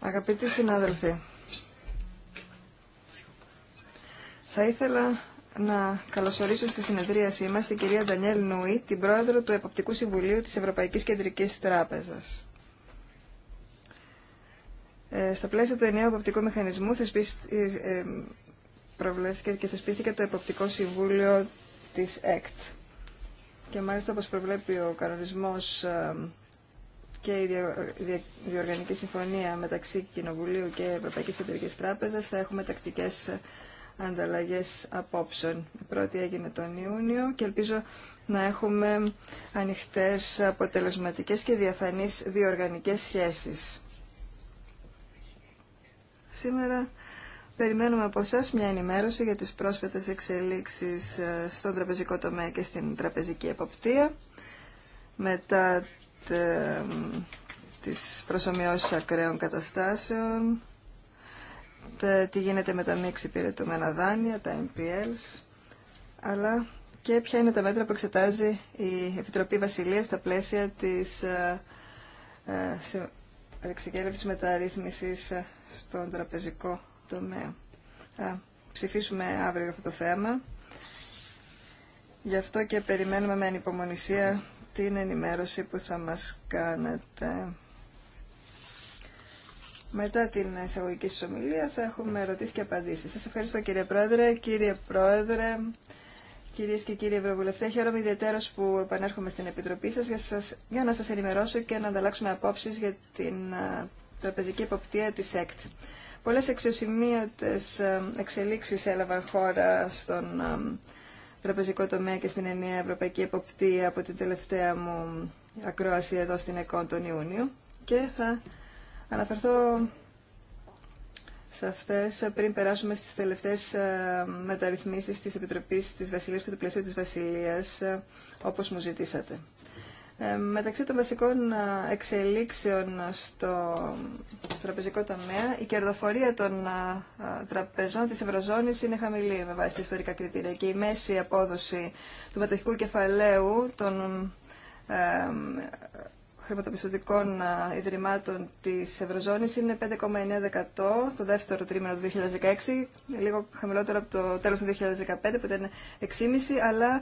Αγαπητοί συνάδελφοι, θα ήθελα να καλωσορίσω στη συνεδρίασή μας την κυρία Ντανιέλ Νούι, την πρόεδρο του Εποπτικού Συμβουλίου της Ευρωπαϊκής Κεντρικής Τράπεζας. Ε, στα πλαίσια του ενιαίου εποπτικού μηχανισμού θεσπίστη, ε, ε και θεσπίστηκε το Εποπτικό Συμβούλιο της ΕΚΤ. Και μάλιστα όπως προβλέπει ο κανονισμός ε, και η διοργανική συμφωνία μεταξύ Κοινοβουλίου και Ευρωπαϊκής Κεντρικής Τράπεζας θα έχουμε τακτικές ανταλλαγές απόψεων. Η πρώτη έγινε τον Ιούνιο και ελπίζω να έχουμε ανοιχτές, αποτελεσματικές και διαφανείς διοργανικές σχέσεις. Σήμερα περιμένουμε από εσά μια ενημέρωση για τις πρόσφατες εξελίξεις ε, στον τραπεζικό τομέα και στην τραπεζική εποπτεία μετά ε, τις προσωμιώσεις ακραίων καταστάσεων, τι γίνεται με τα μη εξυπηρετούμενα δάνεια, τα MPLs, αλλά και ποια είναι τα μέτρα που εξετάζει η Επιτροπή Βασιλείας στα πλαίσια της ε, ε, εξεκέλευτης μεταρρύθμισης στον τραπεζικό τομέα. Θα ψηφίσουμε αύριο αυτό το θέμα. Γι' αυτό και περιμένουμε με ανυπομονησία την ενημέρωση που θα μας κάνετε. Μετά την εισαγωγική σας ομιλία θα έχουμε ερωτήσεις και απαντήσεις. Σας ευχαριστώ κύριε Πρόεδρε, κύριε Πρόεδρε, κυρίες και κύριοι Ευρωβουλευτέ. Χαίρομαι ιδιαίτερα που επανέρχομαι στην Επιτροπή σας για, σας, για να σας ενημερώσω και να ανταλλάξουμε απόψεις για την τραπεζική εποπτεία της ΕΚΤ. Πολλές αξιοσημείωτες εξελίξεις έλαβαν χώρα στον τραπεζικό τομέα και στην ενιαία ευρωπαϊκή εποπτεία από την τελευταία μου ακρόαση εδώ στην ΕΚΟΝ τον Ιούνιο και θα αναφερθώ σε αυτές πριν περάσουμε στις τελευταίες ε, μεταρρυθμίσεις της Επιτροπής της Βασιλείας και του Πλαισίου της Βασιλείας ε, όπως μου ζητήσατε. Ε, μεταξύ των βασικών ε, εξελίξεων στο τραπεζικό τομέα, η κερδοφορία των ε, τραπεζών της Ευρωζώνης είναι χαμηλή με βάση τα ιστορικά κριτήρια και η μέση απόδοση του μετοχικού κεφαλαίου των χρηματοπιστωτικών ιδρυμάτων της Ευρωζώνης είναι 5,9% το δεύτερο τρίμηνο του 2016, λίγο χαμηλότερο από το τέλος του 2015 που ήταν 6,5% αλλά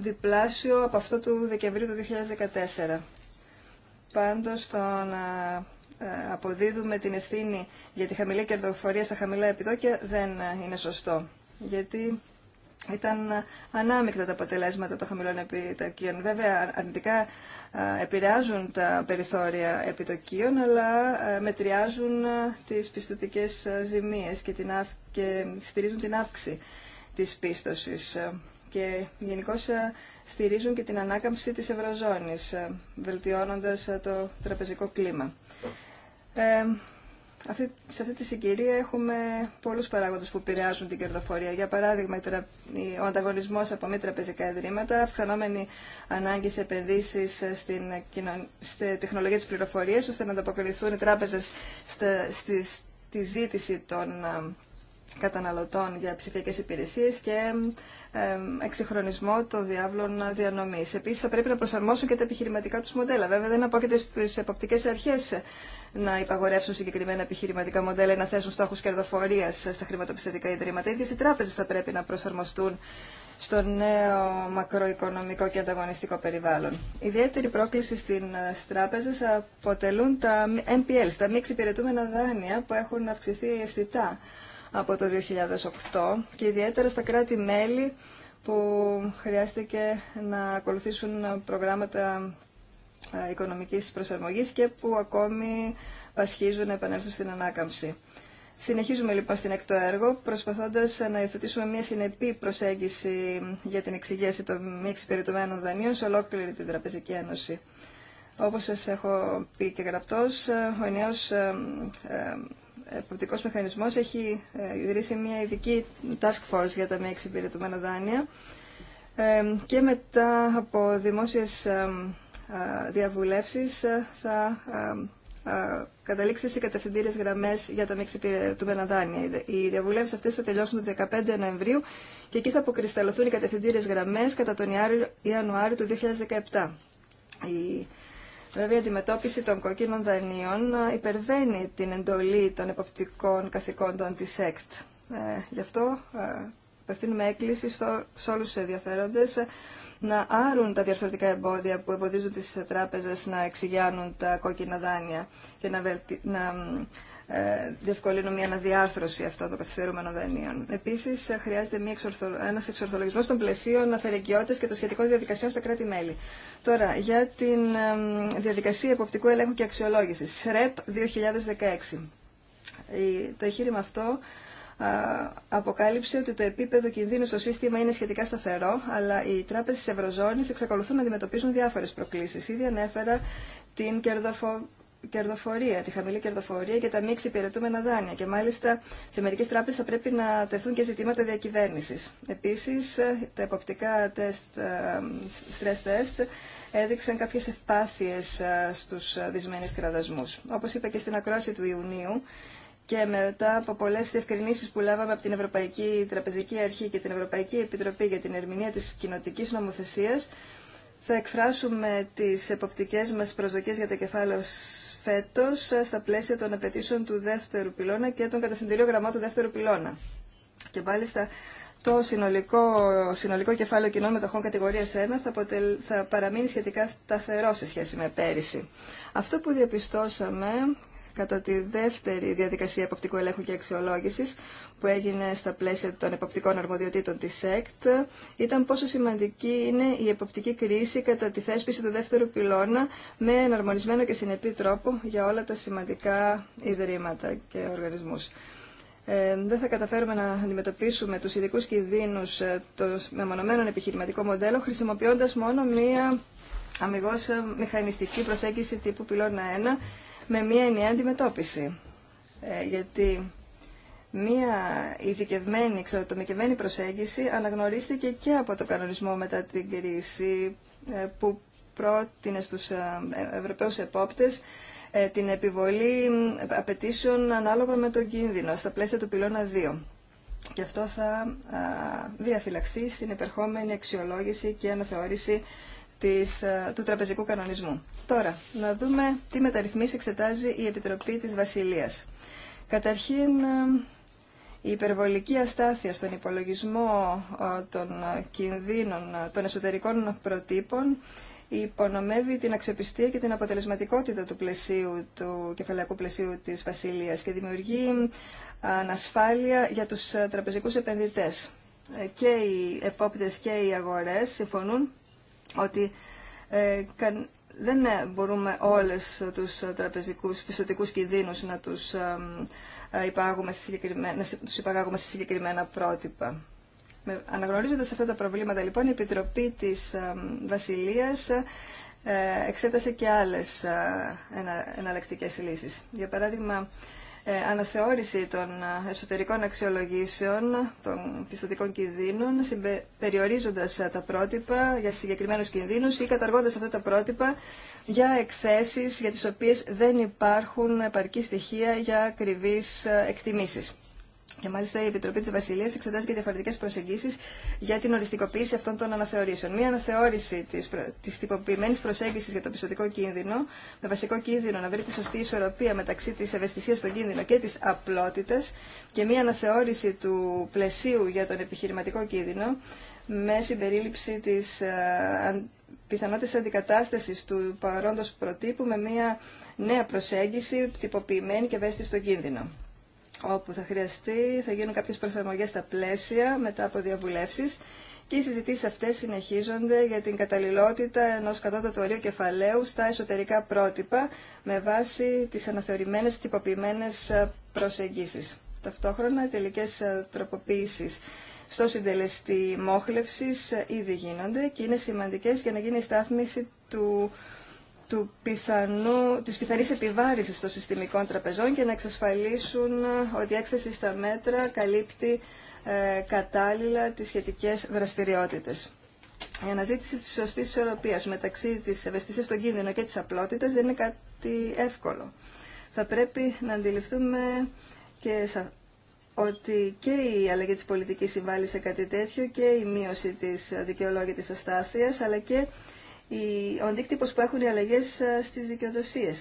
διπλάσιο από αυτό του Δεκεμβρίου του 2014. Πάντως το να ε, ε, αποδίδουμε την ευθύνη για τη χαμηλή κερδοφορία στα χαμηλά επιτόκια δεν ε, είναι σωστό. Γιατί ήταν ανάμεικτα τα αποτελέσματα των χαμηλών επιτοκίων. Βέβαια, αρνητικά επηρεάζουν τα περιθώρια επιτοκίων, αλλά μετριάζουν τις πιστοτικές ζημίες και, στηρίζουν την αύξηση της πίστοσης και γενικώ ε, στηρίζουν και την ανάκαμψη της Ευρωζώνης, ε, βελτιώνοντας ε, το τραπεζικό κλίμα. Ε, σε αυτή τη συγκυρία έχουμε πολλούς παράγοντες που επηρεάζουν την κερδοφορία. Για παράδειγμα, ο ανταγωνισμός από μη τραπεζικά ιδρύματα, αυξανόμενη ανάγκη σε επενδύσεις στην, στη τεχνολογία της πληροφορίας, ώστε να ανταποκριθούν οι τράπεζες στη, στη ζήτηση των καταναλωτών για ψηφιακές υπηρεσίες και ε, εξυγχρονισμό των διάβλων διανομής. Επίσης θα πρέπει να προσαρμόσουν και τα επιχειρηματικά τους μοντέλα. Βέβαια δεν απόκειται στις εποπτικές αρχές να υπαγορεύσουν συγκεκριμένα επιχειρηματικά μοντέλα ή να θέσουν στόχους κερδοφορίας στα χρηματοπιστωτικά ιδρύματα. Ίδιες οι τράπεζες θα πρέπει να προσαρμοστούν στο νέο μακροοικονομικό και ανταγωνιστικό περιβάλλον. Ιδιαίτερη πρόκληση στην ε, Τράπεζε αποτελούν τα MPL, τα μη εξυπηρετούμενα δάνεια που έχουν αυξηθεί αισθητά από το 2008 και ιδιαίτερα στα κράτη-μέλη που χρειάστηκε να ακολουθήσουν προγράμματα ε, οικονομικής προσαρμογής και που ακόμη πασχίζουν να επανέλθουν στην ανάκαμψη. Συνεχίζουμε λοιπόν στην εκτό έργο, προσπαθώντας να υιοθετήσουμε μια συνεπή προσέγγιση για την εξηγίαση των μη εξυπηρετουμένων δανείων σε ολόκληρη την Τραπεζική Ένωση. Όπως σας έχω πει και γραπτός, ε, ο ενιαίος ε, Εποπτικός Μηχανισμός έχει ε, ιδρύσει μια ειδική task force για τα μη εξυπηρετούμενα δάνεια και μετά από δημόσιες διαβουλεύσεις ε, θα καταλήξει σε κατευθυντήριες γραμμές για τα μη εξυπηρετούμενα δάνεια. Οι διαβουλεύσεις αυτές θα τελειώσουν το 15 Νοεμβρίου και εκεί θα αποκρισταλωθούν οι κατευθυντήριες γραμμές κατά τον Ιανουάριο του 2017. Βέβαια, η αντιμετώπιση των κόκκινων δανείων ε, υπερβαίνει την εντολή των εποπτικών καθηκόντων της ΕΚΤ. Ε, γι' αυτό ε, απευθύνουμε έκκληση στο, σε όλους του ενδιαφέροντε ε, να άρουν τα διαρθρωτικά εμπόδια που εμποδίζουν τις τράπεζες να εξηγιάνουν τα κόκκινα δάνεια και να, να ε, διευκολύνουν μια αναδιάρθρωση αυτών των καθυστερούμενων δανείων. Επίση, χρειάζεται ένα εξορθολογισμό των πλαισίων αφαιρεγκαιότητα και των σχετικών διαδικασιών στα κράτη-μέλη. Τώρα, για την διαδικασία εποπτικού ελέγχου και αξιολόγηση, ΣΡΕΠ 2016. Το εγχείρημα αυτό αποκάλυψε ότι το επίπεδο κινδύνου στο σύστημα είναι σχετικά σταθερό, αλλά οι τράπεζε τη Ευρωζώνη εξακολουθούν να αντιμετωπίζουν διάφορε προκλήσει. Ήδη ανέφερα την κερδοφο κερδοφορία, τη χαμηλή κερδοφορία και τα μη εξυπηρετούμενα δάνεια. Και μάλιστα σε μερικέ τράπεζε θα πρέπει να τεθούν και ζητήματα διακυβέρνηση. Επίση, τα εποπτικά τεστ, ε, stress test έδειξαν κάποιε ευπάθειε ε, στου δυσμένου κραδασμού. Όπω είπα και στην ακρόαση του Ιουνίου, και μετά από πολλέ διευκρινήσεις που λάβαμε από την Ευρωπαϊκή Τραπεζική Αρχή και την Ευρωπαϊκή Επιτροπή για την ερμηνεία τη κοινοτική νομοθεσία, θα εκφράσουμε τις εποπτικές μας προσδοκίες για τα κεφάλαια φέτος ε, στα πλαίσια των απαιτήσεων του δεύτερου πυλώνα και των κατευθυντηρίων γραμμάτων του δεύτερου πυλώνα. Και μάλιστα το συνολικό, συνολικό κεφάλαιο κοινών μετοχών κατηγορίας 1 θα, θα παραμείνει σχετικά σταθερό σε σχέση με πέρυσι. Αυτό που διαπιστώσαμε κατά τη δεύτερη διαδικασία εποπτικού ελέγχου και αξιολόγηση, που έγινε στα πλαίσια των εποπτικών αρμοδιοτήτων τη ΕΚΤ ήταν πόσο σημαντική είναι η εποπτική κρίση κατά τη θέσπιση του δεύτερου πυλώνα με εναρμονισμένο και συνεπή τρόπο για όλα τα σημαντικά ιδρύματα και οργανισμού. Ε, δεν θα καταφέρουμε να αντιμετωπίσουμε τους ειδικού κινδύνους ε, με μονομένων επιχειρηματικών μοντέλο... χρησιμοποιώντα μόνο μία αμυγός ε, μηχανιστική προσέγγιση τύπου πυλώνα 1 με μία ενιαία αντιμετώπιση. Ε, γιατί μία ειδικευμένη, εξατομικευμένη προσέγγιση αναγνωρίστηκε και από το κανονισμό μετά την κρίση ε, που πρότεινε στους ε, Ευρωπαίους επόπτες ε, την επιβολή απαιτήσεων ανάλογα με τον κίνδυνο στα πλαίσια του πυλώνα 2. Και αυτό θα διαφυλαχθεί στην επερχόμενη αξιολόγηση και αναθεώρηση ε, του τραπεζικού κανονισμού. Τώρα, να δούμε τι μεταρρυθμίσεις εξετάζει η Επιτροπή της Βασιλείας. Καταρχήν, ε, η υπερβολική αστάθεια στον υπολογισμό ε, των κινδύνων των εσωτερικών προτύπων υπονομεύει την αξιοπιστία και την αποτελεσματικότητα του πλαισίου, του κεφαλαϊκού πλαισίου της Βασιλείας και δημιουργεί ανασφάλεια για τους τραπεζικούς επενδυτές. Και οι επόπτες και οι αγορές συμφωνούν ότι ε, δεν μπορούμε όλες τους τραπεζικούς πιστοτικούς κινδύνους να τους, ε, ε, σε τους υπαγάγουμε σε συγκεκριμένα πρότυπα. Αναγνωρίζοντας αυτά τα προβλήματα, λοιπόν, η Επιτροπή της Βασιλείας εξέτασε και άλλες εναλλακτικές λύσεις. Για παράδειγμα, ε, αναθεώρηση των ε, εσωτερικών αξιολογήσεων των πιστοτικών κινδύνων, περιορίζοντας ε, τα πρότυπα για συγκεκριμένους κινδύνους ή καταργώντας αυτά τα πρότυπα για εκθέσεις για τις οποίες δεν υπάρχουν επαρκή στοιχεία για ακριβείς εκτιμήσεις. Και μάλιστα η Επιτροπή τη Βασιλεία εξετάζει και διαφορετικέ προσεγγίσεις για την οριστικοποίηση αυτών των αναθεωρήσεων. Μία αναθεώρηση τη της τυποποιημένη προσέγγιση για το πιστοτικό κίνδυνο, με βασικό κίνδυνο να βρει τη σωστή ισορροπία μεταξύ τη ευαισθησία στον κίνδυνο και τη απλότητα, και μία αναθεώρηση του πλαισίου για τον επιχειρηματικό κίνδυνο, με συμπερίληψη τη ε, πιθανότητα αντικατάσταση του παρόντο προτύπου με μία νέα προσέγγιση τυποποιημένη και ευαίσθητη στον κίνδυνο όπου θα χρειαστεί, θα γίνουν κάποιες προσαρμογές στα πλαίσια μετά από διαβουλεύσεις και οι συζητήσεις αυτές συνεχίζονται για την καταλληλότητα ενός κατώτατου ορίου κεφαλαίου στα εσωτερικά πρότυπα με βάση τις αναθεωρημένες τυποποιημένες ε, προσεγγίσεις. Ταυτόχρονα οι τελικές ε, τροποποίησεις στο συντελεστή μόχλευσης ε, ήδη γίνονται και είναι σημαντικές για να γίνει η στάθμιση του του πιθανού, της πιθανής επιβάρησης των συστημικών τραπεζών και να εξασφαλίσουν ε, ότι η έκθεση στα μέτρα καλύπτει ε, κατάλληλα τις σχετικές δραστηριότητες. Η αναζήτηση της σωστής ισορροπίας μεταξύ της ευαισθησίας των κίνδυνο και της απλότητας δεν είναι κάτι εύκολο. Θα πρέπει να αντιληφθούμε και ότι και η αλλαγή της πολιτικής συμβάλλει σε κάτι τέτοιο και η μείωση της δικαιολόγητης αστάθειας, αλλά και ο αντίκτυπο που έχουν οι αλλαγέ ε, στι δικαιοδοσίε.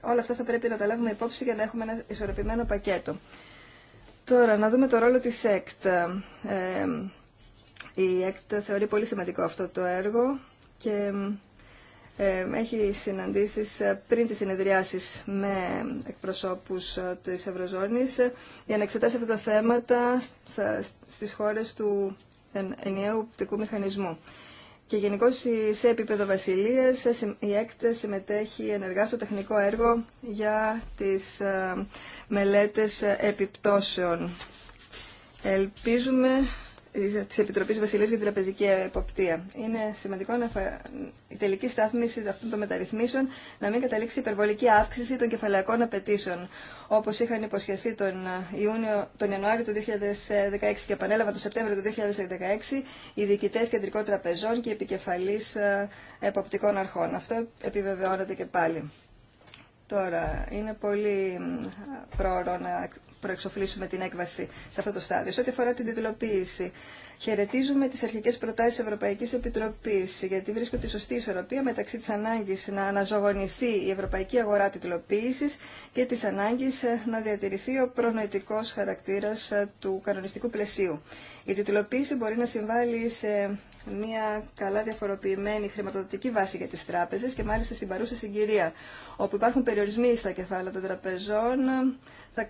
Όλα αυτά θα πρέπει να τα λάβουμε υπόψη για να έχουμε ένα ισορροπημένο πακέτο. Τώρα, να δούμε το ρόλο της ΕΚΤ. Ε, η ΕΚΤ θεωρεί πολύ σημαντικό αυτό το έργο και ε, έχει συναντήσεις ε, πριν τις συνεδριάσεις με εκπροσώπους της Ευρωζώνης για να εξετάσει αυτά τα θέματα στις χώρες του ενιαίου οπτικού μηχανισμού. Και γενικώ σε επίπεδο βασιλεία η ΕΚΤ συμμετέχει ενεργά στο τεχνικό έργο για τις ε, μελέτες επιπτώσεων. Ελπίζουμε ε, Τη Επιτροπή Βασιλεία για την Τραπεζική Εποπτεία. Είναι σημαντικό να η τελική στάθμιση αυτών των μεταρρυθμίσεων να μην καταλήξει υπερβολική αύξηση των κεφαλαϊκών απαιτήσεων, όπως είχαν υποσχεθεί τον, ε, Ιούνιο, τον Ιανουάριο του 2016 και επανέλαβαν τον Σεπτέμβριο του 2016 οι διοικητέ κεντρικών τραπεζών και επικεφαλής ε, εποπτικών αρχών. Αυτό επιβεβαιώνεται και πάλι. Τώρα, είναι πολύ πρόωρο να προεξοφλήσουμε την έκβαση σε αυτό το στάδιο. Σε ό,τι αφορά την τιτλοποίηση, χαιρετίζουμε τι αρχικέ προτάσει Ευρωπαϊκή Επιτροπή, γιατί βρίσκω τη σωστή ισορροπία μεταξύ τη ανάγκη να αναζωογονηθεί η ευρωπαϊκή αγορά τιτλοποίηση και τη ανάγκη ε, να διατηρηθεί ο προνοητικό χαρακτήρα ε, του κανονιστικού πλαισίου. Η τιτλοποίηση μπορεί να συμβάλλει σε μια καλά διαφοροποιημένη χρηματοδοτική βάση για τι τράπεζε και μάλιστα στην παρούσα συγκυρία, όπου υπάρχουν περιορισμοί στα κεφάλαια των τραπεζών, ε, θα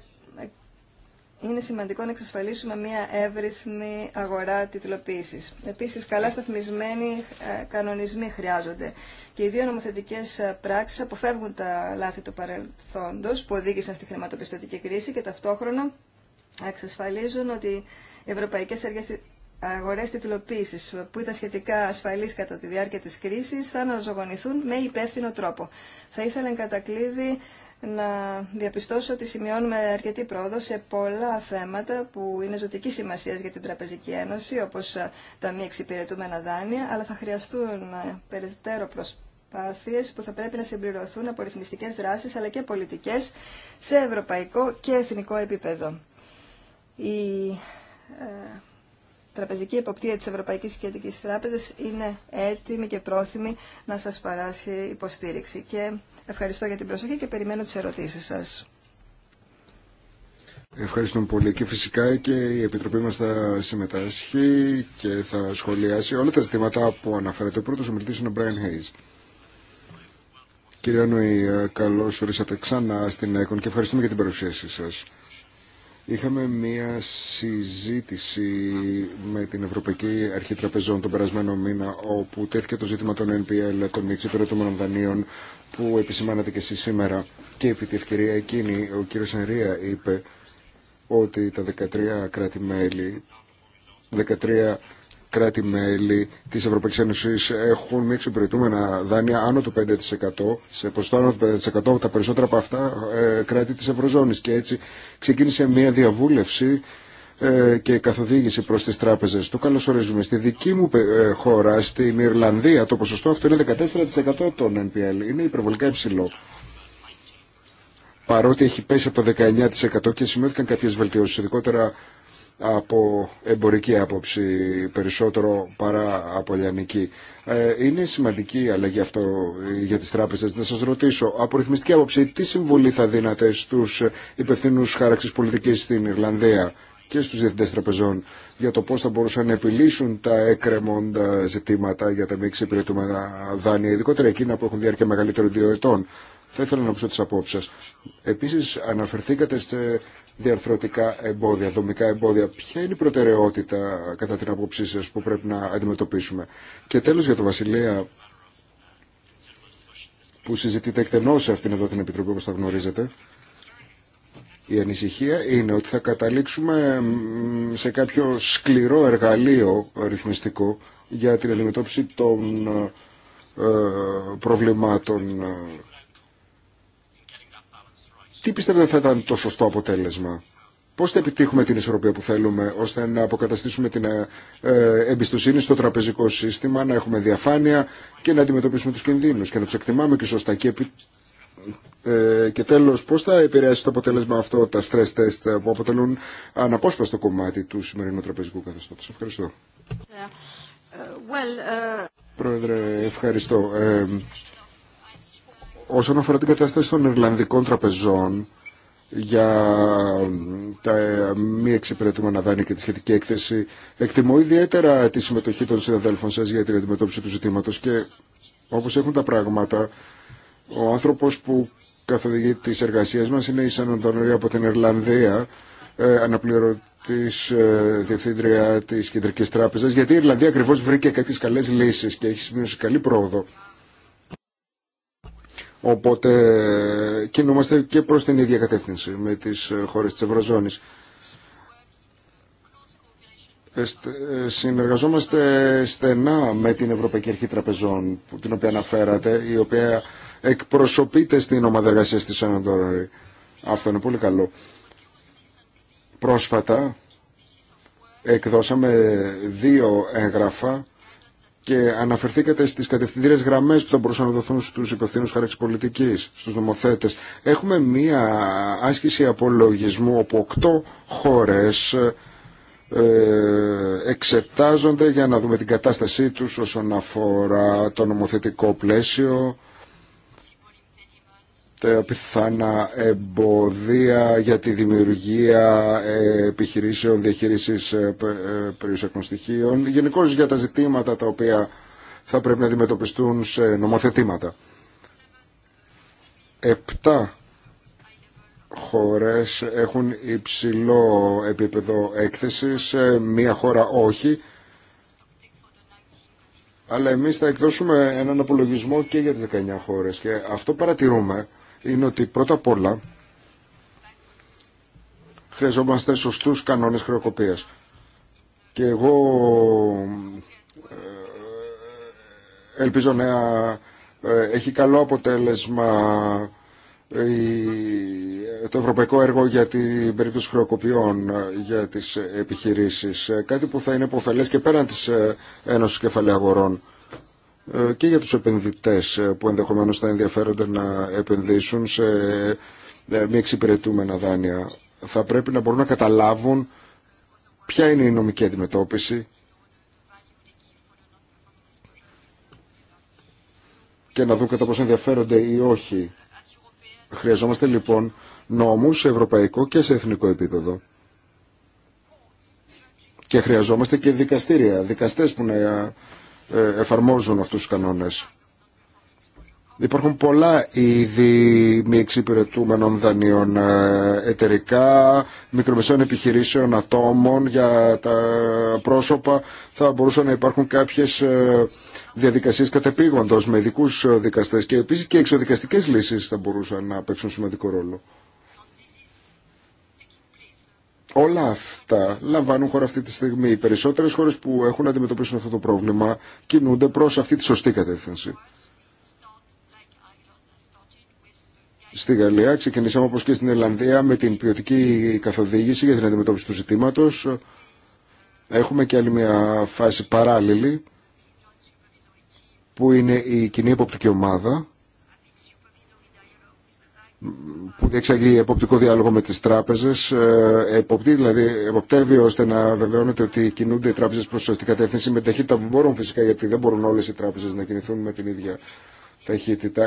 είναι σημαντικό να εξασφαλίσουμε μια εύρυθμη αγορά τιτλοποίησης. Επίση, καλά σταθμισμένοι ε, κανονισμοί χρειάζονται. Και οι δύο νομοθετικές ε, πράξεις αποφεύγουν τα λάθη του παρελθόντο που οδήγησαν στη χρηματοπιστωτική κρίση και ταυτόχρονα εξασφαλίζουν ότι οι ευρωπαϊκές αγορές τιτλοποίησης που ήταν σχετικά ασφαλείς κατά τη διάρκεια τη κρίση, θα αναζωογονηθούν με υπεύθυνο τρόπο. Θα ήθελα εν κατακλείδη να διαπιστώσω ότι σημειώνουμε αρκετή πρόοδο σε πολλά θέματα που είναι ζωτική σημασία για την Τραπεζική Ένωση, όπως ε, τα μη εξυπηρετούμενα δάνεια, αλλά θα χρειαστούν ε, περαιτέρω προσπάθειες που θα πρέπει να συμπληρωθούν από ρυθμιστικέ δράσεις αλλά και πολιτικές σε ευρωπαϊκό και εθνικό επίπεδο. Η ε, τραπεζική εποπτεία της Ευρωπαϊκής Κέντρική Τράπεζας είναι έτοιμη και πρόθυμη να σας παράσχει υποστήριξη. Και Ευχαριστώ για την προσοχή και περιμένω τις ερωτήσεις σας. Ευχαριστούμε πολύ και φυσικά και η Επιτροπή μας θα συμμετάσχει και θα σχολιάσει όλα τα ζητήματα που αναφέρεται. Ο πρώτος ομιλητής είναι ο Brian Hayes. Κύριε Νουή, ε, καλώς ορίσατε ξανά στην ΕΚΟΝ και ευχαριστούμε για την παρουσίασή σας. Είχαμε μία συζήτηση με την Ευρωπαϊκή Αρχή Τραπεζών τον περασμένο μήνα όπου τέθηκε το ζήτημα των NPL των μη εξυπηρετούμενων δανείων που επισημάνατε και εσείς σήμερα και επί τη ευκαιρία εκείνη ο κύριος Ενρία είπε ότι τα 13 κράτη-μέλη κράτη-μέλη τη Ευρωπαϊκή Ένωση έχουν μη εξυπηρετούμενα δάνεια άνω του 5%, σε ποσοστό άνω του 5%, τα περισσότερα από αυτά ε, κράτη τη Ευρωζώνη. Και έτσι ξεκίνησε μια διαβούλευση ε, και καθοδήγηση προ τι τράπεζε Το καλωσορίζουμε. Στη δική μου ε, χώρα, στην Ιρλανδία, το ποσοστό αυτό είναι 14% των NPL. Είναι υπερβολικά υψηλό. Παρότι έχει πέσει από το 19% και σημειώθηκαν καποιέ βελτιώσει ειδικότερα από εμπορική άποψη περισσότερο παρά από λιανική. Ε, είναι σημαντική αλλαγή αυτό για τις τράπεζες. Να σας ρωτήσω, από ρυθμιστική άποψη, τι συμβολή θα δίνατε στους υπευθύνους χάραξης πολιτικής στην Ιρλανδία και στους διευθυντές τραπεζών για το πώς θα μπορούσαν να επιλύσουν τα έκρεμοντα ζητήματα για τα μη εξυπηρετούμενα δάνεια, ειδικότερα εκείνα που έχουν διάρκεια μεγαλύτερων δύο ετών. Θα ήθελα να ακούσω τις απόψεις Επίσης αναφερθήκατε σε διαρθρωτικά εμπόδια, δομικά εμπόδια. Ποια είναι η προτεραιότητα κατά την απόψή σας που πρέπει να αντιμετωπίσουμε. Και τέλος για το Βασιλεία που συζητείται εκτενώς σε αυτήν εδώ την Επιτροπή όπως τα γνωρίζετε. Η ανησυχία είναι ότι θα καταλήξουμε σε κάποιο σκληρό εργαλείο ρυθμιστικό για την αντιμετώπιση των ε, προβλημάτων ε, τι πιστεύετε θα ήταν το σωστό αποτέλεσμα. Πώς θα επιτύχουμε την ισορροπία που θέλουμε ώστε να αποκαταστήσουμε την ε, ε, εμπιστοσύνη στο τραπεζικό σύστημα, να έχουμε διαφάνεια και να αντιμετωπίσουμε τους κινδύνους και να τους εκτιμάμε και σωστά. Και, επι... ε, και τέλος, πώς θα επηρεάσει το αποτέλεσμα αυτό τα stress test που αποτελούν αναπόσπαστο κομμάτι του σημερινού τραπεζικού καθεστώτος. Ευχαριστώ. Yeah. Uh, well, uh, Πρόεδρε, ευχαριστώ. Ε, όσον αφορά την κατάσταση των Ιρλανδικών τραπεζών για τα μη εξυπηρετούμενα δάνεια και τη σχετική έκθεση. Εκτιμώ ιδιαίτερα τη συμμετοχή των συναδέλφων σα για την αντιμετώπιση του ζητήματο. και όπω έχουν τα πράγματα, ο άνθρωπο που καθοδηγεί τις εργασίες μα είναι η Σαναντονορία από την Ιρλανδία, ε, αναπληρωτής ε, διευθύντρια της Κεντρικής Τράπεζας, γιατί η Ιρλανδία ακριβώ βρήκε κάποιε καλές λύσει και έχει σημειώσει καλή πρόοδο Οπότε κινούμαστε και προς την ίδια κατεύθυνση με τις ε, χώρες της Ευρωζώνης. Ε, συνεργαζόμαστε στενά με την Ευρωπαϊκή Αρχή Τραπεζών, την οποία αναφέρατε, η οποία εκπροσωπείται στην ομάδα εργασία της Αυτό είναι πολύ καλό. Πρόσφατα εκδώσαμε δύο έγγραφα και αναφερθήκατε στις κατευθυντήρες γραμμές που θα μπορούσαν να δοθούν στους υπευθύνους χαράξης πολιτικής, στους νομοθέτες. Έχουμε μία άσκηση απολογισμού όπου οκτώ χώρες ε, εξετάζονται για να δούμε την κατάστασή τους όσον αφορά το νομοθετικό πλαίσιο, πιθανά εμποδία για τη δημιουργία ε, επιχειρήσεων διαχείρισης ε, ε, περιουσιακών στοιχείων, γενικώ για τα ζητήματα τα οποία θα πρέπει να αντιμετωπιστούν σε νομοθετήματα. Επτά χώρες έχουν υψηλό επίπεδο έκθεσης, μία χώρα όχι, αλλά εμείς θα εκδώσουμε έναν απολογισμό και για τις 19 χώρες και αυτό παρατηρούμε είναι ότι πρώτα απ' όλα χρειαζόμαστε σωστούς κανόνες χρεοκοπίας. Και εγώ ε, ελπίζω να ε, έχει καλό αποτέλεσμα το ευρωπαϊκό έργο για την περίπτωση χρεοκοπιών ε, για τις επιχειρήσεις. Κάτι που θα είναι υποφελές και πέραν της Ένωσης Κεφαλαίου Αγορών. Ε, και για τους επενδυτές ε, που ενδεχομένως θα ενδιαφέρονται να επενδύσουν σε ε, μη εξυπηρετούμενα δάνεια. Θα πρέπει να μπορούν να καταλάβουν ποια είναι η νομική αντιμετώπιση και να δουν κατά πόσο ενδιαφέρονται ή όχι. Χρειαζόμαστε λοιπόν νόμους σε ευρωπαϊκό και σε εθνικό επίπεδο. Και χρειαζόμαστε και δικαστήρια, δικαστές που να ε, εφαρμόζουν αυτούς τους κανόνες. Υπάρχουν πολλά είδη μη εξυπηρετούμενων δανείων ε, εταιρικά, μικρομεσαίων επιχειρήσεων, ατόμων για τα πρόσωπα. Θα μπορούσαν να υπάρχουν κάποιες ε, διαδικασίες κατεπήγοντος με ειδικού δικαστές και επίσης και εξοδικαστικές λύσεις θα μπορούσαν να παίξουν σημαντικό ρόλο. Όλα αυτά λαμβάνουν χώρα αυτή τη στιγμή. Οι περισσότερε χώρε που έχουν αντιμετωπίσει αυτό το πρόβλημα κινούνται προ αυτή τη σωστή κατεύθυνση. Στη Γαλλία ξεκινήσαμε όπως και στην Ιρλανδία με την ποιοτική καθοδήγηση για την αντιμετώπιση του ζητήματος. Έχουμε και άλλη μια φάση παράλληλη που είναι η κοινή υποπτική ομάδα που διεξάγει εποπτικό διάλογο με τις τράπεζες, ε, εποπτεί, δηλαδή εποπτεύει ώστε να βεβαιώνεται ότι κινούνται οι τράπεζες προς σωστή κατεύθυνση με ταχύτητα που μπορούν φυσικά, γιατί δεν μπορούν όλες οι τράπεζες να κινηθούν με την ίδια ταχύτητα.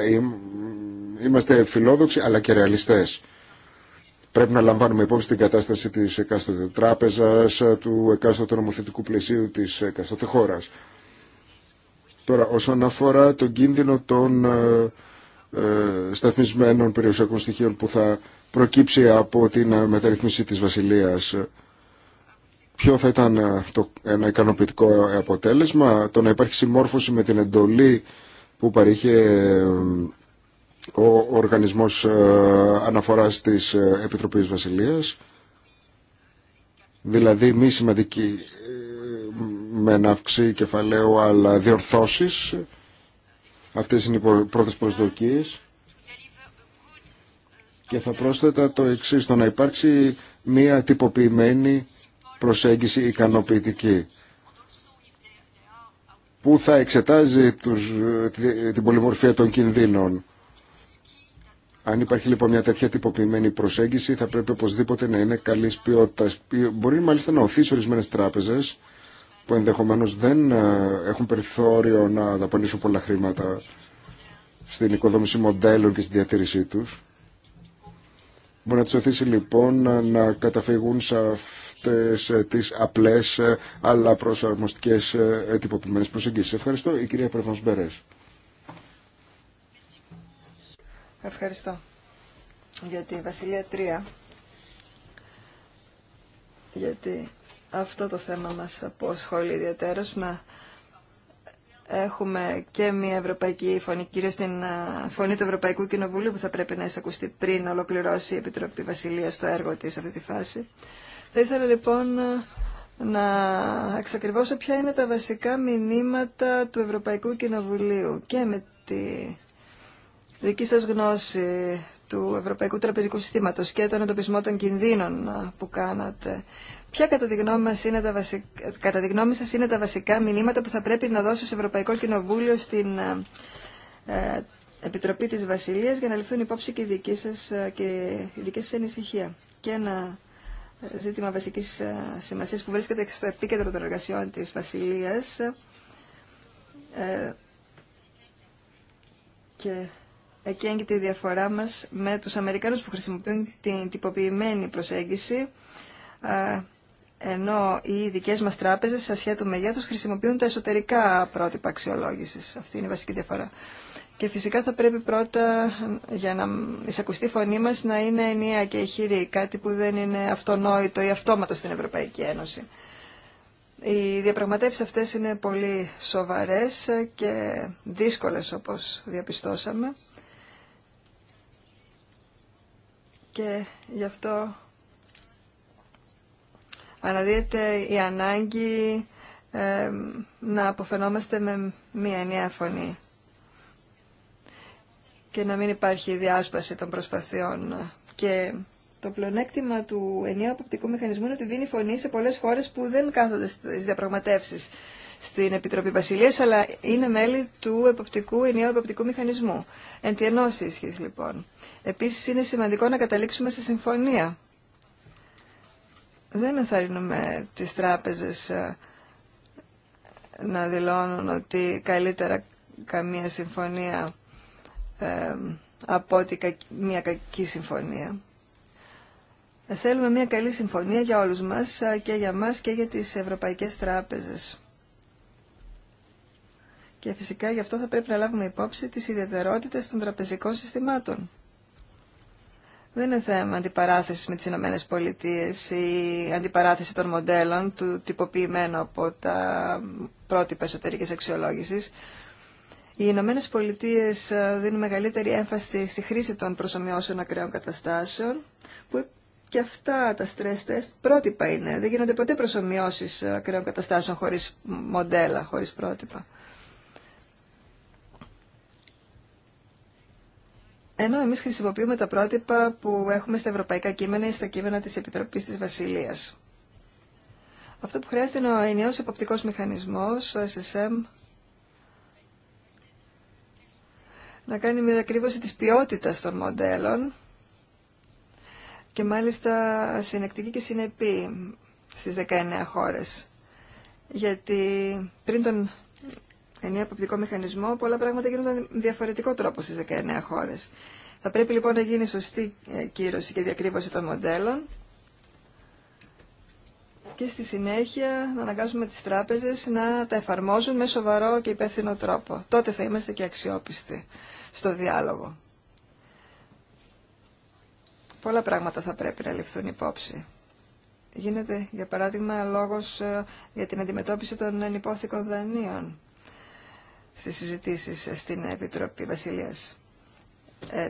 Είμαστε φιλόδοξοι αλλά και ρεαλιστές. Πρέπει να λαμβάνουμε υπόψη την κατάσταση της εκάστοτε τράπεζας, του εκάστοτε νομοθετικού πλαισίου της εκάστοτε χώρας. Τώρα, όσον αφορά τον κίνδυνο των ε, ε, σταθμισμένων περιουσιακών στοιχείων που θα προκύψει από την ε, μεταρρυθμίση της Βασιλείας. Ποιο θα ήταν ε, το, ένα ικανοποιητικό αποτέλεσμα, το να υπάρχει συμμόρφωση με την εντολή που παρήχε ο οργανισμός αναφοράς της Επιτροπής Βασιλείας, δηλαδή μη σημαντική με ένα αυξή κεφαλαίου αλλά διορθώσεις Αυτές είναι οι πρώτες προσδοκίες. Και θα πρόσθετα το εξής, το να υπάρξει μια τυποποιημένη προσέγγιση ικανοποιητική που θα εξετάζει τους, την πολυμορφία των κινδύνων. Αν υπάρχει λοιπόν μια τέτοια τυποποιημένη προσέγγιση θα πρέπει οπωσδήποτε να είναι καλής ποιότητας. Μπορεί μάλιστα να σε ορισμένες τράπεζες που ενδεχομένως δεν ε, έχουν περιθώριο να δαπανίσουν πολλά χρήματα στην οικοδόμηση μοντέλων και στη διατήρησή τους. Μπορεί να τους οθήσει λοιπόν να καταφύγουν σε αυτές ε, τις απλές ε, αλλά προσαρμοστικές τυποποιημένες προσεγγίσεις. Ευχαριστώ. Η κυρία Πρεβανς Ευχαριστώ για τη Βασιλεία 3. Γιατί αυτό το θέμα μας αποσχολεί ιδιαίτερως, να έχουμε και μια ευρωπαϊκή φωνή, κυρίως την φωνή του Ευρωπαϊκού Κοινοβουλίου που θα πρέπει να εισακουστεί πριν ολοκληρώσει η Επιτροπή Βασιλείας το έργο της σε αυτή τη φάση. Θα ήθελα λοιπόν να εξακριβώσω ποια είναι τα βασικά μηνύματα του Ευρωπαϊκού Κοινοβουλίου και με τη δική σας γνώση του Ευρωπαϊκού Τραπεζικού Συστήματος και τον εντοπισμό των κινδύνων που κάνατε Ποια κατά τη γνώμη, είναι τα είναι τα βασικά μηνύματα που θα πρέπει να δώσω στο Ευρωπαϊκό Κοινοβούλιο στην ε, ε, Επιτροπή της Βασιλείας για να ληφθούν υπόψη και η δική σας, ε, και η δική σας ανησυχία. Και ένα ζήτημα βασικής σημασίας που βρίσκεται στο επίκεντρο των εργασιών της Βασιλείας ε, και εκεί έγκυται η διαφορά μας με τους Αμερικανούς που χρησιμοποιούν την τυποποιημένη προσέγγιση ενώ οι δικές μας τράπεζες με μεγέθου χρησιμοποιούν τα εσωτερικά πρότυπα αξιολόγηση. Αυτή είναι η βασική διαφορά. Και φυσικά θα πρέπει πρώτα για να εισακουστεί η φωνή μας να είναι ενιαία και ηχηρή, κάτι που δεν είναι αυτονόητο ή αυτόματο στην Ευρωπαϊκή Ένωση. Οι διαπραγματεύσει αυτές είναι πολύ σοβαρέ και δύσκολε όπω διαπιστώσαμε. Και γι' αυτό αναδύεται η ανάγκη ε, να αποφαινόμαστε με μία ενιαία φωνή και να μην υπάρχει διάσπαση των προσπαθειών. Και το πλονέκτημα του ενιαίου αποπτικού μηχανισμού είναι ότι δίνει φωνή σε πολλές χώρες που δεν κάθονται στις διαπραγματεύσεις στην Επιτροπή Βασιλείας, αλλά είναι μέλη του εποπτικού, ενιαίου εποπτικού μηχανισμού. Εν τη λοιπόν. Επίσης είναι σημαντικό να καταλήξουμε σε συμφωνία δεν ενθαρρύνουμε τις τράπεζες ε, να δηλώνουν ότι καλύτερα καμία συμφωνία ε, από ότι μια κακή συμφωνία. Θέλουμε μια καλή συμφωνία για όλους μας ε, και για μας και για τις ευρωπαϊκές τράπεζες. Και φυσικά γι' αυτό θα πρέπει να λάβουμε υπόψη τις ιδιαιτερότητες των τραπεζικών συστημάτων δεν είναι θέμα αντιπαράθεση με τι Ηνωμένε Πολιτείε ή αντιπαράθεση των μοντέλων του τυποποιημένου από τα πρότυπα εσωτερική αξιολόγηση. Οι Ηνωμένε Πολιτείε ε, δίνουν μεγαλύτερη έμφαση στη χρήση των προσωμιώσεων ακραίων καταστάσεων, που ε, και αυτά τα stress test πρότυπα είναι. Δεν γίνονται ποτέ προσωμιώσει ε, ακραίων καταστάσεων χωρί μοντέλα, χωρί πρότυπα. Ενώ εμείς χρησιμοποιούμε τα πρότυπα που έχουμε στα ευρωπαϊκά κείμενα ή στα κείμενα της Επιτροπής της Βασιλείας. Αυτό που χρειάζεται είναι ο ενιαίος εποπτικός μηχανισμός, ο SSM, να κάνει μια της ποιότητας των μοντέλων και μάλιστα συνεκτική και συνεπή στις 19 χώρες. Γιατί πριν τον ενιαίο αποπτικό μηχανισμό, πολλά πράγματα γίνονται με διαφορετικό τρόπο στι 19 χώρε. Θα πρέπει λοιπόν να γίνει σωστή ε, κύρωση και διακρύβωση των μοντέλων και στη συνέχεια να αναγκάζουμε τις τράπεζες να τα εφαρμόζουν με σοβαρό και υπεύθυνο τρόπο. Τότε θα είμαστε και αξιόπιστοι στο διάλογο. Πολλά πράγματα θα πρέπει να ληφθούν υπόψη. Γίνεται, για παράδειγμα, λόγος ε, για την αντιμετώπιση των ανυπόθηκων δανείων στις συζητήσεις στην Επιτροπή Βασιλείας. Ε,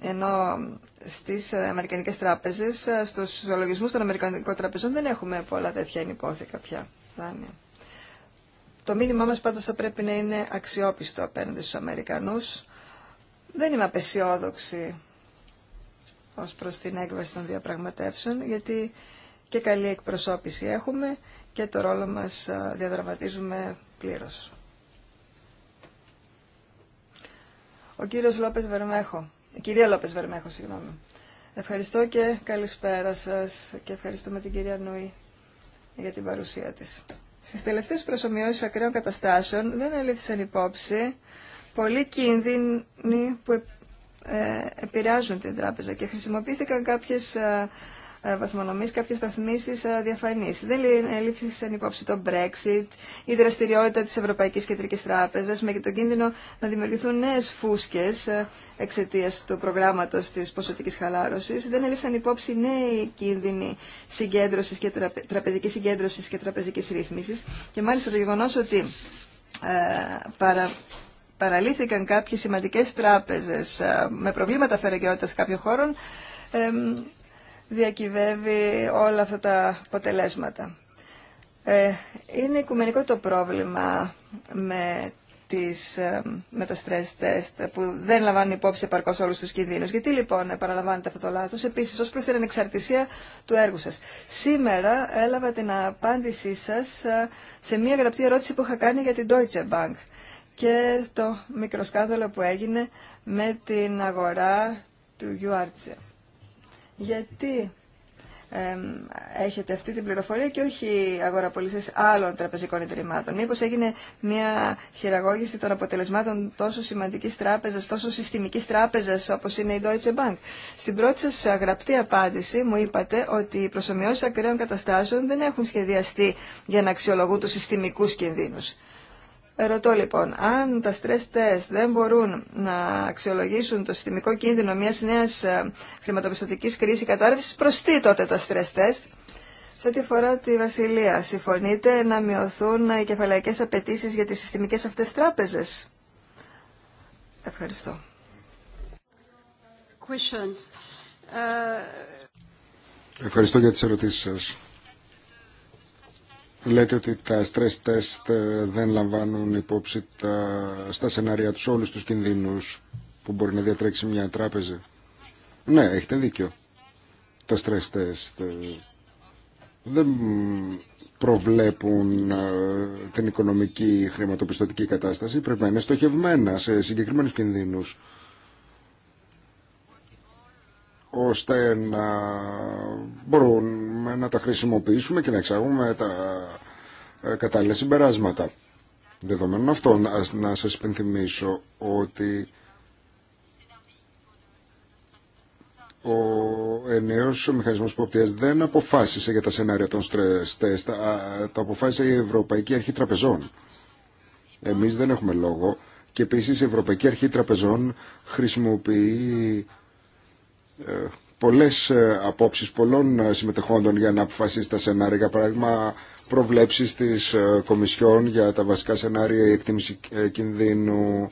ενώ στις Αμερικανικές τράπεζες, στους λογισμούς των Αμερικανικών τραπεζών δεν έχουμε πολλά τέτοια ενυπόθηκα πια δάνεια. Το μήνυμά μας πάντως θα πρέπει να είναι αξιόπιστο απέναντι στους Αμερικανούς. Δεν είμαι απεσιόδοξη ως προς την έκβαση των διαπραγματεύσεων, γιατί και καλή εκπροσώπηση έχουμε και το ρόλο μας διαδραματίζουμε πλήρως. Ο κύριος Λόπες Βερμέχο. Η κυρία Λόπες Βερμέχο, συγγνώμη. Ευχαριστώ και καλησπέρα σας και ευχαριστούμε την κυρία Νουή για την παρουσία της. Στις τελευταίες προσωμιώσεις ακραίων καταστάσεων δεν έλυθησαν υπόψη πολλοί κίνδυνοι που ε, επηρεάζουν την τράπεζα και χρησιμοποιήθηκαν κάποιες ε, ε, βαθμονομή, κάποιε σταθμίσει ε, διαφανείς. Δεν εν υπόψη το Brexit, η δραστηριότητα τη Ευρωπαϊκή Κεντρική Τράπεζα, με τον κίνδυνο να δημιουργηθούν νέε φούσκε εξαιτία του προγράμματο τη ποσότική χαλάρωση. Δεν λήφθησαν υπόψη νέοι κίνδυνοι συγκέντρωση και τραπεζική συγκέντρωση και τραπεζική ρυθμίση. και μάλιστα το γεγονό ότι ε, παρα, παραλύθηκαν κάποιες σημαντικές τράπεζες ε, με προβλήματα φεραγιότητα κάποιων χώρων, διακυβεύει όλα αυτά τα αποτελέσματα. Ε, είναι οικουμενικό το πρόβλημα με, τις, ε, με τα stress test που δεν λαμβάνουν υπόψη επαρκώς όλους τους κινδύνους. Γιατί λοιπόν παραλαμβάνετε αυτό το λάθος. Επίσης ως προς την ανεξαρτησία του έργου σας. Σήμερα έλαβα την απάντησή σας ε, σε μια γραπτή ερώτηση που είχα κάνει για την Deutsche Bank και το μικροσκάνδαλο που έγινε με την αγορά του URG γιατί ε, έχετε αυτή την πληροφορία και όχι αγοραπολίσεις άλλων τραπεζικών ιδρυμάτων. Μήπως έγινε μια χειραγώγηση των αποτελεσμάτων τόσο σημαντικής τράπεζας, τόσο συστημικής τράπεζας όπως είναι η Deutsche Bank. Στην πρώτη σας γραπτή απάντηση μου είπατε ότι οι προσωμιώσεις ακραίων καταστάσεων δεν έχουν σχεδιαστεί για να αξιολογούν τους συστημικούς κινδύνους. Ρωτώ λοιπόν, αν τα stress test δεν μπορούν να αξιολογήσουν το συστημικό κίνδυνο μιας νέας ε, χρηματοπιστωτικής κρίσης κατάρρευσης, προς τι τότε τα stress test. Σε ό,τι αφορά τη Βασιλεία, συμφωνείτε να μειωθούν οι κεφαλαϊκές απαιτήσει για τις συστημικές αυτές τράπεζες. Ευχαριστώ. Ε, Ευχαριστώ για τις ερωτήσεις σας. Λέτε ότι τα stress test ε, δεν λαμβάνουν υπόψη τα, στα σενάρια τους όλους τους κινδύνους που μπορεί να διατρέξει μια τράπεζα. Ναι, έχετε δίκιο. Τα stress test ε, δεν προβλέπουν ε, την οικονομική χρηματοπιστωτική κατάσταση. Πρέπει να είναι στοχευμένα σε συγκεκριμένους κινδύνους ώστε να μπορούμε να τα χρησιμοποιήσουμε και να εξάγουμε τα ε, κατάλληλα συμπεράσματα. Δεδομένων αυτών, να σας υπενθυμίσω ότι ο ενέος μηχανισμός υποπτίας δεν αποφάσισε για τα σενάρια των stress test, τα αποφάσισε η Ευρωπαϊκή Αρχή Τραπεζών. Εμείς δεν έχουμε λόγο και επίσης η Ευρωπαϊκή Αρχή Τραπεζών χρησιμοποιεί ε, πολλές ε, απόψεις πολλών ε, συμμετεχόντων για να αποφασίσει τα σενάρια. Για παράδειγμα, προβλέψεις της Κομισιόν για τα βασικά σενάρια, η εκτίμηση κινδύνου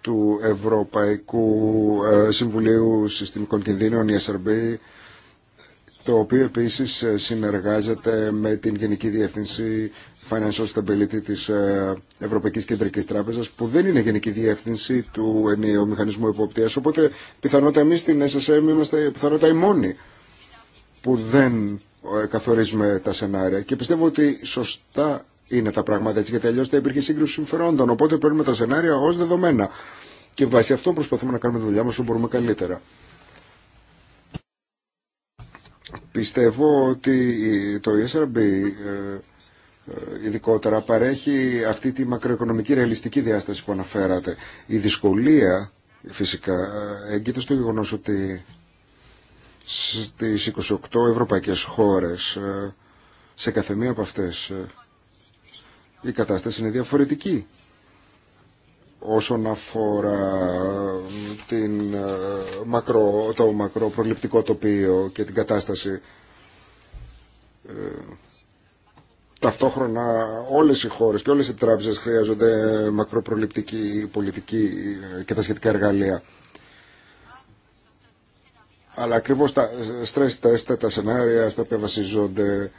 του Ευρωπαϊκού Συμβουλίου Συστημικών Κινδύνων, η SRB, το οποίο επίσης ε, συνεργάζεται με την Γενική Διεύθυνση Financial Stability της ε, Ευρωπαϊκής Κεντρικής Τράπεζας που δεν είναι Γενική Διεύθυνση του ενιαίου μηχανισμού εποπτείας οπότε πιθανότατα εμείς στην SSM είμαστε πιθανότατα οι μόνοι που δεν ε, καθορίζουμε τα σενάρια και πιστεύω ότι σωστά είναι τα πράγματα έτσι γιατί αλλιώς θα υπήρχε σύγκρουση συμφερόντων οπότε παίρνουμε τα σενάρια ως δεδομένα και βάσει αυτό προσπαθούμε να κάνουμε τη δουλειά μας όσο μπορούμε καλύτερα. Πιστεύω ότι το ESRB ε, ε, ειδικότερα παρέχει αυτή τη μακροοικονομική ρεαλιστική διάσταση που αναφέρατε. Η δυσκολία φυσικά ε, έγκυται στο γεγονός ότι στις 28 ευρωπαϊκές χώρες σε καθεμία από αυτές η κατάσταση είναι διαφορετική όσον αφορά την, ε, μακρο, το μακροπροληπτικό τοπίο και την κατάσταση. Ε, ταυτόχρονα όλες οι χώρες και όλες οι τράπεζες χρειάζονται μακροπροληπτική πολιτική ε, και τα σχετικά εργαλεία. Αλλά ακριβώς τα stress τα σενάρια στα οποία βασίζονται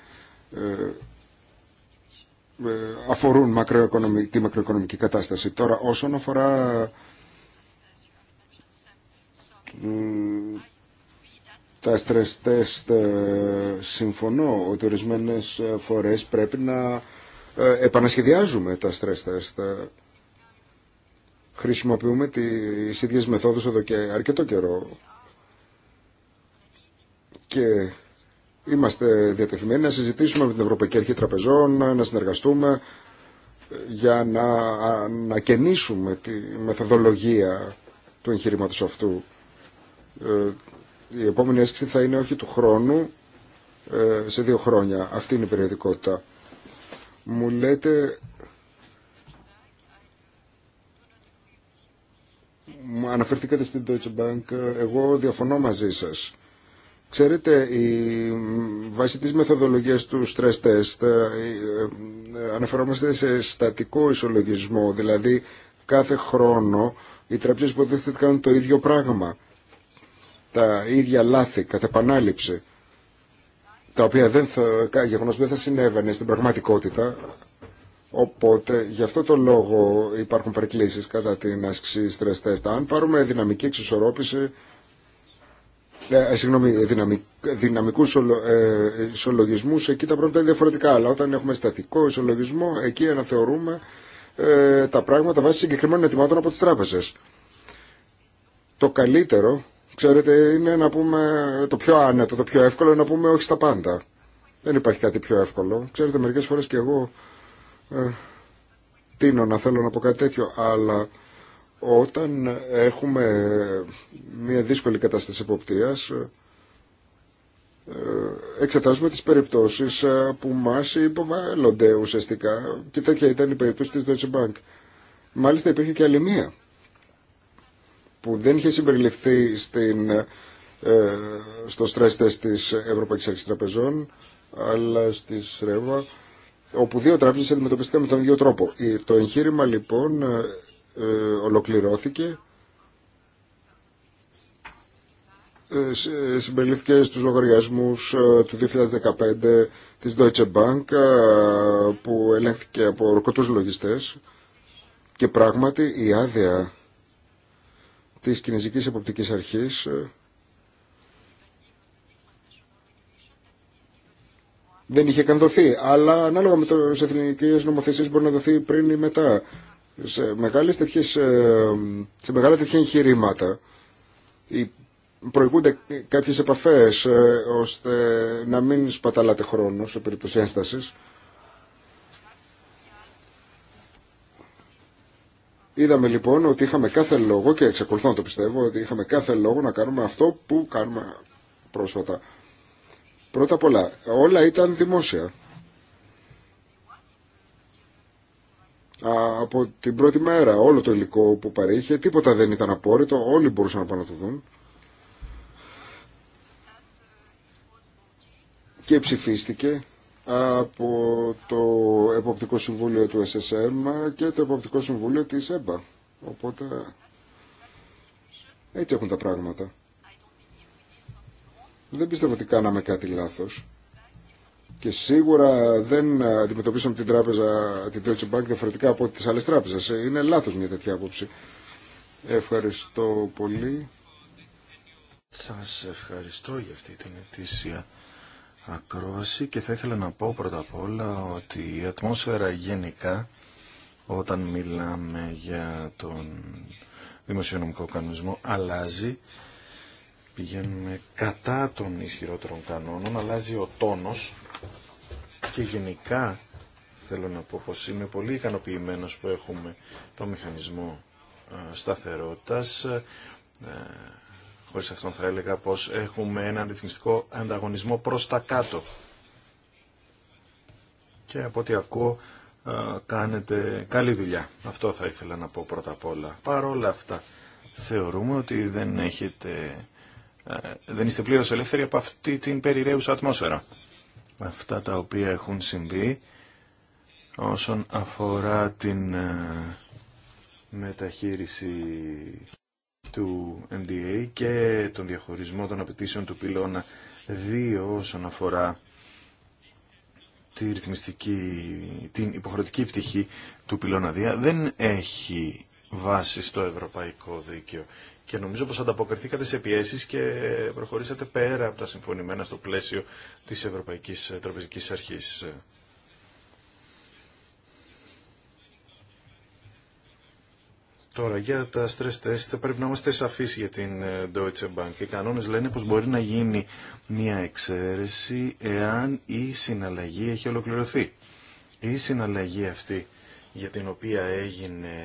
ε, αφορούν τη μακροοικονομική κατάσταση. Τώρα όσον αφορά τα stress test ε, συμφωνώ ότι ορισμένε φορές πρέπει να ε, επανασχεδιάζουμε τα stress test. Χρησιμοποιούμε τις ίδιες μεθόδους εδώ και αρκετό καιρό και Είμαστε διατεθειμένοι να συζητήσουμε με την Ευρωπαϊκή Αρχή Τραπεζών, να συνεργαστούμε για να κενήσουμε τη μεθοδολογία του εγχειρήματο αυτού. Ε, η επόμενη έσκηση θα είναι όχι του χρόνου, ε, σε δύο χρόνια. Αυτή είναι η περιοδικότητα. Μου λέτε... Αναφερθήκατε στην Deutsche Bank. Εγώ διαφωνώ μαζί σας. Ξέρετε, η βάσει της μεθοδολογίας του stress test ε, ε, ε, αναφερόμαστε σε στατικό ισολογισμό, δηλαδή κάθε χρόνο οι τραπεζές υποτίθεται κάνουν το ίδιο πράγμα, τα ίδια λάθη κατά επανάληψη, τα οποία δεν θα, γεγονός δεν θα συνέβαινε στην πραγματικότητα, Οπότε, γι' αυτό το λόγο υπάρχουν παρεκκλήσεις κατά την άσκηση stress test. Αν πάρουμε δυναμική εξισορρόπηση, ε, ε, συγγνώμη, ε, δυναμικ, δυναμικούς ισολογισμούς, εκεί τα πράγματα είναι διαφορετικά. Αλλά όταν έχουμε στατικό ισολογισμό, εκεί αναθεωρούμε ε, τα πράγματα βάσει συγκεκριμένων ετοιμάτων από τις τράπεζες. Το καλύτερο, ξέρετε, είναι να πούμε το πιο άνετο, το πιο εύκολο, να πούμε όχι στα πάντα. Δεν υπάρχει κάτι πιο εύκολο. Ξέρετε, μερικές φορές και εγώ ε, τίνω να θέλω να πω κάτι τέτοιο, αλλά όταν έχουμε μια δύσκολη κατάσταση εποπτείας, ε, εξετάζουμε τις περιπτώσεις ε, που μας υποβάλλονται ουσιαστικά και τέτοια ήταν η περίπτωση της Deutsche Bank. Μάλιστα υπήρχε και άλλη μία που δεν είχε συμπεριληφθεί στην, ε, στο stress test της Ευρωπαϊκής Αρχής Τραπεζών αλλά στη ΣΡΕΒΑ όπου δύο τράπεζες αντιμετωπίστηκαν με τον ίδιο τρόπο. Το εγχείρημα λοιπόν ε, ολοκληρώθηκε. Ε, ε, συμπεριλήφθηκε στους λογαριασμούς του 2015 της Deutsche Bank που ελέγχθηκε από ορκωτούς λογιστές και πράγματι η άδεια της Κινέζικης Εποπτικής Αρχής δεν είχε καν δοθεί, αλλά ανάλογα με τις εθνικές νομοθεσίες μπορεί να δοθεί πριν ή μετά σε, μεγάλες τέτοιες, ε, σε μεγάλα τέτοια εγχειρήματα προηγούνται κάποιες επαφές ε, ώστε να μην σπαταλάτε χρόνο σε περίπτωση ένστασης. Είδαμε λοιπόν ότι είχαμε κάθε λόγο και εξακολουθώ να το πιστεύω ότι είχαμε κάθε λόγο να κάνουμε αυτό που κάνουμε πρόσφατα. Πρώτα απ' όλα όλα ήταν δημόσια. από την πρώτη μέρα. Όλο το υλικό που παρήχε, τίποτα δεν ήταν απόρριτο, όλοι μπορούσαν να πάνε να το δουν. Και ψηφίστηκε από το Εποπτικό Συμβούλιο του SSM και το Εποπτικό Συμβούλιο της ΕΜΠΑ. Οπότε έτσι έχουν τα πράγματα. Δεν πιστεύω ότι κάναμε κάτι λάθος. Και σίγουρα δεν αντιμετωπίσαμε την τράπεζα, την Deutsche Bank, διαφορετικά από τις άλλες τράπεζες. Ε, είναι λάθος μια τέτοια άποψη. Ευχαριστώ πολύ. Σας ευχαριστώ για αυτή την ετήσια ακρόαση και θα ήθελα να πω πρώτα απ' όλα ότι η ατμόσφαιρα γενικά όταν μιλάμε για τον δημοσιονομικό κανονισμό αλλάζει πηγαίνουμε κατά των ισχυρότερων κανόνων αλλάζει ο τόνος και γενικά θέλω να πω πως είμαι πολύ ικανοποιημένος που έχουμε το μηχανισμό ε, σταθερότητας. Ε, χωρίς αυτόν θα έλεγα πως έχουμε έναν ρυθμιστικό ανταγωνισμό προς τα κάτω. Και από ό,τι ακούω ε, κάνετε καλή δουλειά. Αυτό θα ήθελα να πω πρώτα απ' όλα. Παρ' όλα αυτά θεωρούμε ότι δεν έχετε... Δεν είστε πλήρως ελεύθεροι από αυτή την περιραίουσα ατμόσφαιρα αυτά τα οποία έχουν συμβεί όσον αφορά την ε, μεταχείριση του NDA και τον διαχωρισμό των απαιτήσεων του πυλώνα 2 όσον αφορά τη την υποχρεωτική πτυχή του πυλώνα 2 δεν έχει βάση στο ευρωπαϊκό δίκαιο και νομίζω πως ανταποκριθήκατε σε πιέσεις και προχωρήσατε πέρα από τα συμφωνημένα στο πλαίσιο της Ευρωπαϊκής Τραπεζικής Αρχής. Τώρα, για τα stress test πρέπει να είμαστε σαφείς για την ε, Deutsche Bank. Οι κανόνες λένε πως μπορεί να γίνει μια εξαίρεση εάν η συναλλαγή έχει ολοκληρωθεί. Η συναλλαγή αυτή για την οποία έγινε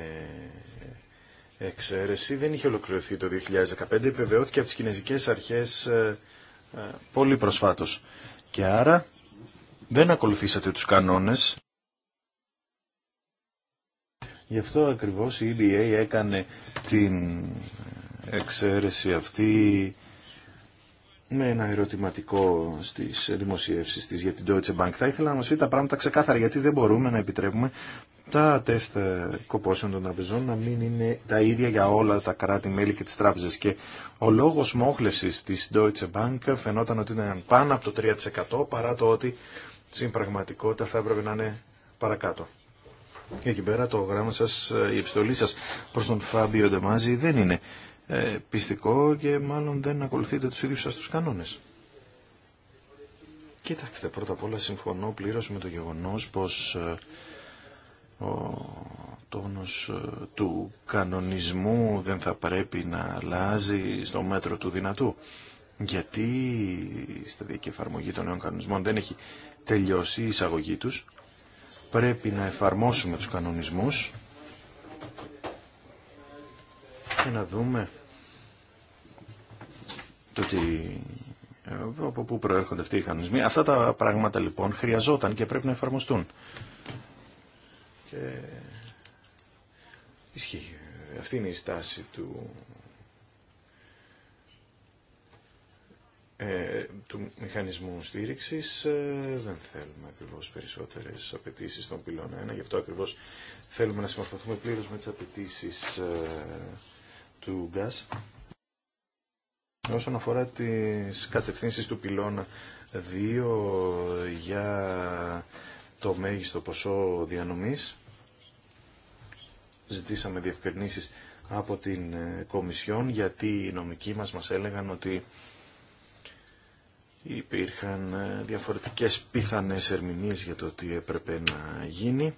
εξαίρεση δεν είχε ολοκληρωθεί το 2015, επιβεβαιώθηκε από τις κινέζικες αρχές ε, ε, πολύ προσφάτως. Και άρα δεν ακολουθήσατε τους κανόνες. Γι' αυτό ακριβώς η EBA έκανε την εξαίρεση αυτή με ένα ερωτηματικό στις δημοσιεύσεις της για την Deutsche Bank. Θα ήθελα να μας πει τα πράγματα ξεκάθαρα γιατί δεν μπορούμε να επιτρέπουμε τα τεστ ε, κοπόσεων των τραπεζών να μην είναι τα ίδια για όλα τα κράτη-μέλη και τις τράπεζες. Και ο λόγος μόχλευσης της Deutsche Bank φαινόταν ότι ήταν πάνω από το 3% παρά το ότι στην πραγματικότητα θα έπρεπε να είναι παρακάτω. Και εκεί πέρα το γράμμα σας, ε, η επιστολή σας προς τον Φάμπιο Ντεμάζη δεν είναι ε, πιστικό και μάλλον δεν ακολουθείτε τους ίδιους σας τους κανόνες. Κοιτάξτε, πρώτα απ' όλα συμφωνώ πλήρως με το γεγονός πως ο τόνος ε, του κανονισμού δεν θα πρέπει να αλλάζει στο μέτρο του δυνατού. Γιατί η σταδιακή εφαρμογή των νέων κανονισμών δεν έχει τελειώσει η εισαγωγή τους. Πρέπει να εφαρμόσουμε τους κανονισμούς και να δούμε το ότι από πού προέρχονται αυτοί οι κανονισμοί. Αυτά τα πράγματα λοιπόν χρειαζόταν και πρέπει να εφαρμοστούν. Ε, Αυτή είναι η στάση του, ε, του μηχανισμού στήριξης. Ε, δεν θέλουμε ακριβώς περισσότερες απαιτήσει στον πυλώνα 1. Γι' αυτό ακριβώς θέλουμε να συμμορφωθούμε πλήρως με τις απαιτήσει ε, του ΓΚΑΣ. Όσον αφορά τις κατευθύνσεις του πυλώνα 2 για το μέγιστο ποσό διανομής, ζητήσαμε διευκρινήσεις από την ε, Κομισιόν γιατί οι νομικοί μας μας έλεγαν ότι υπήρχαν ε, διαφορετικές πιθανές ερμηνείες για το τι έπρεπε να γίνει.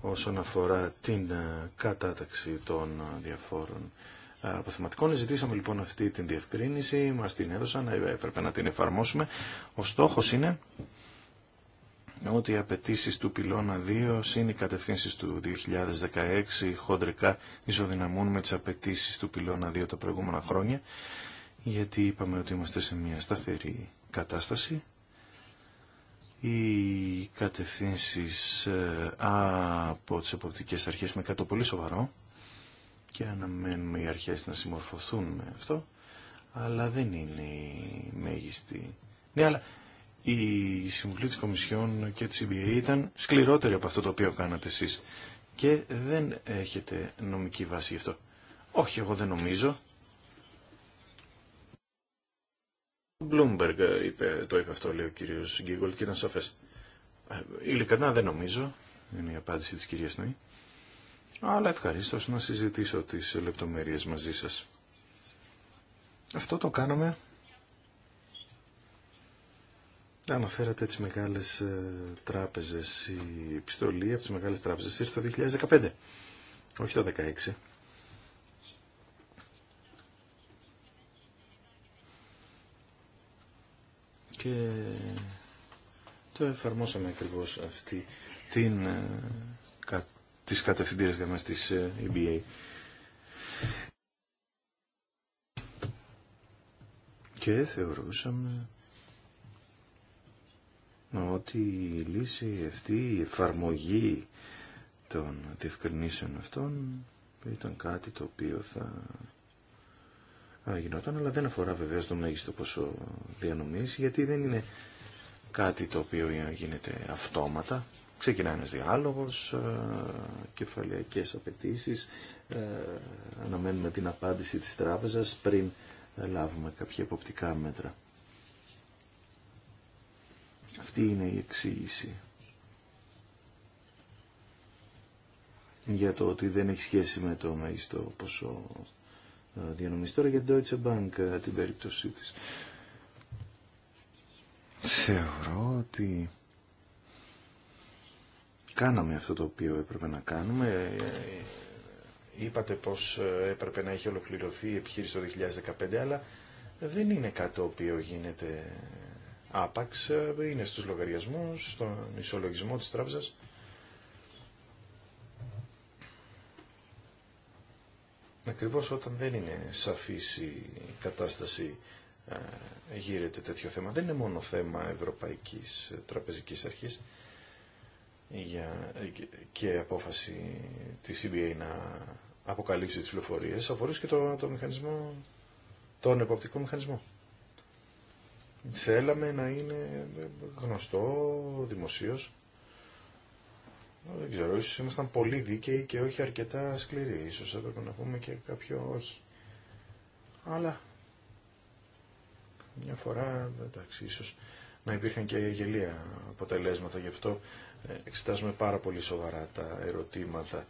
όσον αφορά την ε, κατάταξη των διαφόρων αποθεματικών. Ζητήσαμε λοιπόν αυτή την διευκρίνηση, μας την έδωσαν, έπρεπε να την εφαρμόσουμε. Ο στόχος είναι ότι οι απαιτήσει του πυλώνα 2 είναι οι κατευθύνσει του 2016 χοντρικά ισοδυναμούν με τι απαιτήσει του πυλώνα 2 τα προηγούμενα χρόνια γιατί είπαμε ότι είμαστε σε μια σταθερή κατάσταση. Οι κατευθύνσει ε, από τι εποπτικές αρχές είναι κάτι πολύ σοβαρό και αναμένουμε οι αρχές να συμμορφωθούν με αυτό αλλά δεν είναι η μέγιστη. Ναι, αλλά η συμβουλή της Κομισιόν και της CBA ήταν σκληρότερη από αυτό το οποίο κάνατε εσείς και δεν έχετε νομική βάση γι' αυτό. Όχι, εγώ δεν νομίζω. Bloomberg είπε, το είπε αυτό, λέει ο κύριος Γκίγκολτ και ήταν σαφές. Ε, ειλικρινά δεν νομίζω, είναι η απάντηση της κυρίας Νοή. Αλλά ευχαρίστω να συζητήσω τις λεπτομέρειες μαζί σας. Αυτό το κάναμε Αναφέρατε τις μεγάλες ε, τράπεζες. Η επιστολή από τις μεγάλες τράπεζες ήρθε το 2015, όχι το 2016. Και το εφαρμόσαμε ακριβώς αυτή την, ε, κα, τις κατευθυντήρες μας της EBA. Ε, Και θεωρούσαμε ότι η λύση αυτή, η εφαρμογή των διευκρινήσεων αυτών ήταν κάτι το οποίο θα γινόταν, αλλά δεν αφορά βεβαίω το μέγιστο ποσό διανομής, γιατί δεν είναι κάτι το οποίο γίνεται αυτόματα. Ξεκινάει ένας διάλογος, ε, κεφαλαιακές απαιτήσεις, ε, αναμένουμε την απάντηση της τράπεζας πριν λάβουμε κάποια εποπτικά μέτρα. Αυτή είναι η εξήγηση. Για το ότι δεν έχει σχέση με το μέγιστο ποσό ε, διανομής. Τώρα για την Deutsche Bank ε, την περίπτωσή της. Θεωρώ ότι κάναμε αυτό το οποίο έπρεπε να κάνουμε. Ε, είπατε πως έπρεπε να έχει ολοκληρωθεί η επιχείρηση το 2015, αλλά δεν είναι κάτι το οποίο γίνεται άπαξ είναι στους λογαριασμούς, στον ισολογισμό της τράπεζας. Ακριβώς όταν δεν είναι σαφής η κατάσταση ε, γύρεται τέτοιο θέμα. Δεν είναι μόνο θέμα Ευρωπαϊκής Τραπεζικής Αρχής για, και απόφαση της CBA να αποκαλύψει τις πληροφορίες, αφορούσε και το, το μηχανισμό, τον εποπτικό μηχανισμό. Θέλαμε να είναι γνωστό δημοσίω. Δεν ξέρω, ίσως ήμασταν πολύ δίκαιοι και όχι αρκετά σκληροί. Ίσως έπρεπε να πούμε και κάποιο όχι. Αλλά μια φορά, εντάξει, ίσω να υπήρχαν και γελία αποτελέσματα. Γι' αυτό ε, εξετάζουμε πάρα πολύ σοβαρά τα ερωτήματα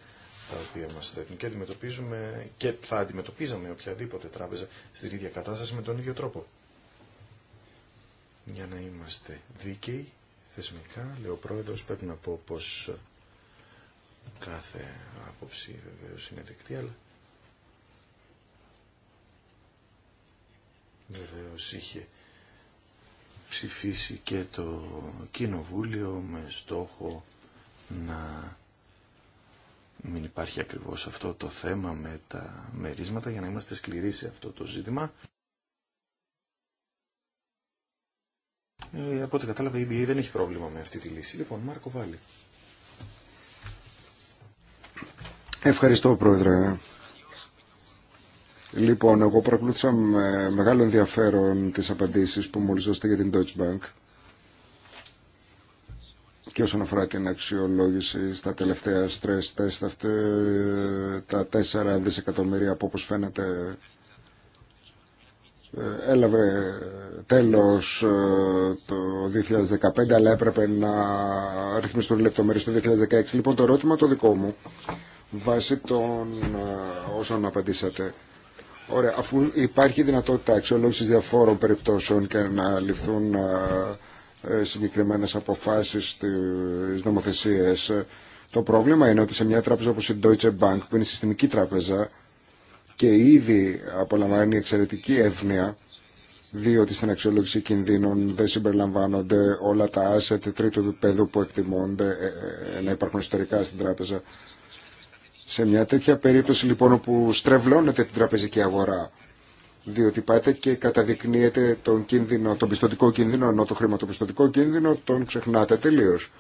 τα οποία μας θέτουν και αντιμετωπίζουμε και θα αντιμετωπίζαμε οποιαδήποτε τράπεζα στην ίδια κατάσταση με τον ίδιο τρόπο. Για να είμαστε δίκαιοι, θεσμικά, Λέω ο πρόεδρος, πρέπει να πω πως κάθε άποψη βεβαίω είναι δεκτή, αλλά βεβαίω είχε ψηφίσει και το Κοινοβούλιο με στόχο να μην υπάρχει ακριβώς αυτό το θέμα με τα μερίσματα για να είμαστε σκληροί σε αυτό το ζήτημα. Ε, από ό,τι κατάλαβα η δεν έχει πρόβλημα με αυτή τη λύση. Λοιπόν, Μάρκο Βάλλη. Ευχαριστώ Πρόεδρε. Λοιπόν, εγώ παρακολούθησα με μεγάλο ενδιαφέρον τις απαντήσεις που μόλις δώσατε για την Deutsche Bank και όσον αφορά την αξιολόγηση στα τελευταία stress test τα 4 δισεκατομμύρια από όπως φαίνεται ε, έλαβε τέλος ε, το 2015 αλλά έπρεπε να ρυθμιστούν λεπτομέρειες το 2016. Λοιπόν το ερώτημα το δικό μου βάσει των ε, όσων απαντήσατε. Ωραία, αφού υπάρχει δυνατότητα αξιολόγησης διαφόρων περιπτώσεων και να ληφθούν συγκεκριμένες αποφάσεις στις νομοθεσίες, το πρόβλημα είναι ότι σε μια τράπεζα όπως η Deutsche Bank, που είναι συστημική τράπεζα, και ήδη απολαμβάνει εξαιρετική εύνοια διότι στην αξιολόγηση κινδύνων δεν συμπεριλαμβάνονται όλα τα asset τρίτου επίπεδου που εκτιμώνται ε, ε, να υπάρχουν ιστορικά στην τράπεζα. Σε μια τέτοια περίπτωση λοιπόν όπου στρεβλώνεται την τραπεζική αγορά διότι πάτε και καταδεικνύετε τον, κίνδυνο, τον πιστοτικό κίνδυνο ενώ το χρηματοπιστωτικό κίνδυνο τον ξεχνάτε τελείως.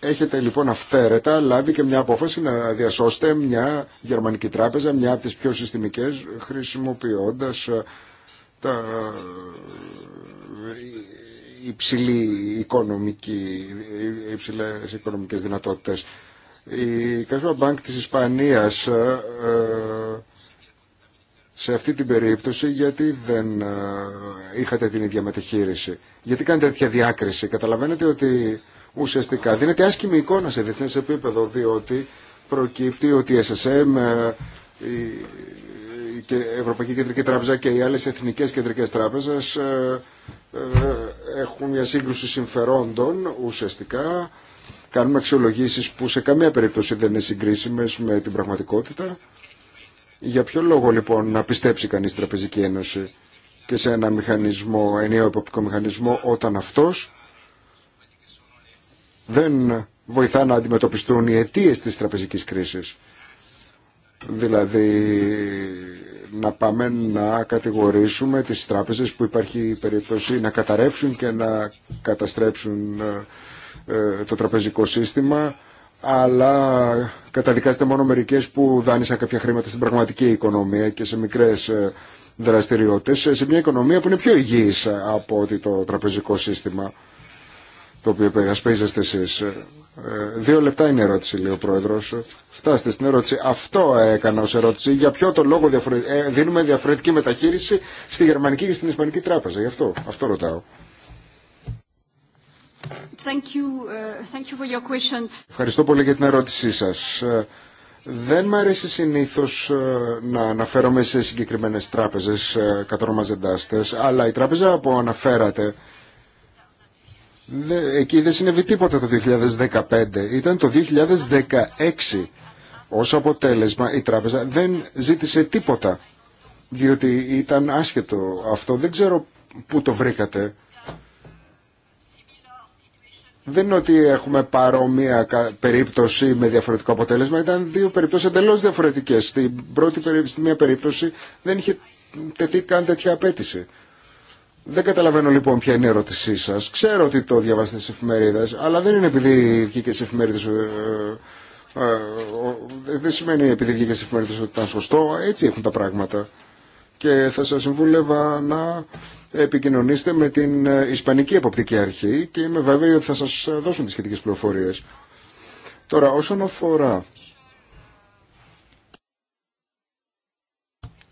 Έχετε λοιπόν αυθαίρετα λάβει και μια απόφαση να διασώσετε μια γερμανική τράπεζα, μια από τις πιο συστημικές, χρησιμοποιώντας ε, τα ε, υψηλή οικονομική, υψηλές οικονομικές δυνατότητες. Η Κασμα Μπάνκ της Ισπανίας ε, σε αυτή την περίπτωση γιατί δεν είχατε την ίδια μεταχείριση. Γιατί κάνετε τέτοια διάκριση. Καταλαβαίνετε ότι ουσιαστικά δίνεται άσχημη εικόνα σε διεθνές επίπεδο διότι προκύπτει ότι η SSM, ε, η Ευρωπαϊκή Κεντρική Τράπεζα και οι άλλες εθνικές κεντρικές τράπεζες ε, ε, έχουν μια σύγκρουση συμφερόντων ουσιαστικά κάνουμε αξιολογήσεις που σε καμία περίπτωση δεν είναι συγκρίσιμες με την πραγματικότητα. Για ποιο λόγο λοιπόν να πιστέψει κανείς η Τραπεζική Ένωση και σε ένα μηχανισμό, ενιαίο εποπτικό μηχανισμό, όταν αυτός δεν βοηθά να αντιμετωπιστούν οι αιτίε της τραπεζικής κρίσης. Δηλαδή να πάμε να κατηγορήσουμε τις τράπεζες που υπάρχει περίπτωση να καταρρεύσουν και να καταστρέψουν ε, το τραπεζικό σύστημα αλλά καταδικάζεται μόνο μερικές που δάνεισαν κάποια χρήματα στην πραγματική οικονομία και σε μικρές ε, δραστηριότητες σε μια οικονομία που είναι πιο υγιής από ότι το τραπεζικό σύστημα το οποίο περασπίζεστε εσείς. Ε, δύο λεπτά είναι η ερώτηση, λέει ο πρόεδρο. Φτάστε στην ερώτηση. Αυτό έκανα ω ερώτηση. Για ποιο το λόγο ε, δίνουμε διαφορετική μεταχείριση στη Γερμανική και στην Ισπανική τράπεζα. Γι' αυτό, αυτό ρωτάω. Uh, for your question. Ευχαριστώ πολύ για την ερώτησή σας. Ε, δεν μ' αρέσει συνήθως να αναφέρομαι σε συγκεκριμένες τράπεζες κατ' αλλά η τράπεζα που αναφέρατε εκεί δεν συνέβη τίποτα το 2015. Ήταν το 2016. Ως αποτέλεσμα η τράπεζα δεν ζήτησε τίποτα. Διότι ήταν άσχετο αυτό. Δεν ξέρω πού το βρήκατε. Δεν είναι ότι έχουμε παρόμοια περίπτωση με διαφορετικό αποτέλεσμα. Ήταν δύο περιπτώσεις εντελώς διαφορετικές. Στην πρώτη περίπτωση, στη μία περίπτωση δεν είχε τεθεί καν τέτοια απέτηση. Δεν καταλαβαίνω λοιπόν ποια είναι η ερώτησή σα. Ξέρω ότι το διαβάσετε στι εφημερίδε, αλλά δεν είναι επειδή βγήκε στι εφημερίδε. Ε ε, ε, ε, δεν σημαίνει επειδή βγήκε στι εφημερίδε ότι ήταν σωστό. Έτσι έχουν τα πράγματα. Και θα σα συμβούλευα να επικοινωνήσετε με την ε, Ισπανική Εποπτική Αρχή και είμαι βέβαιη ότι θα σα δώσουν τι σχετικέ πληροφορίε. Τώρα, όσον αφορά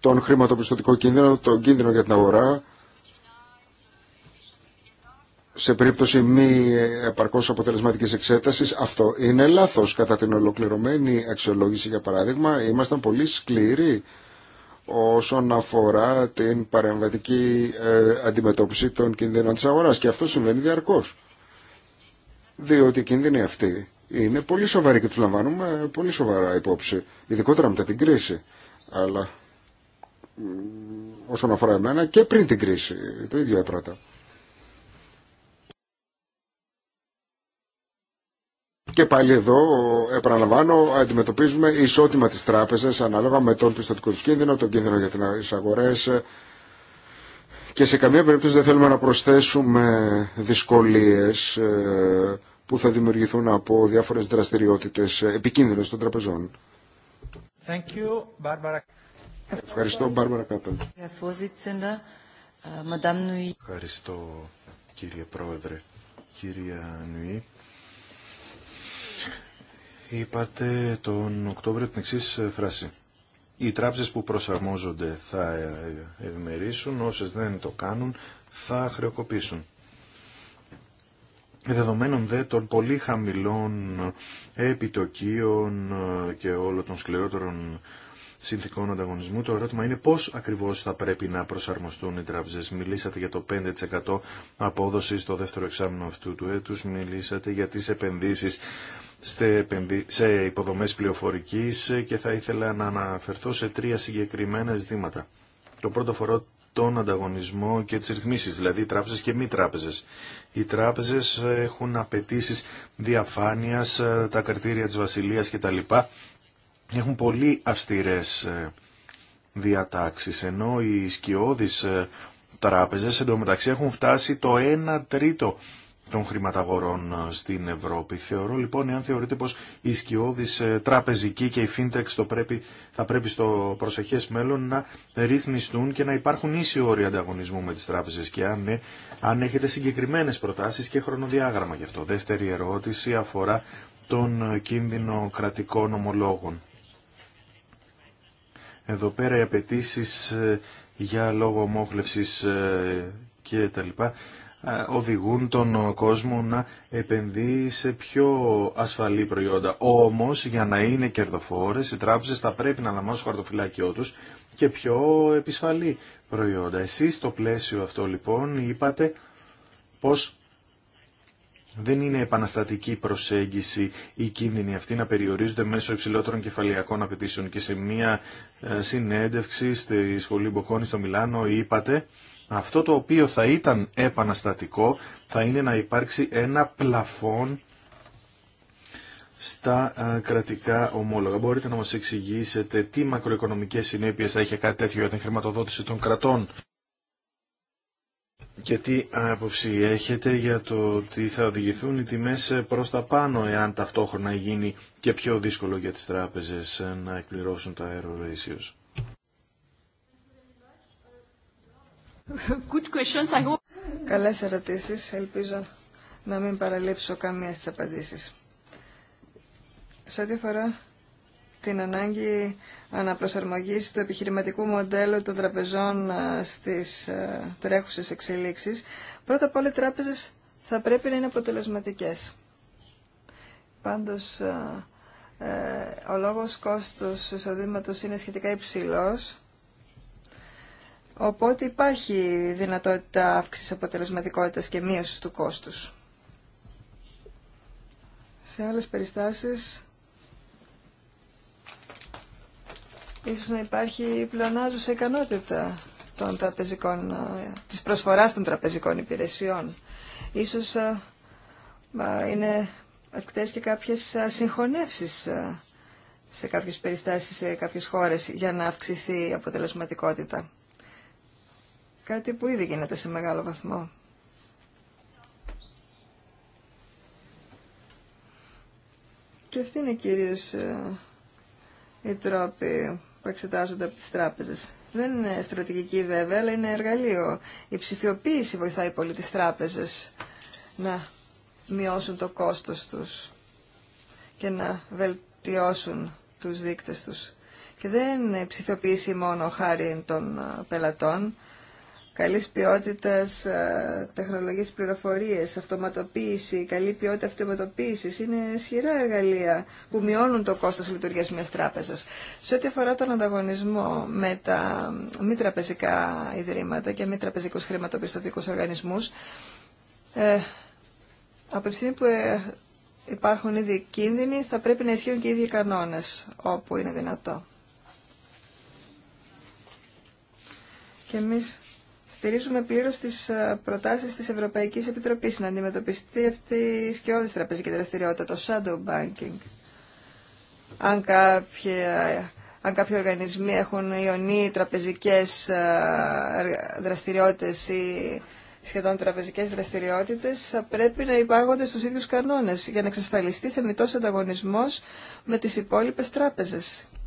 τον χρηματοπιστωτικό κίνδυνο, τον κίνδυνο για την αγορά, σε περίπτωση μη επαρκώ αποτελεσματικής εξέταση, αυτό είναι λάθος. Κατά την ολοκληρωμένη αξιολόγηση, για παράδειγμα, ήμασταν πολύ σκληροί όσον αφορά την παρεμβατική ε, αντιμετώπιση των κινδύνων της αγοράς. Και αυτό συμβαίνει διαρκώ, Διότι οι κίνδυνοι αυτοί είναι πολύ σοβαροί και του λαμβάνουμε πολύ σοβαρά υπόψη, ειδικότερα μετά την κρίση. Αλλά όσον αφορά εμένα και πριν την κρίση, το ίδιο έπρατα. Και πάλι εδώ, επαναλαμβάνω, αντιμετωπίζουμε ισότιμα τις τράπεζες ανάλογα με τον πιστοτικό του κίνδυνο, τον κίνδυνο για τις αγορές και σε καμία περίπτωση δεν θέλουμε να προσθέσουμε δυσκολίες ε, που θα δημιουργηθούν από διάφορες δραστηριότητες επικίνδυνες των τραπεζών. Thank you, Barbara. Ευχαριστώ, Μπάρμπαρα Κάπελ. Äh, Ευχαριστώ, κύριε Πρόεδρε. Κυρία Νουή, είπατε τον Οκτώβριο την εξή ε, φράση. Οι τράπεζες που προσαρμόζονται θα ε, ε, ευμερίσουν, όσες δεν το κάνουν θα χρεοκοπήσουν. Δεδομένων δε των πολύ χαμηλών επιτοκίων και όλων των σκληρότερων συνθηκών ανταγωνισμού, το ερώτημα είναι πώς ακριβώς θα πρέπει να προσαρμοστούν οι τράπεζες. Μιλήσατε για το 5% απόδοση στο δεύτερο εξάμεινο αυτού του έτους, μιλήσατε για τις επενδύσεις σε υποδομές πληροφορικής και θα ήθελα να αναφερθώ σε τρία συγκεκριμένα ζητήματα. Το πρώτο φορό τον ανταγωνισμό και τις ρυθμίσεις, δηλαδή τράπεζες και μη τράπεζες. Οι τράπεζες έχουν απαιτήσει διαφάνειας, ε, τα κριτήρια της βασιλείας κτλ. Έχουν πολύ αυστηρές ε, διατάξεις, ενώ οι σκιώδεις ε, τράπεζες εντωμεταξύ έχουν φτάσει το 1 τρίτο των χρηματαγορών ε, στην Ευρώπη. Θεωρώ λοιπόν, εάν θεωρείτε πως η σκιώδης ε, τραπεζική και η fintech το πρέπει, θα πρέπει στο προσεχές μέλλον να ρυθμιστούν και να υπάρχουν ίσοι όροι ανταγωνισμού με τις τράπεζες και αν, ε, αν έχετε συγκεκριμένες προτάσεις και χρονοδιάγραμμα γι' αυτό. Δεύτερη ερώτηση αφορά τον κίνδυνο κρατικών ομολόγων. Εδώ πέρα οι απαιτήσει για λόγο ομόχλευσης και τα λοιπά ε, οδηγούν τον κόσμο να επενδύει σε πιο ασφαλή προϊόντα. Όμως, για να είναι κερδοφόρες, οι τράπεζες θα πρέπει να αναμάσουν στο χαρτοφυλάκιό τους και πιο επισφαλή προϊόντα. Εσείς στο πλαίσιο αυτό λοιπόν είπατε πως δεν είναι επαναστατική προσέγγιση ή κίνδυνοι αυτοί να περιορίζονται μέσω υψηλότερων κεφαλιακών απαιτήσεων. Και σε μία ε, συνέντευξη στη Σχολή Μποκόνη στο Μιλάνο είπατε αυτό το οποίο θα ήταν επαναστατικό θα είναι να υπάρξει ένα πλαφόν στα ε, κρατικά ομόλογα. Μπορείτε να μας εξηγήσετε τι μακροοικονομικές συνέπειες θα είχε κάτι τέτοιο για την χρηματοδότηση των κρατών και τι άποψη έχετε για το ότι θα οδηγηθούν οι τιμές προς τα πάνω εάν ταυτόχρονα γίνει και πιο δύσκολο για τις τράπεζες να εκπληρώσουν τα aero ratios. Καλέ ερωτήσει. Καλές ερωτήσεις. Ελπίζω να μην παραλείψω καμία στις απαντήσεις. Σε ό,τι αφορά την ανάγκη αναπροσαρμογής του επιχειρηματικού μοντέλου των τραπεζών ε, στις ε, τρέχουσες εξελίξεις, πρώτα απ' όλα οι τράπεζες θα πρέπει να είναι αποτελεσματικές. Πάντως, ε, ο λόγος κόστος εισοδήματος είναι σχετικά υψηλός Οπότε υπάρχει δυνατότητα αύξησης αποτελεσματικότητας και μείωσης του κόστους. Σε άλλες περιστάσεις, ίσως να υπάρχει πλεονάζουσα ικανότητα των τραπεζικών, ε, της προσφοράς των τραπεζικών υπηρεσιών. Ίσως ε, είναι εκτές και κάποιες ε, συγχωνεύσεις σε κάποιες περιστάσεις, σε κάποιες χώρες για να αυξηθεί η αποτελεσματικότητα. Κάτι που ήδη γίνεται σε μεγάλο βαθμό. Και αυτοί είναι κυρίως ε, οι τρόποι που εξετάζονται από τις τράπεζες. Δεν είναι στρατηγική βέβαια, αλλά είναι εργαλείο. Η ψηφιοποίηση βοηθάει πολύ τις τράπεζες να μειώσουν το κόστος τους και να βελτιώσουν τους δείκτες τους. Και δεν είναι ψηφιοποίηση μόνο χάρη των ε, πελατών, καλής ποιότητας ε, τεχνολογίες πληροφορίες, αυτοματοποίηση, καλή ποιότητα αυτοματοποίησης είναι ισχυρά εργαλεία που μειώνουν το κόστος λειτουργίας μιας τράπεζας. Σε ό,τι αφορά τον ανταγωνισμό με τα μη τραπεζικά ιδρύματα και μη τραπεζικούς χρηματοπιστωτικούς οργανισμούς, ε, από τη στιγμή που ε, υπάρχουν ήδη κίνδυνοι, θα πρέπει να ισχύουν και οι ίδιοι κανόνες όπου είναι δυνατό στηρίζουμε πλήρω τι ε, προτάσει τη Ευρωπαϊκή Επιτροπή να αντιμετωπιστεί αυτή η σκιώδη τραπεζική δραστηριότητα, το shadow banking. Αν, αν κάποιοι οργανισμοί έχουν ιονή τραπεζικέ ε, δραστηριότητε ή σχεδόν τραπεζικέ δραστηριότητε, θα πρέπει να υπάγονται στου ίδιου κανόνε για να εξασφαλιστεί θεμητό ανταγωνισμό με τι υπόλοιπε τράπεζε.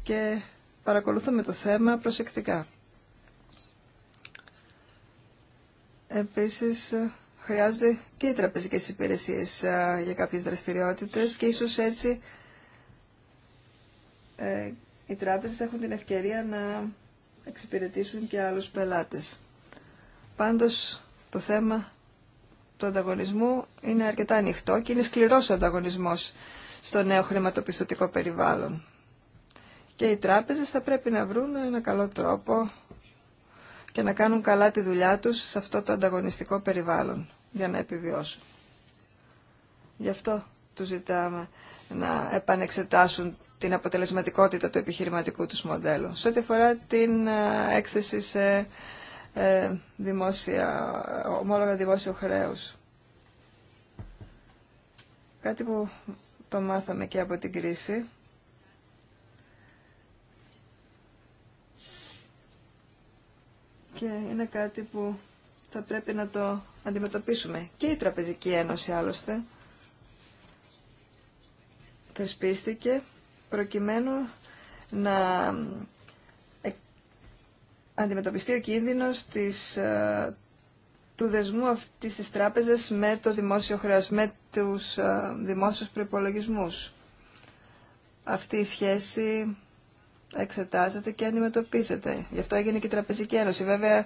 Και παρακολουθούμε το θέμα προσεκτικά. Επίσης, ε, χρειάζονται και οι τραπεζικές υπηρεσίες ε, για κάποιες δραστηριότητες και ίσως έτσι ε, οι τράπεζες έχουν την ευκαιρία να εξυπηρετήσουν και άλλους πελάτες. Πάντως, το θέμα του ανταγωνισμού είναι αρκετά ανοιχτό και είναι σκληρός ο ανταγωνισμός στο νέο χρηματοπιστωτικό περιβάλλον. Και οι τράπεζες θα πρέπει να βρουν ένα καλό τρόπο και να κάνουν καλά τη δουλειά τους σε αυτό το ανταγωνιστικό περιβάλλον για να επιβιώσουν. Γι' αυτό τους ζητάμε να επανεξετάσουν την αποτελεσματικότητα του επιχειρηματικού τους μοντέλου. Σε ό,τι αφορά την ε, έκθεση σε ε, δημόσια, ομόλογα δημόσιο χρέους. Κάτι που το μάθαμε και από την κρίση και είναι κάτι που θα πρέπει να το αντιμετωπίσουμε. Και η Τραπεζική Ένωση άλλωστε θεσπίστηκε προκειμένου να ε, αντιμετωπιστεί ο κίνδυνος της, ε, του δεσμού αυτής της τράπεζας με το δημόσιο χρέος, με τους ε, δημόσιους προϋπολογισμούς. Αυτή η σχέση εξετάζεται και αντιμετωπίζεται. Γι' αυτό έγινε και η Τραπεζική Ένωση. Βέβαια,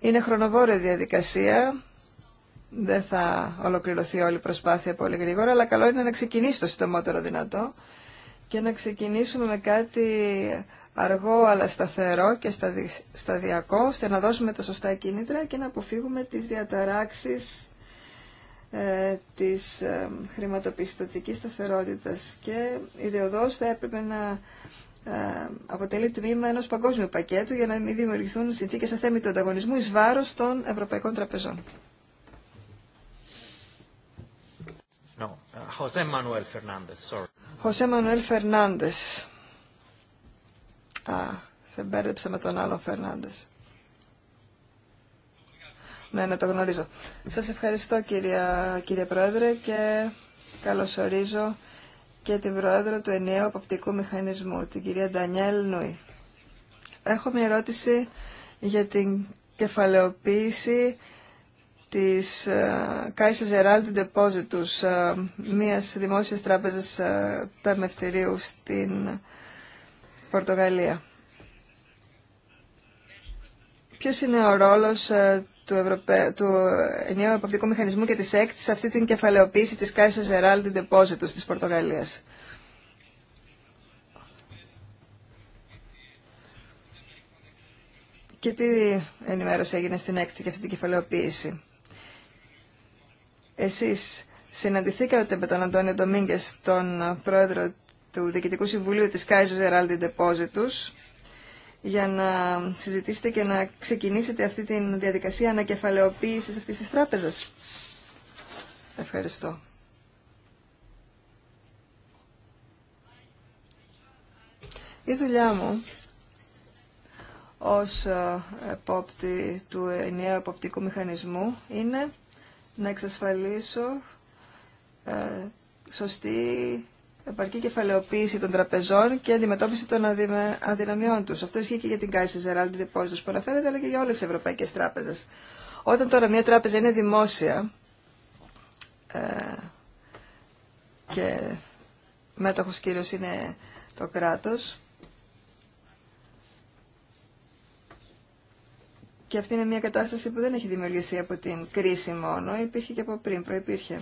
είναι χρονοβόρη διαδικασία. Δεν θα ολοκληρωθεί όλη η προσπάθεια πολύ γρήγορα, αλλά καλό είναι να ξεκινήσει το συντομότερο δυνατό και να ξεκινήσουμε με κάτι αργό αλλά σταθερό και σταδιακό, ώστε να δώσουμε τα σωστά κίνητρα και να αποφύγουμε τις διαταράξεις ε, της ε, χρηματοπιστωτικής σταθερότητας. Και ιδεοδός θα έπρεπε να ε, αποτελεί τμήμα ενός παγκόσμιου πακέτου για να μην δημιουργηθούν συνθήκες αθέμιτου ανταγωνισμού εις βάρος των ευρωπαϊκών τραπεζών. Χωσέ Μανουέλ uh, Manuel Α, σε μπέρδεψε με τον άλλο Φερνάντε. Ναι, να το γνωρίζω. Σας ευχαριστώ κύριε, κύριε Πρόεδρε και καλωσορίζω και την πρόεδρο του ενιαίου αποπτικού μηχανισμού, την κυρία Ντανιέλ Νουή. Έχω μια ερώτηση για την κεφαλαιοποίηση της ε, Κάισα Ζεράλτη Depositus, ε, μιας δημόσιας τράπεζας ε, ταμευτηρίου στην Πορτογαλία. Ποιος είναι ο ρόλος του, Ευρωπαϊκού του ενιαίου μηχανισμού και της ΕΚΤ σε αυτή την κεφαλαιοποίηση της Κάσιο Ζεράλ Depositus της Πορτογαλίας. Και τι ενημέρωση έγινε στην έκτη για αυτή την κεφαλαιοποίηση. Εσείς συναντηθήκατε με τον Αντώνιο Ντομίγκες, τον πρόεδρο του Διοικητικού Συμβουλίου της Kaiser Herald Depositus, για να συζητήσετε και να ξεκινήσετε αυτή τη διαδικασία ανακεφαλαιοποίησης αυτής της τράπεζας. Ευχαριστώ. Η δουλειά μου ως ε, επόπτη του ενιαίου εποπτικού μηχανισμού είναι να εξασφαλίσω ε, σωστή επαρκή κεφαλαιοποίηση των τραπεζών και αντιμετώπιση των αδυναμιών τους. Αυτό ισχύει και για την Kaiser Gerald Depositors που αναφέρεται, αλλά και για όλες τι ευρωπαϊκέ τράπεζε. Όταν τώρα μια τράπεζα είναι δημόσια ε, και μέτοχος κύριο είναι το κράτος, Και αυτή είναι μια κατάσταση που δεν έχει δημιουργηθεί από την κρίση μόνο, υπήρχε και από πριν, προϋπήρχε.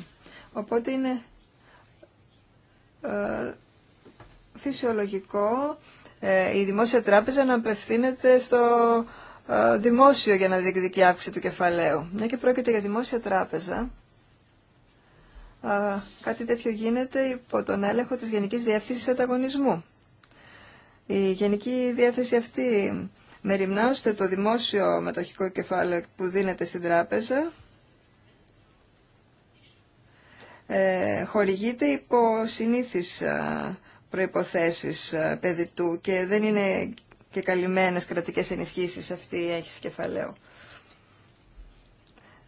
Οπότε είναι ε, φυσιολογικό ε, η Δημόσια Τράπεζα να απευθύνεται στο ε, δημόσιο για να διεκδικεί αύξηση του κεφαλαίου. Μια και πρόκειται για Δημόσια Τράπεζα, κάτι τέτοιο γίνεται υπό τον έλεγχο της Γενικής Διεύθυνσης Ανταγωνισμού. Η Γενική Διεύθυνση αυτή μεριμνά το δημόσιο μετοχικό κεφάλαιο που δίνεται στην τράπεζα Ε, χορηγείται υπό συνήθεις ε, προϋποθέσεις ε, παιδιτού και δεν είναι και καλυμμένες κρατικές ενισχύσεις αυτή η έχηση κεφαλαίου.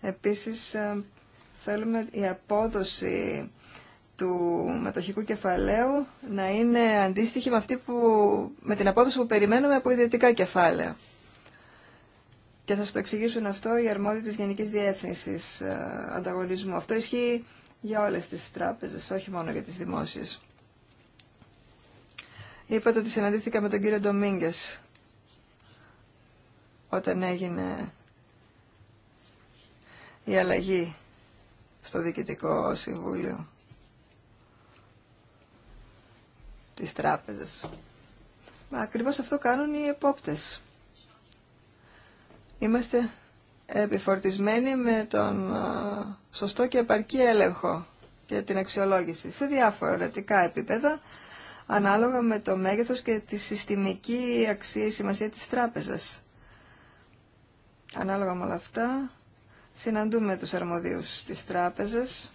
Επίσης, θέλουμε η απόδοση του μετοχικού κεφαλαίου να είναι αντίστοιχη με, αυτή που, με την απόδοση που περιμένουμε από ιδιωτικά κεφάλαια. Και θα σας το εξηγήσουν αυτό οι αρμόδιοι της Γενικής Διεύθυνσης Ανταγωνισμού. Αυτό ισχύει για όλες τις τράπεζες, όχι μόνο για τις δημόσιες. Είπατε ότι συναντήθηκα με τον κύριο Ντομίγκες όταν έγινε η αλλαγή στο Διοικητικό Συμβούλιο της τράπεζας. Μα ακριβώς αυτό κάνουν οι επόπτες. Είμαστε επιφορτισμένη με τον σωστό και επαρκή έλεγχο και την αξιολόγηση σε διάφορα διαφορετικά επίπεδα ανάλογα με το μέγεθος και τη συστημική αξία σημασία της τράπεζας. Ανάλογα με όλα αυτά, συναντούμε τους αρμοδίους της τράπεζας,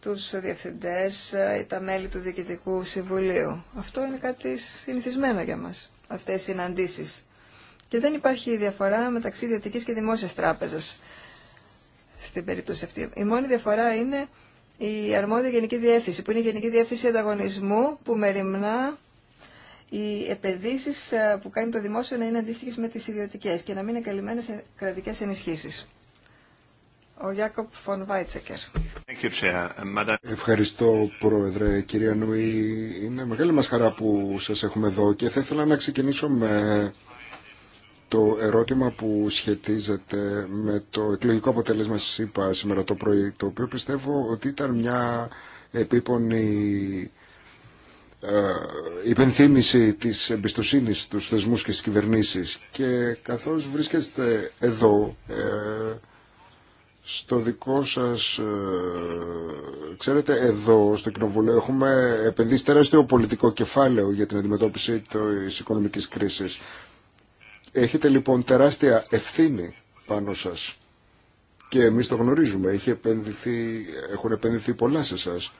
τους διευθυντές ή τα μέλη του Διοικητικού Συμβουλίου. Αυτό είναι κάτι συνηθισμένο για μας, αυτές οι συναντήσεις και δεν υπάρχει διαφορά μεταξύ ιδιωτική και δημόσια τράπεζα στην περίπτωση αυτή. Η μόνη διαφορά είναι η αρμόδια γενική διεύθυνση, που είναι η Γενική Διεύθυνση Ανταγωνισμού, που μεριμνά οι επενδύσει ε, που κάνει το δημόσιο να είναι αντίστοιχε με τι ιδιωτικέ και να μην είναι καλυμμένε κρατικέ ενισχύσει. Ο Ιάκοπ Φον Βάιτσεκερ. Ευχαριστώ, Πρόεδρε. Κυρία Νουή, είναι μεγάλη μα χαρά που σα έχουμε εδώ και θα ήθελα να ξεκινήσω με το ερώτημα που σχετίζεται με το εκλογικό αποτέλεσμα σας είπα σήμερα το πρωί, το οποίο πιστεύω ότι ήταν μια επίπονη ε, υπενθύμηση της εμπιστοσύνης στους θεσμούς και στις κυβερνήσεις και καθώς βρίσκεστε εδώ ε, στο δικό σας ε, ξέρετε εδώ στο Κοινοβουλίο έχουμε επενδύσει τεράστιο πολιτικό κεφάλαιο για την αντιμετώπιση της οικονομικής κρίσης Έχετε λοιπόν τεράστια ευθύνη πάνω σας και εμείς το γνωρίζουμε, Έχει επένδυθει, έχουν επένδυθει πολλά σε εσά.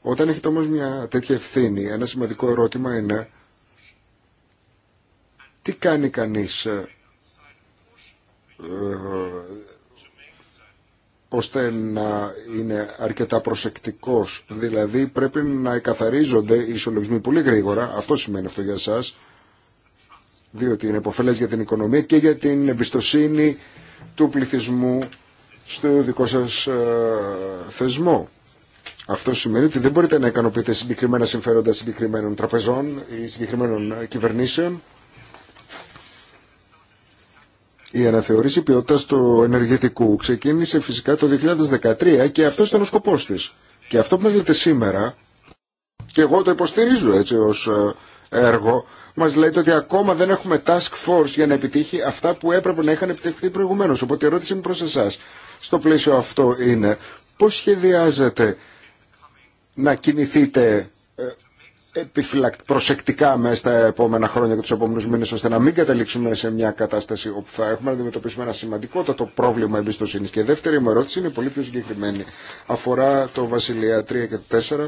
Όταν έχετε όμως μια τέτοια ευθύνη, ένα σημαντικό ερώτημα είναι τι κάνει κανείς ε, ε, ώστε να είναι αρκετά προσεκτικός. Δηλαδή πρέπει να εκαθαρίζονται οι ισολογισμοί πολύ γρήγορα, αυτό σημαίνει αυτό για σας διότι είναι υποφελές για την οικονομία και για την εμπιστοσύνη του πληθυσμού στο δικό σας ε, θεσμό. Αυτό σημαίνει ότι δεν μπορείτε να ικανοποιείτε συγκεκριμένα συμφέροντα συγκεκριμένων τραπεζών ή συγκεκριμένων κυβερνήσεων. Η αναθεωρήση ποιότητα του ενεργητικού ξεκίνησε φυσικά το 2013 και αυτό ήταν ο σκοπό τη. Και αυτό που μα λέτε σήμερα, και εγώ το υποστηρίζω έτσι ω ε, έργο, Μα λέτε ότι ακόμα δεν έχουμε task force για να επιτύχει αυτά που έπρεπε να είχαν επιτευχθεί προηγουμένως. Οπότε η ερώτηση μου προς εσάς στο πλαίσιο αυτό είναι πώς σχεδιάζετε να κινηθείτε ε, προσεκτικά μέσα στα επόμενα χρόνια και τους επόμενους μήνες ώστε να μην καταλήξουμε σε μια κατάσταση όπου θα έχουμε να αντιμετωπίσουμε ένα σημαντικότατο πρόβλημα εμπιστοσύνη. Και η δεύτερη μου ερώτηση είναι πολύ πιο συγκεκριμένη. Αφορά το Βασιλεία 3 και 4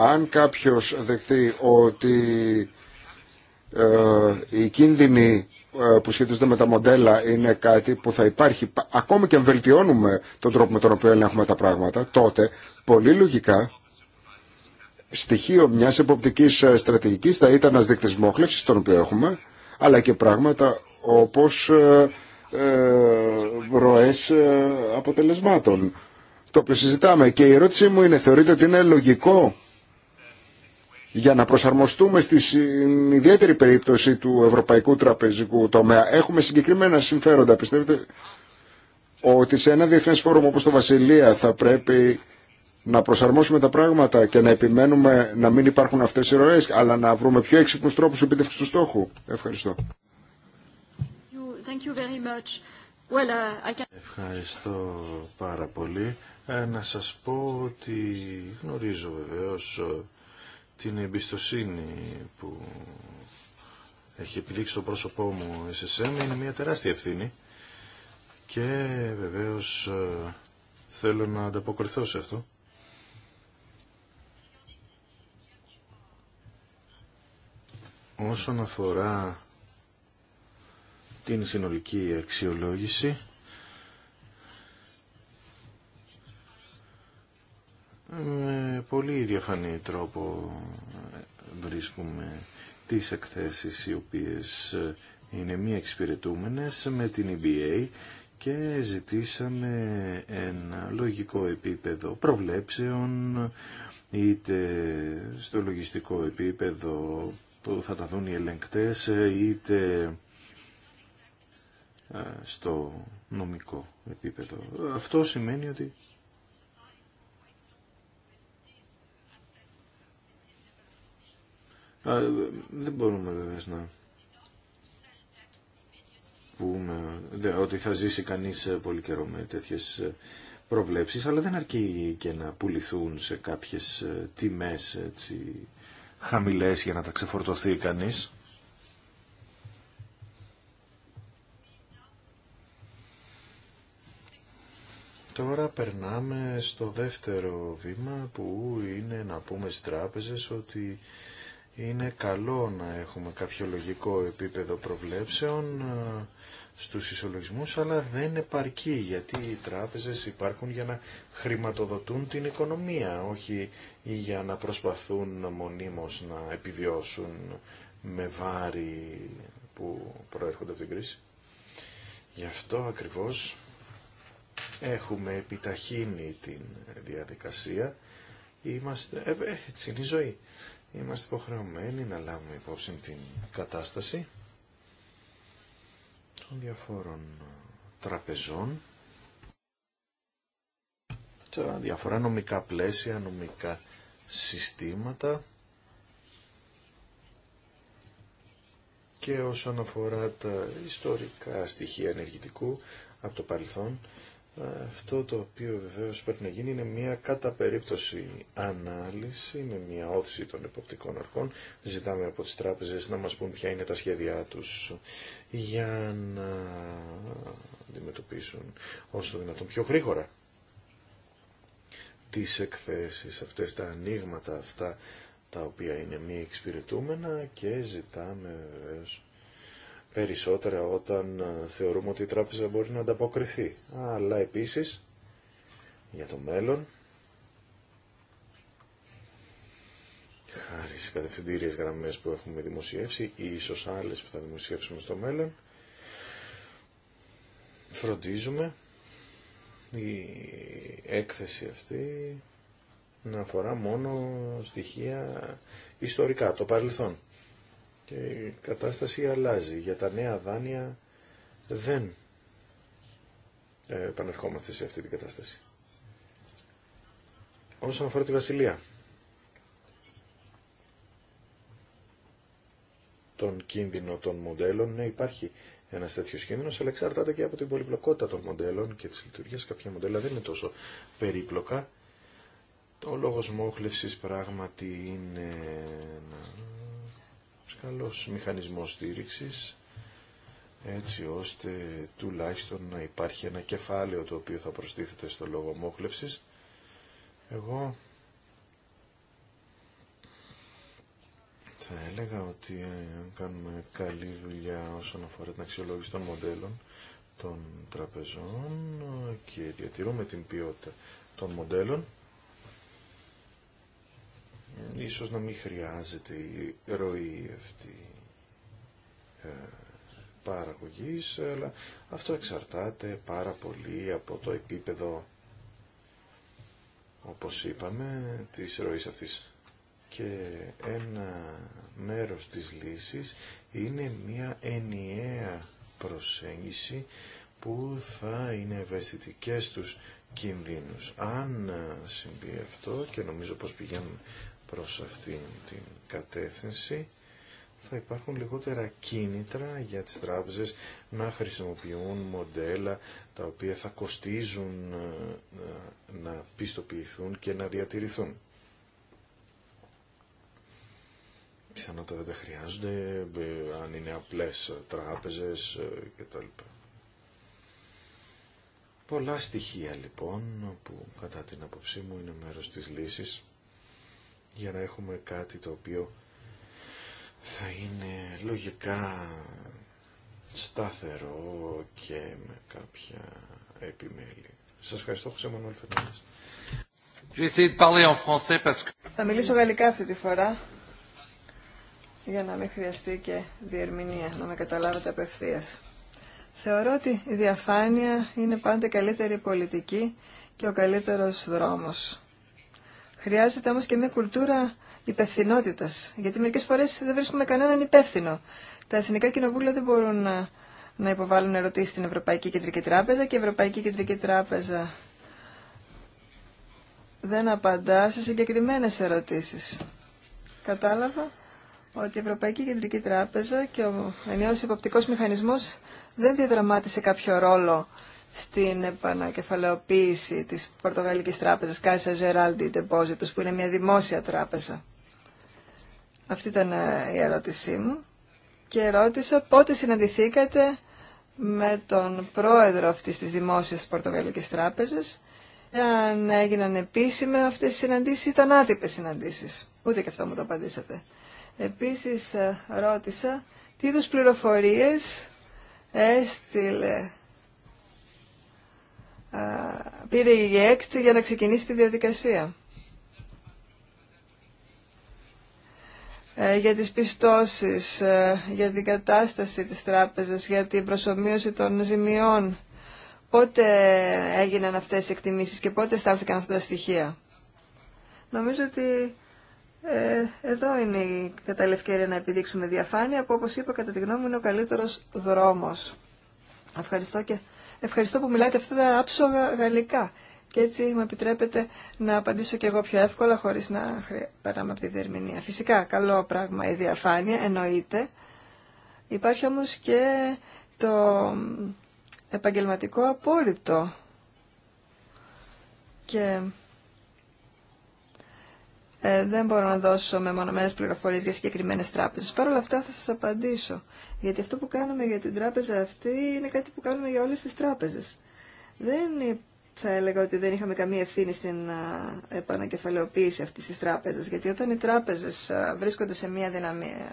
αν κάποιος δεχθεί ότι ε, οι κίνδυνοι ε, που σχετίζονται με τα μοντέλα είναι κάτι που θα υπάρχει ακόμη και αν βελτιώνουμε τον τρόπο με τον οποίο ελέγχουμε τα πράγματα τότε πολύ λογικά στοιχείο μιας εποπτικής ε, στρατηγικής θα ήταν ένας δείκτης μόχλευσης τον οποίο έχουμε αλλά και πράγματα όπως ε, ε, ροές ε, αποτελεσμάτων το οποίο συζητάμε και η ερώτησή μου είναι θεωρείτε ότι είναι λογικό για να προσαρμοστούμε στη ιδιαίτερη περίπτωση του ευρωπαϊκού τραπεζικού τομέα. Έχουμε συγκεκριμένα συμφέροντα. Πιστεύετε ότι σε ένα διεθνέ φόρουμ όπως το Βασιλεία θα πρέπει να προσαρμόσουμε τα πράγματα και να επιμένουμε να μην υπάρχουν αυτές οι ροές, αλλά να βρούμε πιο έξυπνους τρόπους επίτευξη του στόχου. Ευχαριστώ. Uh, Ευχαριστώ πάρα πολύ. Ε, να σας πω ότι γνωρίζω βεβαίως την εμπιστοσύνη που έχει επιδείξει το πρόσωπό μου SSM είναι μια τεράστια ευθύνη και βεβαίως ε, θέλω να ανταποκριθώ σε αυτό. Όσον αφορά την συνολική αξιολόγηση με πολύ διαφανή τρόπο βρίσκουμε τις εκθέσεις οι οποίες ε, είναι μη εξυπηρετούμενες με την EBA και ζητήσαμε ένα λογικό επίπεδο προβλέψεων είτε στο λογιστικό επίπεδο που θα τα δουν οι ελεγκτές είτε ε, στο νομικό επίπεδο. Αυτό σημαίνει ότι δεν μπορούμε βέβαια να πούμε ότι θα ζήσει κανείς ε, πολύ καιρό με τέτοιες ε, προβλέψεις, αλλά δεν αρκεί και να πουληθούν σε κάποιες ε, τιμές έτσι, χαμηλές για να τα ξεφορτωθεί κανείς. Τώρα περνάμε στο δεύτερο βήμα που είναι να πούμε στις τράπεζες ότι είναι καλό να έχουμε κάποιο λογικό επίπεδο προβλέψεων ε, στους ισολογισμούς, αλλά δεν επαρκεί, γιατί οι τράπεζες υπάρχουν για να χρηματοδοτούν την οικονομία, όχι για να προσπαθούν μονίμως να επιβιώσουν με βάρη που προέρχονται από την κρίση. Γι' αυτό ακριβώς έχουμε επιταχύνει την διαδικασία. Είμαστε, ε, ε έτσι είναι η ζωή. Είμαστε υποχρεωμένοι να λάβουμε υπόψη την κατάσταση των διαφόρων ε, τραπεζών, τα διαφορά νομικά πλαίσια, νομικά συστήματα και όσον αφορά τα ιστορικά στοιχεία ενεργητικού από το παρελθόν αυτό το οποίο βεβαίω πρέπει να γίνει είναι μια κατά περίπτωση ανάλυση με μια όθηση των εποπτικών αρχών. Ζητάμε από τις τράπεζες να μας πούν ποια είναι τα σχέδιά τους για να αντιμετωπίσουν όσο δυνατόν πιο γρήγορα τις εκθέσεις, αυτές τα ανοίγματα αυτά τα οποία είναι μη εξυπηρετούμενα και ζητάμε βεβαίως περισσότερα όταν ε, θεωρούμε ότι η τράπεζα μπορεί να ανταποκριθεί. Αλλά επίσης, για το μέλλον, χάρη σε κατευθυντήριες γραμμές που έχουμε δημοσιεύσει ή ίσως άλλες που θα δημοσιεύσουμε στο μέλλον, φροντίζουμε η έκθεση αυτή να αφορά μόνο στοιχεία ιστορικά, το παρελθόν και η κατάσταση αλλάζει. Για τα νέα δάνεια δεν ε, επανερχόμαστε σε αυτή την κατάσταση. Όσον αφορά τη Βασιλεία, τον κίνδυνο των μοντέλων, ναι υπάρχει ένα τέτοιο κίνδυνο, αλλά εξαρτάται και από την πολυπλοκότητα των μοντέλων και τη λειτουργία. Κάποια μοντέλα δεν είναι τόσο περίπλοκα. Το λόγος μόχλευσης πράγματι είναι καλός μηχανισμός στήριξης έτσι ώστε τουλάχιστον να υπάρχει ένα κεφάλαιο το οποίο θα προστίθεται στο λόγο μόχλευσης. Εγώ θα έλεγα ότι ε, αν κάνουμε καλή δουλειά όσον αφορά την αξιολόγηση των μοντέλων των τραπεζών και διατηρούμε την ποιότητα των μοντέλων, Ίσως να μην χρειάζεται η ροή αυτή ε, παραγωγής, αλλά αυτό εξαρτάται πάρα πολύ από το επίπεδο, όπως είπαμε, της ροής αυτής. Και ένα μέρος της λύσης είναι μια ενιαία προσέγγιση που θα είναι ευαίσθητη και στους κινδύνους. Αν ε, συμβεί αυτό και νομίζω πως πηγαίνουμε προς αυτήν την κατεύθυνση θα υπάρχουν λιγότερα κίνητρα για τις τράπεζες να χρησιμοποιούν μοντέλα τα οποία θα κοστίζουν ε, ε, να πιστοποιηθούν και να διατηρηθούν. Πιθανότατα δεν τα χρειάζονται ε, αν είναι απλές τράπεζες κτλ. Πολλά στοιχεία λοιπόν που κατά την απόψή μου είναι μέρος της λύσης για να έχουμε κάτι το οποίο θα είναι λογικά σταθερό και με κάποια επιμέλεια. Σας ευχαριστώ, Χωσέ Μανώλη Φερνάνδης. Θα μιλήσω γαλλικά αυτή τη φορά, για να μην χρειαστεί και διερμηνία, να με καταλάβετε απευθεία. Θεωρώ ότι η διαφάνεια είναι πάντα καλύτερη πολιτική και ο καλύτερος δρόμος. Χρειάζεται όμως και μια κουλτούρα υπευθυνότητας, γιατί μερικές φορές δεν βρίσκουμε κανέναν υπεύθυνο. Τα εθνικά κοινοβούλια δεν μπορούν να, να υποβάλουν ερωτήσεις στην Ευρωπαϊκή Κεντρική Τράπεζα και η Ευρωπαϊκή Κεντρική Τράπεζα δεν απαντά σε συγκεκριμένες ερωτήσεις. Κατάλαβα ότι η Ευρωπαϊκή Κεντρική Τράπεζα και ο ενιαίος υποπτικός μηχανισμός δεν διαδραμάτισε κάποιο ρόλο στην επανακεφαλαιοποίηση της Πορτογαλικής Τράπεζας Κάσα Γεράλντι Depositus που είναι μια δημόσια τράπεζα. Αυτή ήταν ε, η ερώτησή μου και ρώτησα πότε συναντηθήκατε με τον πρόεδρο αυτής της δημόσιας Πορτογαλικής Τράπεζας αν έγιναν επίσημα αυτές οι συναντήσεις ήταν άτυπες συναντήσεις. Ούτε και αυτό μου το απαντήσατε. Επίσης ε, ρώτησα τι είδους πληροφορίες έστειλε πήρε η ΕΚΤ για να ξεκινήσει τη διαδικασία. Ε, για τις πιστώσεις, ε, για την κατάσταση της τράπεζας, για την προσωμείωση των ζημιών. Πότε έγιναν αυτές οι εκτιμήσεις και πότε στάλθηκαν αυτά τα στοιχεία. Νομίζω ότι ε, εδώ είναι η κατάλληλη ευκαιρία να επιδείξουμε διαφάνεια που όπως είπα κατά τη γνώμη μου είναι ο καλύτερος δρόμος. Ευχαριστώ και Ευχαριστώ που μιλάτε αυτά τα άψογα γαλλικά. Και έτσι με επιτρέπετε να απαντήσω και εγώ πιο εύκολα χωρίς να περάμε από τη διερμηνία. Φυσικά, καλό πράγμα η διαφάνεια, εννοείται. Υπάρχει όμως και το επαγγελματικό απόρριτο. Και ε, δεν μπορώ να δώσω με μεμονωμένες πληροφορίες για συγκεκριμένες τράπεζες. Παρ' όλα αυτά θα σας απαντήσω. Γιατί αυτό που κάνουμε για την τράπεζα αυτή είναι κάτι που κάνουμε για όλες τις τράπεζες. Δεν θα έλεγα ότι δεν είχαμε καμία ευθύνη στην επανακεφαλαιοποίηση αυτής της τράπεζας. Γιατί όταν οι τράπεζες βρίσκονται σε μία δυναμία,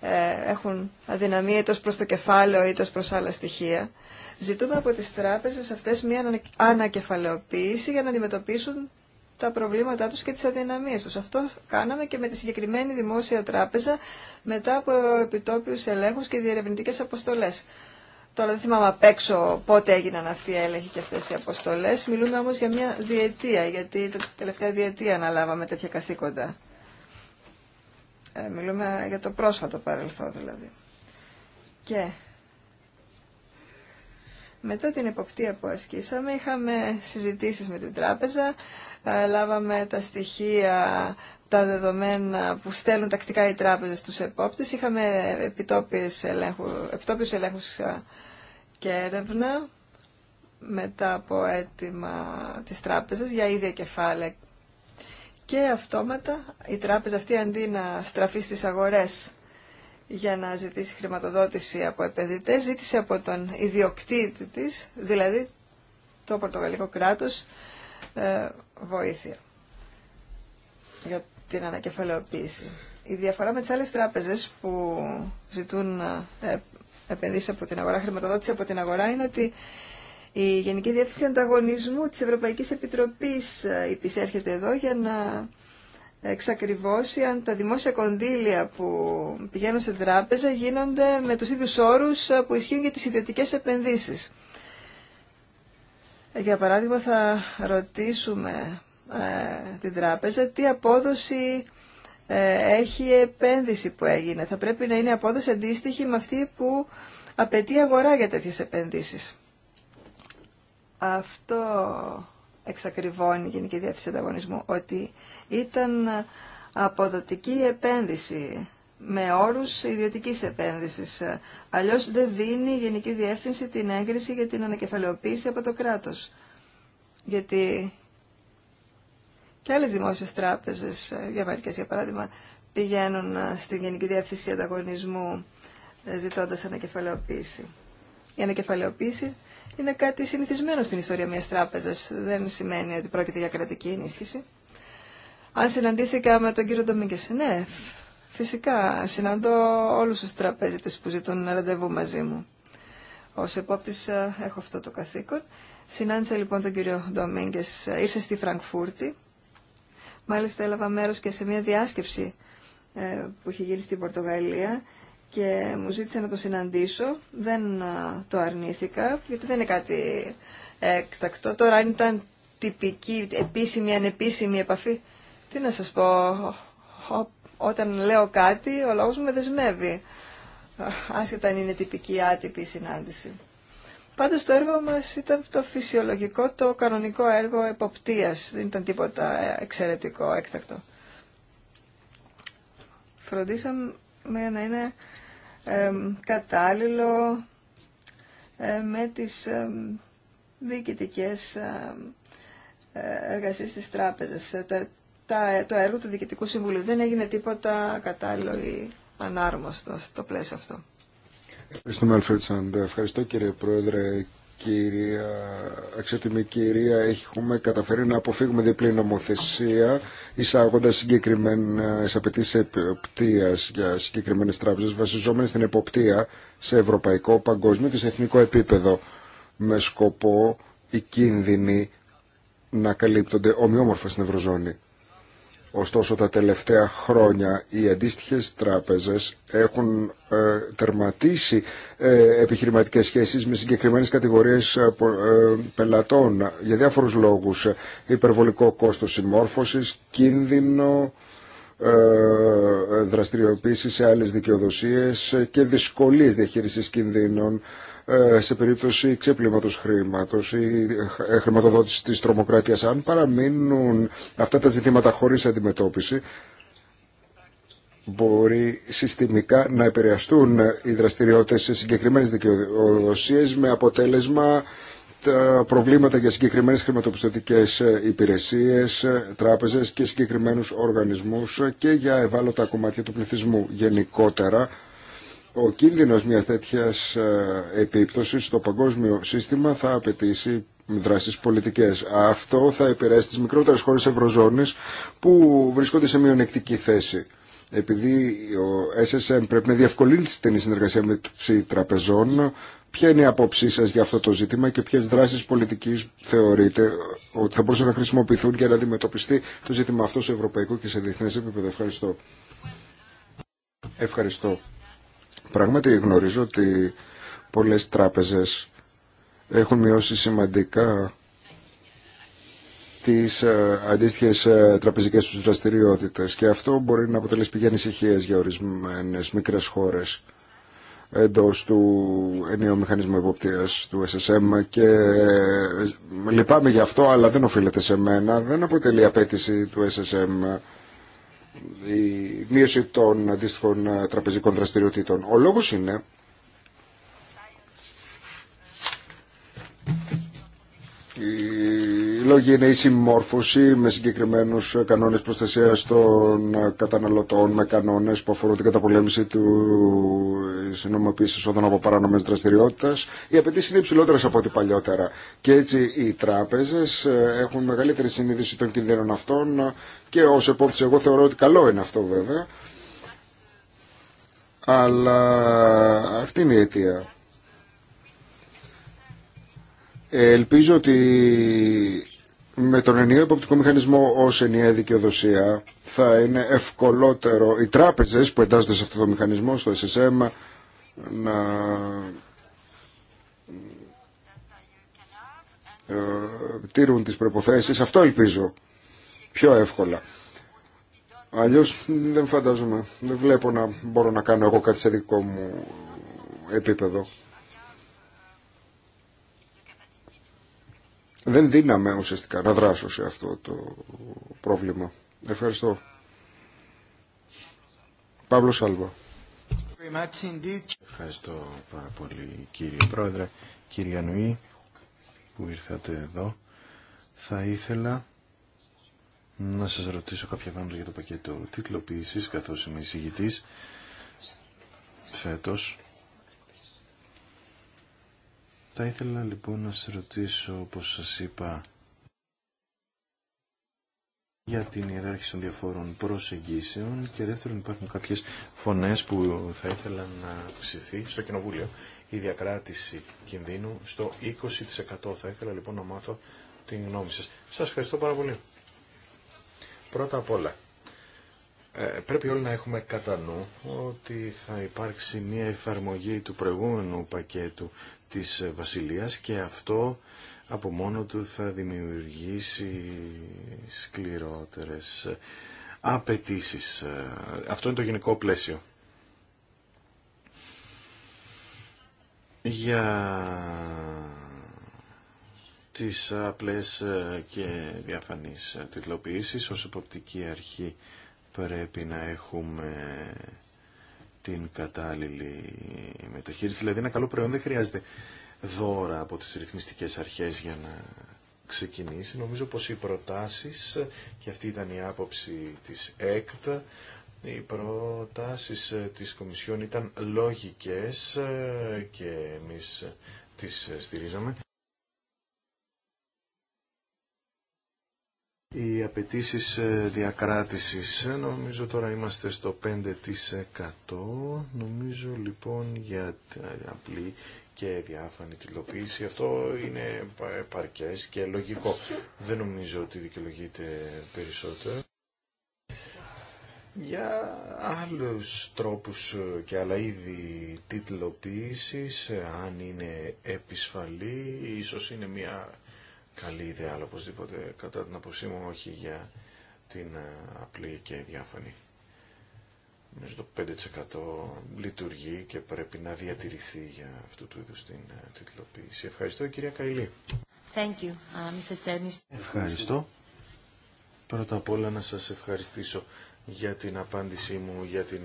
ε, έχουν αδυναμία είτε ως προς το κεφάλαιο είτε ως προς άλλα στοιχεία, ζητούμε από τις τράπεζες αυτές μία ανακεφαλαιοποίηση για να αντιμετωπίσουν τα προβλήματά τους και τις αδυναμίες τους. Αυτό κάναμε και με τη συγκεκριμένη δημόσια τράπεζα μετά από επιτόπιους ελέγχους και διερευνητικές αποστολές. Τώρα δεν θυμάμαι απ' έξω πότε έγιναν αυτοί οι έλεγχοι και αυτές οι αποστολές. Μιλούμε όμως για μια διετία, γιατί τα τελευταία διετία αναλάβαμε τέτοια καθήκοντα. Ε, μιλούμε για το πρόσφατο παρελθόν δηλαδή. Και μετά την εποπτεία που ασκήσαμε είχαμε συζητήσεις με την τράπεζα, ε, λάβαμε τα στοιχεία, τα δεδομένα που στέλνουν τακτικά οι τράπεζες στους επόπτες, είχαμε επιτόπιους ελέγχους, επιτόπιους ελέγχους και έρευνα μετά από αίτημα της τράπεζας για ίδια κεφάλαια. Και αυτόματα η τράπεζα αυτή αντί να στραφεί στις αγορές για να ζητήσει χρηματοδότηση από επενδυτές, ζήτησε από τον ιδιοκτήτη της, δηλαδή το πορτογαλικό κράτος, ε, βοήθεια για την ανακεφαλαιοποίηση. Η διαφορά με τις άλλες τράπεζες που ζητούν ε, επενδύσεις από την αγορά, χρηματοδότηση από την αγορά, είναι ότι η Γενική Διεύθυνση Ανταγωνισμού της Ευρωπαϊκής Επιτροπής ε, υπησέρχεται εδώ για να εξακριβώσει αν τα δημόσια κονδύλια που πηγαίνουν σε τράπεζα γίνονται με τους ίδιους όρους που ισχύουν για τις ιδιωτικές επενδύσεις. Για παράδειγμα θα ρωτήσουμε ε, την τράπεζα τι απόδοση ε, έχει η επένδυση που έγινε. Θα πρέπει να είναι απόδοση αντίστοιχη με αυτή που απαιτεί αγορά για τέτοιες επενδύσεις. Αυτό εξακριβώνει η Γενική Διεύθυνση Ανταγωνισμού, ότι ήταν αποδοτική επένδυση με όρους ιδιωτικής επένδυσης. Αλλιώς δεν δίνει η Γενική Διεύθυνση την έγκριση για την ανακεφαλαιοποίηση από το κράτος. Γιατί και άλλες δημόσιες τράπεζες, διαμερικές για παράδειγμα, πηγαίνουν στην Γενική Διεύθυνση Ανταγωνισμού ε, ζητώντας ανακεφαλαιοποίηση. Η ανακεφαλαιοποίηση είναι κάτι συνηθισμένο στην ιστορία μιας τράπεζας. Δεν σημαίνει ότι πρόκειται για κρατική ενίσχυση. Αν συναντήθηκα με τον κύριο Ντομίγκες, ναι, φυσικά, συναντώ όλους τους τραπέζιτες που ζητούν ραντεβού μαζί μου. Ως επόπτης ε, έχω αυτό το καθήκον. Συνάντησα λοιπόν τον κύριο Ντομίγκες, ε, ήρθε στη Φραγκφούρτη. Μάλιστα έλαβα μέρος και σε μια διάσκεψη ε, που είχε γίνει στην Πορτογαλία και μου ζήτησε να το συναντήσω. Δεν το αρνήθηκα, γιατί δεν είναι κάτι έκτακτο. Τώρα αν ήταν τυπική, επίσημη, ανεπίσημη επαφή, τι να σας πω, όταν λέω κάτι ο λόγος μου με δεσμεύει, άσχετα αν είναι τυπική ή άτυπη η ατυπη Πάντως το έργο μας ήταν το φυσιολογικό, το κανονικό έργο εποπτείας, δεν ήταν τίποτα εξαιρετικό, έκτακτο. Φροντίσαμε να είναι κατάλληλο με τις διοικητικές ε, εργασίες της τράπεζας. Ε, τα, τα, το έργο του Διοικητικού Συμβουλίου δεν έγινε τίποτα κατάλληλο ή ανάρμοστο στο πλαίσιο αυτό. Ευχαριστούμε, Αλφρέτ Ευχαριστώ, κύριε Πρόεδρε, κυρία, αξιότιμη κυρία, έχουμε καταφέρει να αποφύγουμε διπλή νομοθεσία εισάγοντα συγκεκριμένες απαιτήσει εποπτείας για συγκεκριμένες τράπεζες βασιζόμενες στην εποπτεία σε ευρωπαϊκό, παγκόσμιο και σε εθνικό επίπεδο με σκοπό οι κίνδυνοι να καλύπτονται ομοιόμορφα στην Ευρωζώνη. Ωστόσο τα τελευταία χρόνια οι αντίστοιχες τράπεζες έχουν ε, τερματίσει ε, επιχειρηματικές σχέσεις με συγκεκριμένες κατηγορίες ε, ε, πελατών για διάφορους λόγους. Υπερβολικό κόστος συμμόρφωσης, κίνδυνο δραστηριοποίηση σε άλλες δικαιοδοσίες και δυσκολίες διαχείρισης κινδύνων ε, σε περίπτωση ξεπλήματος χρήματος ή ε, χρηματοδότηση της τρομοκρατίας. Αν παραμείνουν αυτά τα ζητήματα χωρίς αντιμετώπιση, μπορεί συστημικά να επηρεαστούν οι δραστηριότητες σε συγκεκριμένες δικαιοδοσίες με αποτέλεσμα τα προβλήματα για συγκεκριμένες χρηματοπιστωτικές υπηρεσίες, τράπεζες και συγκεκριμένους οργανισμούς και για ευάλωτα κομμάτια του πληθυσμού γενικότερα ο κίνδυνος μιας τέτοιας ε, επίπτωσης στο παγκόσμιο σύστημα θα απαιτήσει δράσεις πολιτικές. Αυτό θα επηρεάσει τις μικρότερες χώρες Ευρωζώνης που βρίσκονται σε μειονεκτική θέση. Επειδή ο SSM πρέπει να διευκολύνει την συνεργασία μεταξύ τραπεζών, ποια είναι η απόψή σας για αυτό το ζήτημα και ποιες δράσεις πολιτικής θεωρείτε ότι θα μπορούσαν να χρησιμοποιηθούν για να αντιμετωπιστεί το ζήτημα αυτό σε ευρωπαϊκό και σε διεθνές επίπεδο. Ευχαριστώ. Ευχαριστώ. Πράγματι γνωρίζω ότι πολλές τράπεζες έχουν μειώσει σημαντικά τις ε, αντίστοιχες ε, τραπεζικές τους δραστηριότητες και αυτό μπορεί να αποτελέσει πηγή ανησυχίας για ορισμένες μικρές χώρες εντός του ενιαίου μηχανισμού υποπτίας του SSM και ε, λυπάμαι γι' αυτό αλλά δεν οφείλεται σε μένα, δεν αποτελεί απέτηση του SSM η μείωση των αντίστοιχων ε, τραπεζικών δραστηριοτήτων. Ο λόγος είναι λόγοι είναι η συμμόρφωση με συγκεκριμένους κανόνες προστασία των καταναλωτών, με κανόνες που αφορούν την καταπολέμηση του συνομοποίησης εισόδων από παράνομε δραστηριότητες. Οι απαιτήσει είναι υψηλότερε από ό,τι παλιότερα. Και έτσι οι τράπεζες έχουν μεγαλύτερη συνείδηση των κινδύνων αυτών και ως επόπτη, εγώ θεωρώ ότι καλό είναι αυτό βέβαια. Αλλά αυτή είναι η αιτία. Ελπίζω ότι με τον ενιαίο υποπτικό μηχανισμό ως ενιαία δικαιοδοσία θα είναι ευκολότερο οι τράπεζες που εντάσσονται σε αυτό το μηχανισμό, στο SSM, να ε, τήρουν τις προποθέσεις. Αυτό ελπίζω πιο εύκολα. Αλλιώς δεν φαντάζομαι, δεν βλέπω να μπορώ να κάνω εγώ κάτι σε δικό μου επίπεδο. δεν δύναμε ουσιαστικά να δράσω σε αυτό το πρόβλημα. Ευχαριστώ. Παύλο Σάλβα. Ευχαριστώ πάρα πολύ κύριε Πρόεδρε, κύριε Ανουή που ήρθατε εδώ. Θα ήθελα να σας ρωτήσω κάποια πράγματα για το πακέτο τίτλοποίησης καθώς είμαι εισηγητής φέτος θα ήθελα λοιπόν να σας ρωτήσω, όπως σας είπα, για την ιεράρχηση των διαφόρων προσεγγίσεων και δεύτερον υπάρχουν κάποιες φωνές που θα ήθελα να αυξηθεί στο Κοινοβούλιο. Η διακράτηση κινδύνου στο 20% θα ήθελα λοιπόν να μάθω την γνώμη σας. Σας ευχαριστώ πάρα πολύ. Πρώτα απ' όλα, ε, πρέπει όλοι να έχουμε κατά νου ότι θα υπάρξει μια εφαρμογή του προηγούμενου πακέτου της Βασιλείας και αυτό από μόνο του θα δημιουργήσει σκληρότερες απαιτήσει. Αυτό είναι το γενικό πλαίσιο. Για τις απλές και διαφανείς τιτλοποιήσεις ως υποπτική αρχή πρέπει να έχουμε την κατάλληλη μεταχείριση. Δηλαδή ένα καλό προϊόν δεν χρειάζεται δώρα από τις ρυθμιστικές αρχές για να ξεκινήσει. Νομίζω πως οι προτάσεις, και αυτή ήταν η άποψη της ΕΚΤ, οι προτάσεις της Κομισιόν ήταν λογικές και εμείς τις στηρίζαμε. οι απαιτήσει ε, διακράτησης. Ε, νομίζω τώρα είμαστε στο 5%. Νομίζω λοιπόν για ε, απλή και διάφανη τηλεοποίηση. Αυτό είναι επαρκέ και λογικό. Δεν νομίζω ότι δικαιολογείται περισσότερο. Για άλλους τρόπους και άλλα είδη τίτλοποίησης, αν είναι επισφαλή, ίσως είναι μια καλή ιδέα, αλλά οπωσδήποτε κατά την απόψή μου όχι για την ε, απλή και διάφανη. Νομίζω το 5% λειτουργεί και πρέπει να διατηρηθεί για αυτού του είδους την ε, τιτλοποίηση. Ευχαριστώ κυρία Καϊλή. Thank you, uh, Mr. Ευχαριστώ. Πρώτα απ' όλα να σας ευχαριστήσω για την απάντησή μου, για την,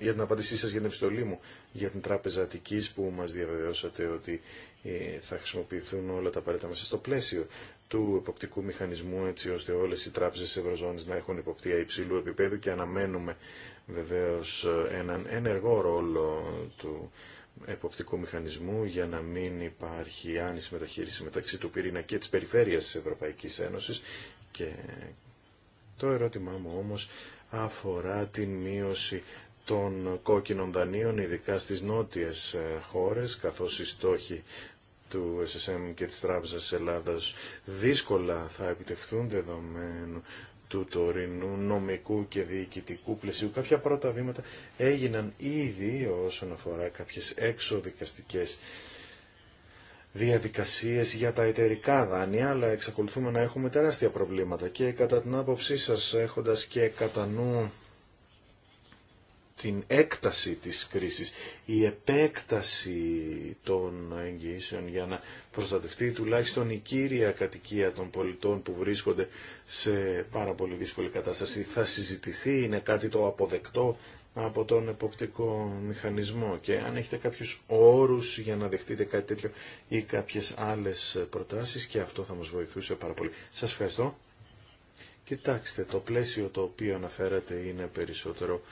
για την απάντησή σας για την επιστολή μου για την Τράπεζα Αττικής που μας διαβεβαιώσατε ότι ε, θα χρησιμοποιηθούν όλα τα απαραίτητα μέσα στο πλαίσιο του εποπτικού μηχανισμού έτσι ώστε όλες οι τράπεζες της Ευρωζώνης να έχουν υποπτία υψηλού επίπεδου και αναμένουμε βεβαίως έναν ενεργό ρόλο του εποπτικού μηχανισμού για να μην υπάρχει άνηση μεταχείριση μεταξύ του πυρήνα και της περιφέρειας της Ευρωπαϊκής Ένωσης και το ερώτημά μου όμως αφορά την μείωση των κόκκινων δανείων, ειδικά στις νότιες ε, χώρες, καθώς οι στόχοι του SSM και της Τράπεζας Ελλάδας δύσκολα θα επιτευχθούν δεδομένου του τωρινού νομικού και διοικητικού πλαισίου. Κάποια πρώτα βήματα έγιναν ήδη όσον αφορά κάποιες εξοδικαστικές διαδικασίες για τα εταιρικά δάνεια, αλλά εξακολουθούμε να έχουμε τεράστια προβλήματα και κατά την άποψή σας έχοντας και κατά νου την έκταση της κρίσης, η επέκταση των εγγυήσεων για να προστατευτεί τουλάχιστον η κύρια κατοικία των πολιτών που βρίσκονται σε πάρα πολύ δύσκολη κατάσταση. Θα συζητηθεί, είναι κάτι το αποδεκτό από τον εποπτικό μηχανισμό και αν έχετε κάποιους όρους για να δεχτείτε κάτι τέτοιο ή κάποιες άλλες προτάσεις και αυτό θα μας βοηθούσε πάρα πολύ. Σας ευχαριστώ. Κοιτάξτε, το πλαίσιο το οποίο αναφέρατε είναι περισσότερο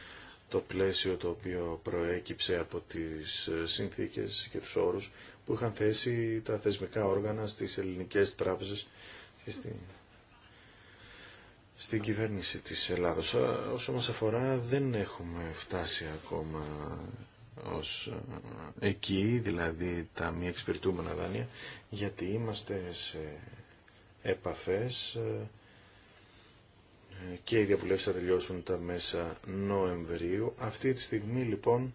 το πλαίσιο το οποίο προέκυψε από τις ε, συνθήκες και τους όρους που είχαν θέσει τα θεσμικά όργανα στις ελληνικές τράπεζες και στην, στην κυβέρνηση της Ελλάδος. Όσο μας αφορά δεν έχουμε φτάσει ακόμα ως ε, εκεί, δηλαδή τα μη εξυπηρετούμενα δάνεια, γιατί είμαστε σε επαφές ε, και οι διαβουλεύσεις θα τελειώσουν τα μέσα Νοεμβρίου. Αυτή τη στιγμή λοιπόν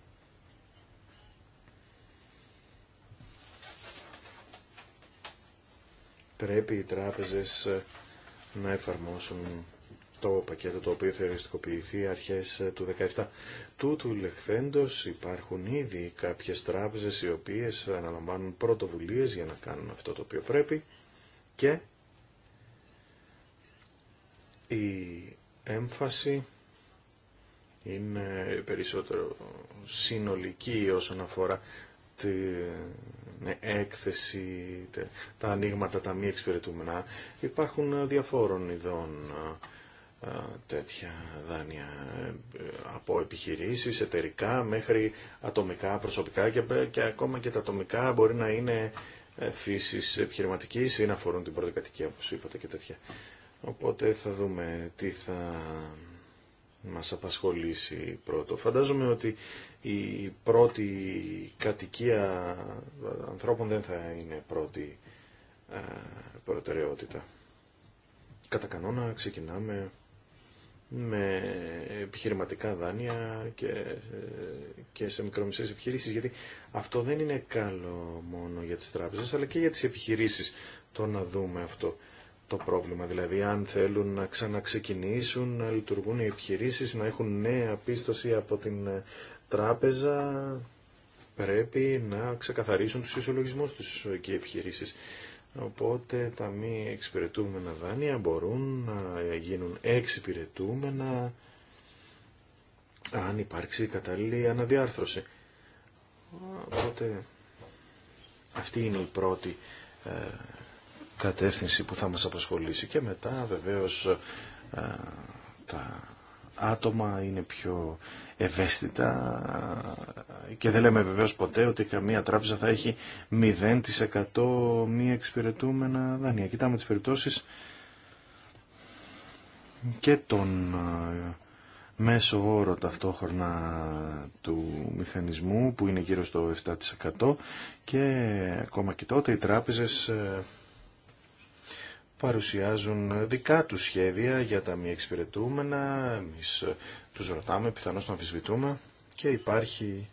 πρέπει οι τράπεζες να εφαρμόσουν το πακέτο το οποίο θα οριστικοποιηθεί αρχές του 2017. Τούτου λεχθέντος υπάρχουν ήδη κάποιες τράπεζες οι οποίες αναλαμβάνουν πρωτοβουλίες για να κάνουν αυτό το οποίο πρέπει και η έμφαση είναι περισσότερο συνολική όσον αφορά την έκθεση, τα ανοίγματα, τα μη εξυπηρετούμενα. Υπάρχουν διαφόρων ειδών τέτοια δάνεια ε, από επιχειρήσεις, εταιρικά μέχρι ατομικά, προσωπικά και, ακόμα και τα ατομικά μπορεί να είναι ε, φύσης επιχειρηματικής ή να αφορούν την πρωτοκατοικία όπως είπατε και τέτοια Οπότε θα δούμε τι θα μας απασχολήσει πρώτο. Φαντάζομαι ότι η πρώτη κατοικία ανθρώπων δεν θα είναι πρώτη ε, προτεραιότητα. Κατά κανόνα ξεκινάμε με επιχειρηματικά δάνεια και, ε, και σε μικρομεσαίες επιχειρήσεις, γιατί αυτό δεν είναι καλό μόνο για τις τράπεζες, αλλά και για τις επιχειρήσεις το να δούμε αυτό το πρόβλημα. Δηλαδή, αν θέλουν να ξαναξεκινήσουν, να λειτουργούν οι επιχειρήσεις, να έχουν νέα πίστοση από την ε, τράπεζα, πρέπει να ξεκαθαρίσουν τους ισολογισμούς τους και οι επιχειρήσεις. Οπότε τα μη εξυπηρετούμενα δάνεια μπορούν να γίνουν εξυπηρετούμενα αν υπάρξει κατάλληλη αναδιάρθρωση. Οπότε αυτή είναι η πρώτη ε, κατεύθυνση που θα μας απασχολήσει και μετά βεβαίως ε, τα άτομα είναι πιο ευαίσθητα και δεν λέμε βεβαίως ποτέ ότι καμία τράπεζα θα έχει 0% μη εξυπηρετούμενα δάνεια. Κοιτάμε τις περιπτώσεις και τον ε, μέσο όρο ταυτόχρονα του μηχανισμού που είναι γύρω στο 7% και ακόμα και τότε οι τράπεζες ε, παρουσιάζουν δικά του σχέδια για τα μη εξυπηρετούμενα, εμεί τους ρωτάμε, πιθανώ να αμφισβητούμε και υπάρχει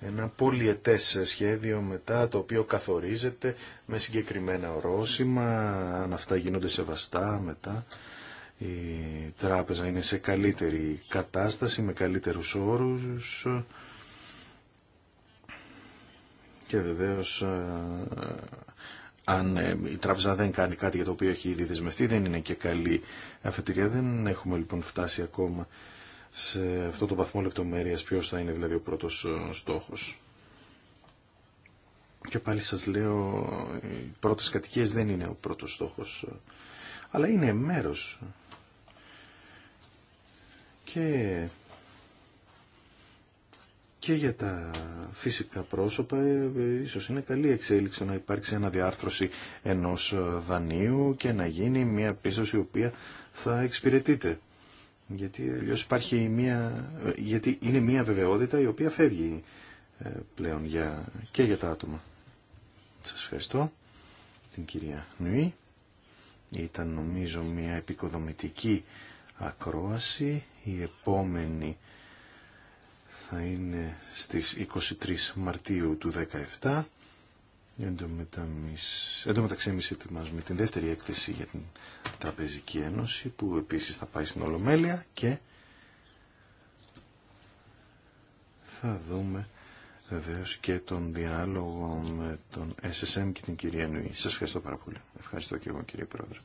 ένα πολυετές σχέδιο μετά το οποίο καθορίζεται με συγκεκριμένα ορόσημα, αν αυτά γίνονται σεβαστά μετά η τράπεζα είναι σε καλύτερη κατάσταση, με καλύτερους όρους και βεβαίως αν ε, η τράπεζα δεν κάνει κάτι για το οποίο έχει ήδη δεσμευτεί, δεν είναι και καλή αφετηρία. Δεν έχουμε λοιπόν φτάσει ακόμα σε αυτό το βαθμό λεπτομέρειας ποιο θα είναι δηλαδή ο πρώτος ε, στόχος. Και πάλι σας λέω, οι πρώτες κατοικίες δεν είναι ο πρώτος στόχος, ε, αλλά είναι μέρος. Και και για τα φυσικά πρόσωπα ε, ίσως είναι καλή εξέλιξη να υπάρξει ένα διάρθρωση ενός ε, δανείου και να γίνει μια πίστοση η οποία θα εξυπηρετείται. Γιατί αλλιώς υπάρχει μια, ε, γιατί είναι μια βεβαιότητα η οποία φεύγει πλέον για, και για τα άτομα. Σας ευχαριστώ την κυρία Νουή. Ήταν νομίζω μια επικοδομητική ακρόαση. Η επόμενη θα είναι στις 23 Μαρτίου του 2017. Εν τω μεταξύ εμείς ετοιμάζουμε την δεύτερη έκθεση για την Τραπεζική Ένωση που επίσης θα πάει στην Ολομέλεια και θα δούμε βεβαίω και τον διάλογο με τον SSM και την κυρία Νουή. Σας ευχαριστώ πάρα πολύ. Ευχαριστώ και εγώ κύριε Πρόεδρε.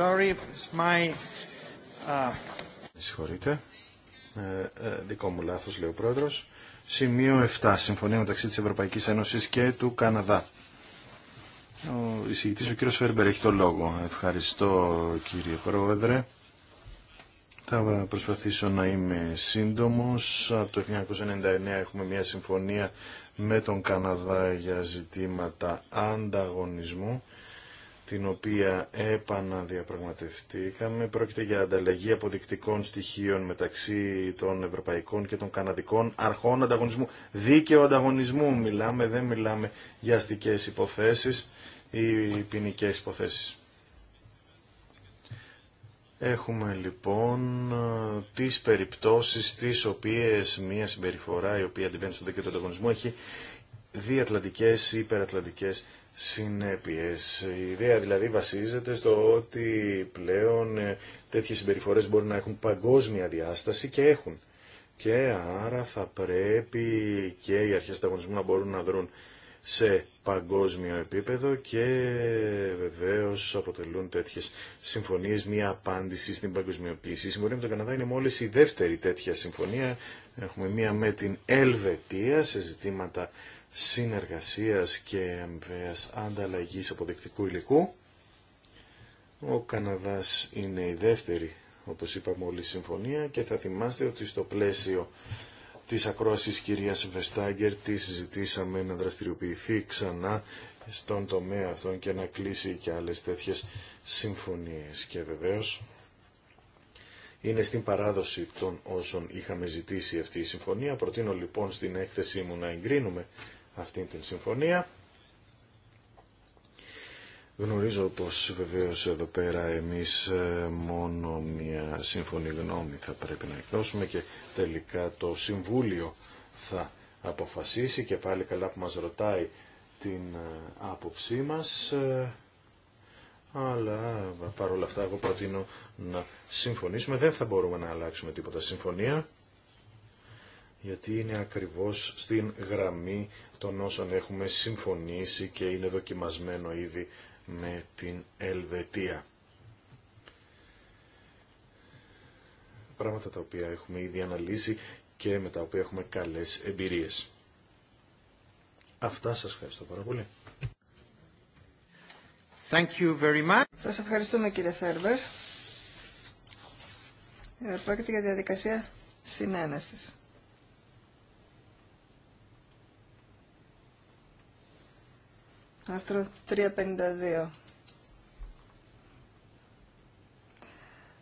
Uh, Συγχωρείτε. Ε, ε, δικό μου λάθος, λέει ο πρόεδρος. Σημείο 7. Συμφωνία μεταξύ της Ευρωπαϊκής Ένωσης και του Καναδά. Ο εισηγητής, ο κύριος Φέρμπερ, έχει το λόγο. Ευχαριστώ, κύριε πρόεδρε. Θα προσπαθήσω να είμαι σύντομος. Από το 1999 έχουμε μια συμφωνία με τον Καναδά για ζητήματα ανταγωνισμού την οποία επαναδιαπραγματευτήκαμε. Πρόκειται για ανταλλαγή αποδεικτικών στοιχείων μεταξύ των ευρωπαϊκών και των καναδικών αρχών ανταγωνισμού. Δίκαιο ανταγωνισμού μιλάμε, δεν μιλάμε για αστικέ υποθέσει ή ποινικέ υποθέσει. Έχουμε λοιπόν τις περιπτώσεις τις οποίες μια συμπεριφορά η οποία αντιβαίνει στον δίκαιο του ανταγωνισμού έχει διατλαντικές ή υπερατλαντικές συνέπειες. Η ιδέα δηλαδή βασίζεται στο ότι πλέον ε, τέτοιες συμπεριφορές μπορεί να έχουν παγκόσμια διάσταση και έχουν. Και άρα θα πρέπει και οι αρχές ανταγωνισμού να μπορούν να δρουν σε παγκόσμιο επίπεδο και βεβαίως αποτελούν τέτοιες συμφωνίες μια απάντηση στην παγκοσμιοποίηση. Η συμφωνία με τον Καναδά είναι μόλις η δεύτερη τέτοια συμφωνία. Έχουμε μια με την Ελβετία σε ζητήματα συνεργασίας και εμβέας ανταλλαγής αποδεκτικού υλικού. Ο Καναδάς είναι η δεύτερη, όπως είπαμε, όλη συμφωνία και θα θυμάστε ότι στο πλαίσιο της ακρόασης κυρίας Βεστάγκερ τη συζητήσαμε να δραστηριοποιηθεί ξανά στον τομέα αυτόν και να κλείσει και άλλες τέτοιες συμφωνίες. Και βεβαίως είναι στην παράδοση των όσων είχαμε ζητήσει αυτή η συμφωνία. Προτείνω λοιπόν στην έκθεσή μου να εγκρίνουμε αυτή την συμφωνία. Γνωρίζω πως βεβαίω εδώ πέρα εμείς ε, μόνο μια σύμφωνη γνώμη θα πρέπει να εκδώσουμε και τελικά το Συμβούλιο θα αποφασίσει και πάλι καλά που μας ρωτάει την ε, άποψή μας ε, αλλά παρόλα αυτά εγώ προτείνω να συμφωνήσουμε δεν θα μπορούμε να αλλάξουμε τίποτα συμφωνία γιατί είναι ακριβώς στην γραμμή των όσων έχουμε συμφωνήσει και είναι δοκιμασμένο ήδη με την Ελβετία. Πράγματα τα οποία έχουμε ήδη αναλύσει και με τα οποία έχουμε καλές εμπειρίες. Αυτά σας ευχαριστώ πάρα πολύ. Thank you very much. Σας ευχαριστούμε κύριε Θέρβερ ε, Πρόκειται για διαδικασία συνένεσης. Άρθρο 352.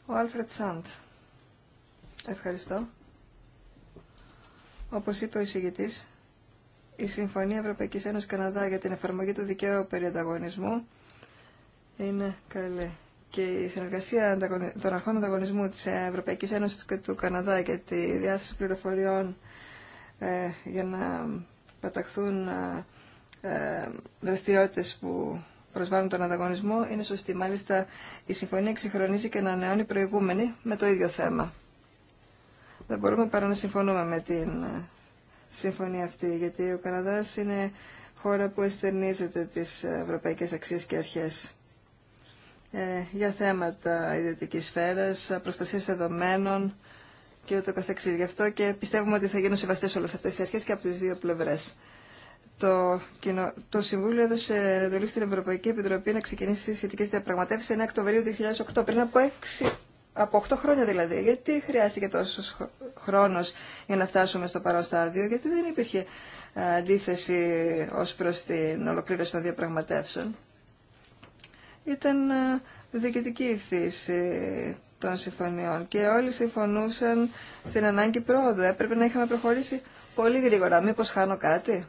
Ο Άλφρετ Σάντ. Ευχαριστώ. Όπως είπε ο εισηγητής, η Συμφωνία Ευρωπαϊκής Ένωσης Καναδά για την εφαρμογή του δικαίου περί ανταγωνισμού είναι καλή. Και η συνεργασία των αρχών ανταγωνισμού της ε, Ευρωπαϊκής Ένωσης και του Καναδά για τη διάθεση πληροφοριών ε, για να ε, παταχθούν ε, ε, δραστηριότητες που προσβάλλουν τον ανταγωνισμό είναι σωστή. Μάλιστα, η συμφωνία εξυγχρονίζει και ανανεώνει προηγούμενη με το ίδιο θέμα. Δεν μπορούμε παρά να συμφωνούμε με την ε, συμφωνία αυτή, γιατί ο Καναδάς είναι χώρα που εστερνίζεται τις ευρωπαϊκές αξίες και αρχές ε, για θέματα ιδιωτικής σφαίρας, προστασίας δεδομένων και ούτω καθεξής. Γι' αυτό και πιστεύουμε ότι θα γίνουν σεβαστές όλες αυτές οι αρχές και από τις δύο πλευρές το, κοινο... το Συμβούλιο έδωσε εντολή στην Ευρωπαϊκή Επιτροπή να ξεκινήσει σχετικέ διαπραγματεύσει 9 Οκτωβρίου 2008, πριν από 6, από 8 χρόνια δηλαδή. Γιατί χρειάστηκε τόσο χρόνο για να φτάσουμε στο παρόν στάδιο, Γιατί δεν υπήρχε ε, αντίθεση ω προ την ολοκλήρωση των διαπραγματεύσεων. Ήταν ε, διοικητική η φύση των συμφωνιών και όλοι συμφωνούσαν στην ανάγκη πρόοδου. Έπρεπε να είχαμε προχωρήσει πολύ γρήγορα. Μήπως χάνω κάτι.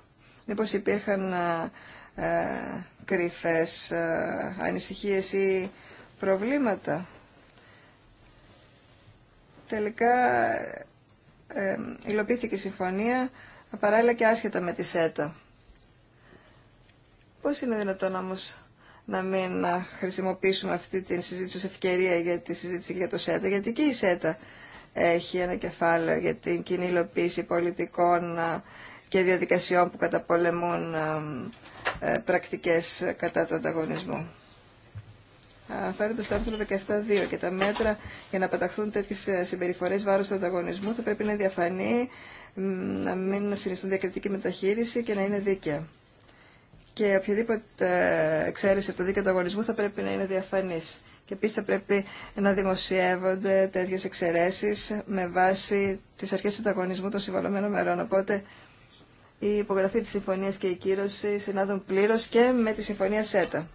Μήπω υπήρχαν ε, ε κρυφές ε, ανησυχίες ή προβλήματα. Τελικά ε, ε, υλοποιήθηκε η συμφωνία παράλληλα και άσχετα με τη ΣΕΤΑ. Πώς είναι δυνατόν όμως να μην χρησιμοποιήσουμε αυτή τη συζήτηση ως ευκαιρία για τη συζήτηση για το ΣΕΤΑ, γιατί και η ΣΕΤΑ έχει ένα κεφάλαιο για την κοινή υλοποίηση πολιτικών και διαδικασιών που καταπολεμούν ε, πρακτικές κατά του ανταγωνισμού. Αναφέρονται στο άρθρο 17.2 και τα μέτρα για να παταχθούν τέτοιε ε, συμπεριφορέ βάρο του ανταγωνισμού θα πρέπει να είναι διαφανή, να μην συνιστούν διακριτική μεταχείριση και να είναι δίκαια. Και οποιαδήποτε ε, εξαίρεση από το δίκαιο ανταγωνισμού θα πρέπει να είναι διαφανή. Και επίση θα πρέπει να δημοσιεύονται τέτοιε εξαιρέσει με βάση τι αρχέ ανταγωνισμού των συμβαλωμένων μερών. Οπότε η υπογραφή της συμφωνίας και η κύρωση συνάδουν πλήρως και με τη συμφωνία ΣΕΤΑ.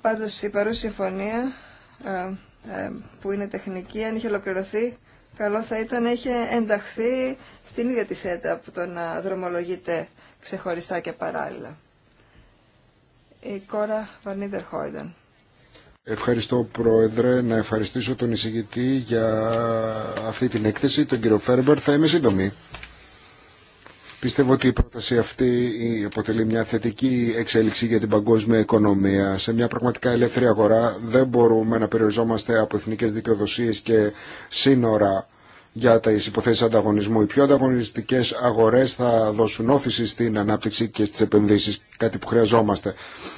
Πάντως η παρούσα συμφωνία ε, ε, που είναι τεχνική, αν είχε ολοκληρωθεί, καλό θα ήταν να είχε ενταχθεί στην ίδια τη ΣΕΤΑ από το να ε, δρομολογείται ξεχωριστά και παράλληλα. Η κόρα Βανίδερ Χόιντεν. Ευχαριστώ Πρόεδρε να ευχαριστήσω τον εισηγητή για αυτή την έκθεση, τον κύριο Φέρμπερ. Θα είμαι σύντομη. Πιστεύω ότι η πρόταση αυτή αποτελεί μια θετική εξέλιξη για την παγκόσμια οικονομία. Σε μια πραγματικά ελεύθερη αγορά δεν μπορούμε να περιοριζόμαστε από εθνικές δικαιοδοσίες και σύνορα για τι υποθέσει ανταγωνισμού. Οι πιο ανταγωνιστικέ αγορέ θα δώσουν όθηση στην ανάπτυξη και στι επενδύσει, κάτι που χρειαζόμαστε.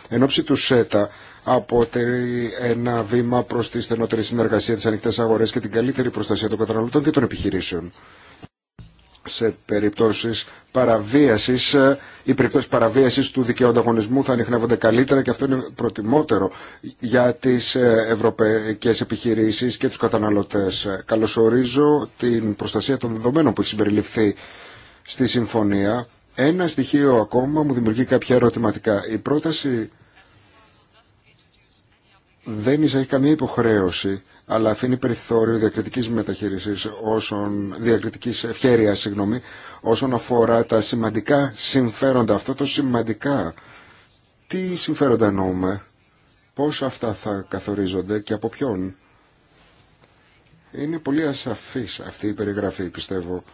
Εν ώψη του ΣΕΤΑ, αποτελεί ένα βήμα προ τη στενότερη συνεργασία, τι ανοιχτέ αγορέ και την καλύτερη προστασία των καταναλωτών και των επιχειρήσεων σε περιπτώσεις παραβίασης, ε, οι περιπτώσεις παραβίασης του δικαίου θα ανοιχνεύονται καλύτερα και αυτό είναι προτιμότερο για τις ε, ευρωπαϊκές επιχειρήσεις και τους καταναλωτές. Καλωσορίζω την προστασία των δεδομένων που έχει συμπεριληφθεί στη συμφωνία. Ένα στοιχείο ακόμα μου δημιουργεί κάποια ερωτηματικά. Η πρόταση δεν εισάγει καμία υποχρέωση αλλά αφήνει περιθώριο διακριτική μεταχείριση όσων, διακριτική ευχέρειας, συγγνώμη, όσον αφορά τα σημαντικά συμφέροντα. Αυτό το σημαντικά, τι συμφέροντα εννοούμε, πώς αυτά θα καθορίζονται και από ποιον. Είναι πολύ ασαφής αυτή η περιγραφή, πιστεύω.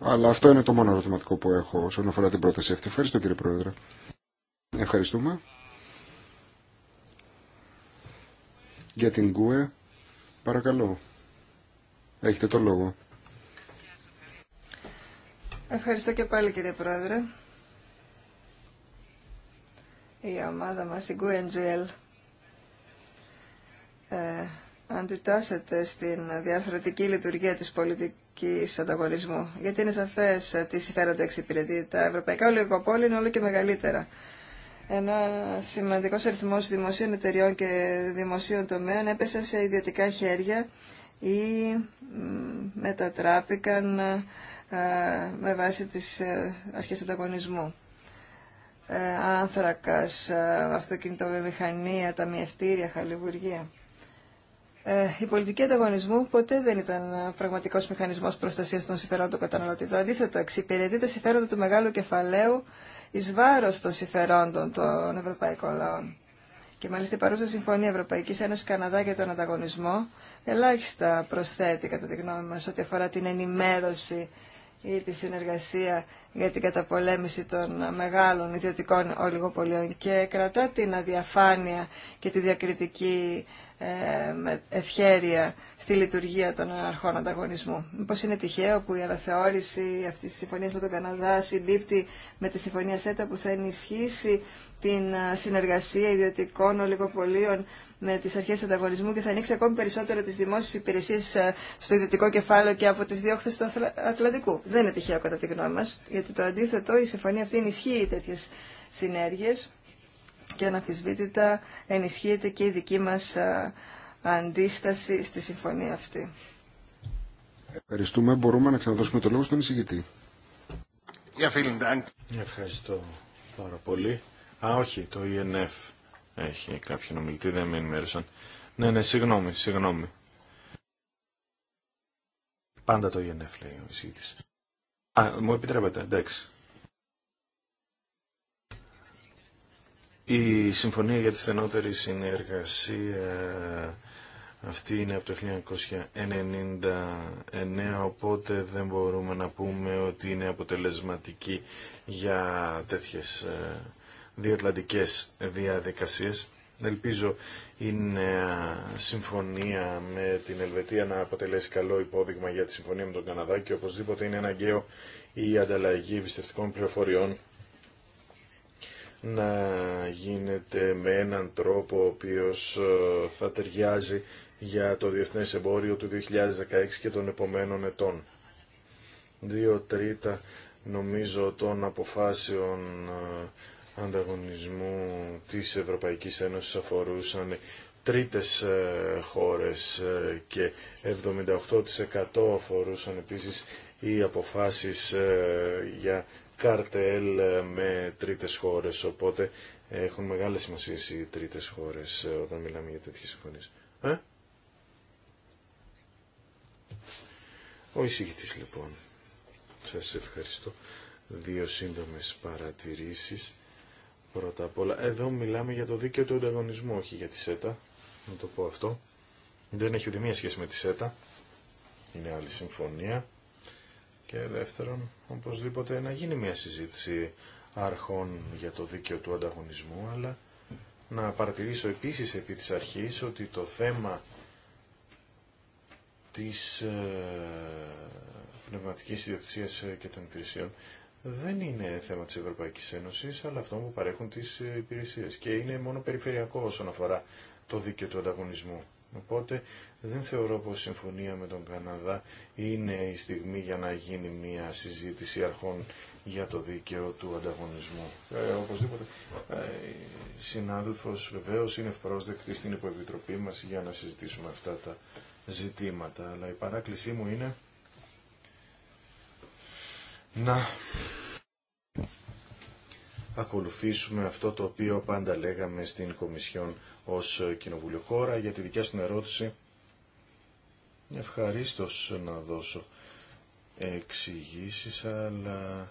Αλλά αυτό είναι το μόνο ερωτηματικό που έχω όσον αφορά την πρόταση αυτή. Ευχαριστώ κύριε Πρόεδρε. Ευχαριστούμε. Για την ΚΟΕ, Παρακαλώ. Έχετε το λόγο. Ευχαριστώ και πάλι κύριε Πρόεδρε. Η ομάδα μας, η GUNGL, ε, αντιτάσσεται στην διαφορετική λειτουργία της πολιτικής ανταγωνισμού. Γιατί είναι σαφές ε, τι συμφέρονται εξυπηρετεί. Τα ευρωπαϊκά ολιγοπόλη είναι όλο και μεγαλύτερα. Ένα σημαντικό αριθμό δημοσίων εταιριών και δημοσίων τομέων έπεσαν σε ιδιωτικά χέρια ή μετατράπηκαν ε, με βάση τις ε, αρχές ανταγωνισμού. Ε, άνθρακας, αυτοκινητοβιομηχανία, ταμιευτήρια, χαλιβουργία. Η πολιτική ανταγωνισμού ποτέ δεν ήταν πραγματικό μηχανισμό προστασία των συμφερόντων καταναλωτή. Το αντίθετο, εξυπηρετεί τα συμφέροντα του μεγάλου κεφαλαίου εις βάρος των συμφερόντων των ευρωπαϊκών λαών. Και μάλιστα η παρούσα Συμφωνία Ευρωπαϊκής Ένωσης Καναδά για τον ανταγωνισμό ελάχιστα προσθέτει κατά τη γνώμη μας ό,τι αφορά την ενημέρωση ή τη συνεργασία για την καταπολέμηση των μεγάλων ιδιωτικών ολιγοπολίων και κρατά την αδιαφάνεια και τη διακριτική ε, ευχέρεια στη λειτουργία των αρχών ανταγωνισμού. Μήπω είναι τυχαίο που η αναθεώρηση αυτή τη συμφωνία με τον Καναδά συμπίπτει με τη συμφωνία ΣΕΤΑ που θα ενισχύσει την ε, συνεργασία ιδιωτικών ολιγοπολίων με τι αρχέ ανταγωνισμού και θα ανοίξει ακόμη περισσότερο τι δημόσιε υπηρεσίε ε, στο ιδιωτικό κεφάλαιο και από τι διώχθε του Ατλαντικού. Δεν είναι τυχαίο κατά τη γνώμη μα, γιατί το αντίθετο, η συμφωνία αυτή ενισχύει τέτοιε συνέργειε και αναφυσβήτητα ενισχύεται και η δική μας αντίσταση στη συμφωνία αυτή. Ευχαριστούμε. Μπορούμε να ξαναδώσουμε το λόγο στον εισηγητή. Ευχαριστώ πάρα πολύ. Α, όχι, το ΙΕΝΕΦ e έχει κάποιον ομιλητή, δεν με ενημέρωσαν. Ναι, ναι, συγγνώμη, συγγνώμη. Πάντα το ΙΕΝΕΦ e λέει ο εισηγητής. Α, μου επιτρέπετε, εντάξει. Η Συμφωνία για τη Στενότερη Συνεργασία αυτή είναι από το 1999, οπότε δεν μπορούμε να πούμε ότι είναι αποτελεσματική για τέτοιες ε, διατλαντικές διαδικασίες. Ελπίζω η νέα συμφωνία με την Ελβετία να αποτελέσει καλό υπόδειγμα για τη συμφωνία με τον Καναδά και οπωσδήποτε είναι αναγκαίο η ανταλλαγή εμπιστευτικών πληροφοριών να γίνεται με έναν τρόπο ο οποίος ε, θα ταιριάζει για το διεθνές εμπόριο του 2016 και των επομένων ετών. Δύο τρίτα νομίζω των αποφάσεων ε, ανταγωνισμού της Ευρωπαϊκής Ένωσης αφορούσαν τρίτες ε, χώρες και 78% αφορούσαν επίσης οι αποφάσεις για καρτέλ ε, με τρίτες χώρες, οπότε έχουν μεγάλη σημασία οι τρίτες χώρες ε, όταν μιλάμε για τέτοιες συμφωνίες. Ε? Ο εισηγητής λοιπόν. Σας ευχαριστώ. Δύο σύντομες παρατηρήσεις. Πρώτα απ' όλα, εδώ μιλάμε για το δίκαιο του ανταγωνισμού, όχι για τη ΣΕΤΑ. Να το πω αυτό. Δεν έχει ούτε μία σχέση με τη ΣΕΤΑ. Είναι άλλη συμφωνία. Και δεύτερον, οπωσδήποτε να γίνει μια συζήτηση αρχών για το δίκαιο του ανταγωνισμού, αλλά να παρατηρήσω επίσης επί της αρχής ότι το θέμα της ε, πνευματικής ιδιοκτησίας και των υπηρεσιών δεν είναι θέμα της Ευρωπαϊκής Ένωσης, αλλά αυτό που παρέχουν τις υπηρεσίες και είναι μόνο περιφερειακό όσον αφορά το δίκαιο του ανταγωνισμού. Οπότε δεν θεωρώ πως η συμφωνία με τον Καναδά είναι η στιγμή για να γίνει μια συζήτηση αρχών για το δίκαιο του ανταγωνισμού. Ε, οπωσδήποτε, ε, συνάδελφος βεβαίω είναι ευπρόσδεκτη στην υποεπιτροπή μας για να συζητήσουμε αυτά τα ζητήματα. Αλλά η παράκλησή μου είναι να ακολουθήσουμε αυτό το οποίο πάντα λέγαμε στην Κομισιόν ως Κοινοβουλιοχώρα για τη δικιά σου ερώτηση. Ευχαριστώ να δώσω εξηγήσεις, αλλά...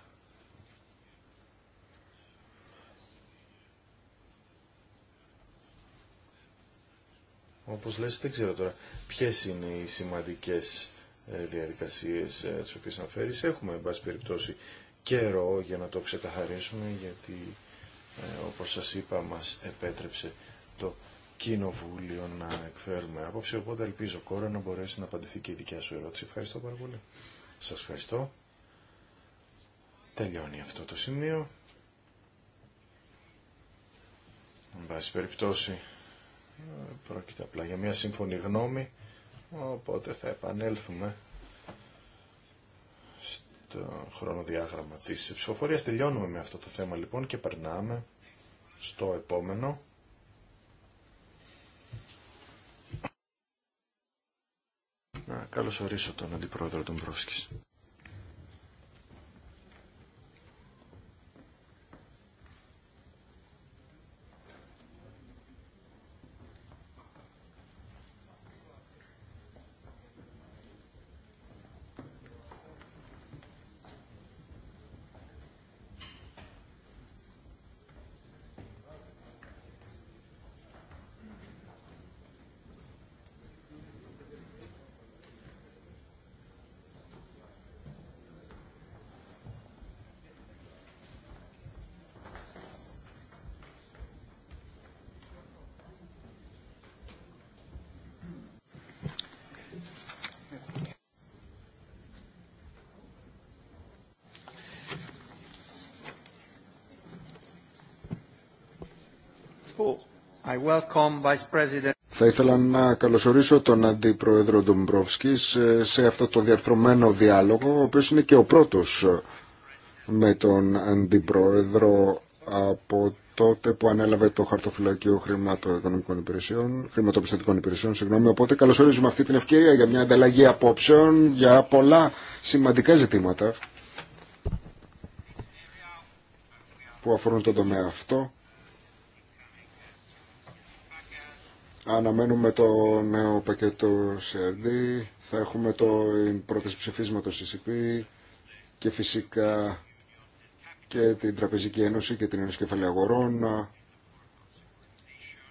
Όπως λες, δεν ξέρω τώρα ποιες είναι οι σημαντικές ε, διαδικασίες ε, τις οποίες αναφέρεις. Έχουμε, εν πάση περιπτώσει, καιρό για να το ξεκαθαρίσουμε, γιατί, ε, όπως σας είπα, μας επέτρεψε το κοινοβούλιο να εκφέρουμε άποψη, οπότε ελπίζω κόρα να μπορέσει να απαντηθεί και η δικιά σου ερώτηση. Ευχαριστώ πάρα πολύ. Σας ευχαριστώ. Τελειώνει αυτό το σημείο. Εν πάση περιπτώσει, πρόκειται απλά για μια σύμφωνη γνώμη, οπότε θα επανέλθουμε στο χρονοδιάγραμμα της ψηφοφορίας. Τελειώνουμε με αυτό το θέμα λοιπόν και περνάμε στο επόμενο να καλωσορίσω τον Αντιπρόεδρο των Πρόσκης. Θα ήθελα να καλωσορίσω τον Αντιπρόεδρο Ντομπρόφσκη ε, σε αυτό το διαρθρωμένο διάλογο, ο οποίος είναι και ο πρώτος ε, με τον Αντιπρόεδρο από τότε που ανέλαβε το χαρτοφυλακείο χρηματοοικονομικών υπηρεσιών, χρηματοπιστωτικών υπηρεσιών, συγγνώμη. Οπότε καλωσορίζουμε αυτή την ευκαιρία για μια ανταλλαγή απόψεων για πολλά σημαντικά ζητήματα που αφορούν τον τομέα αυτό Αναμένουμε το νέο πακέτο CRD, θα έχουμε το πρώτες ψηφίσματος CCP και φυσικά και την Τραπεζική Ένωση και την Κεφαλή Αγορών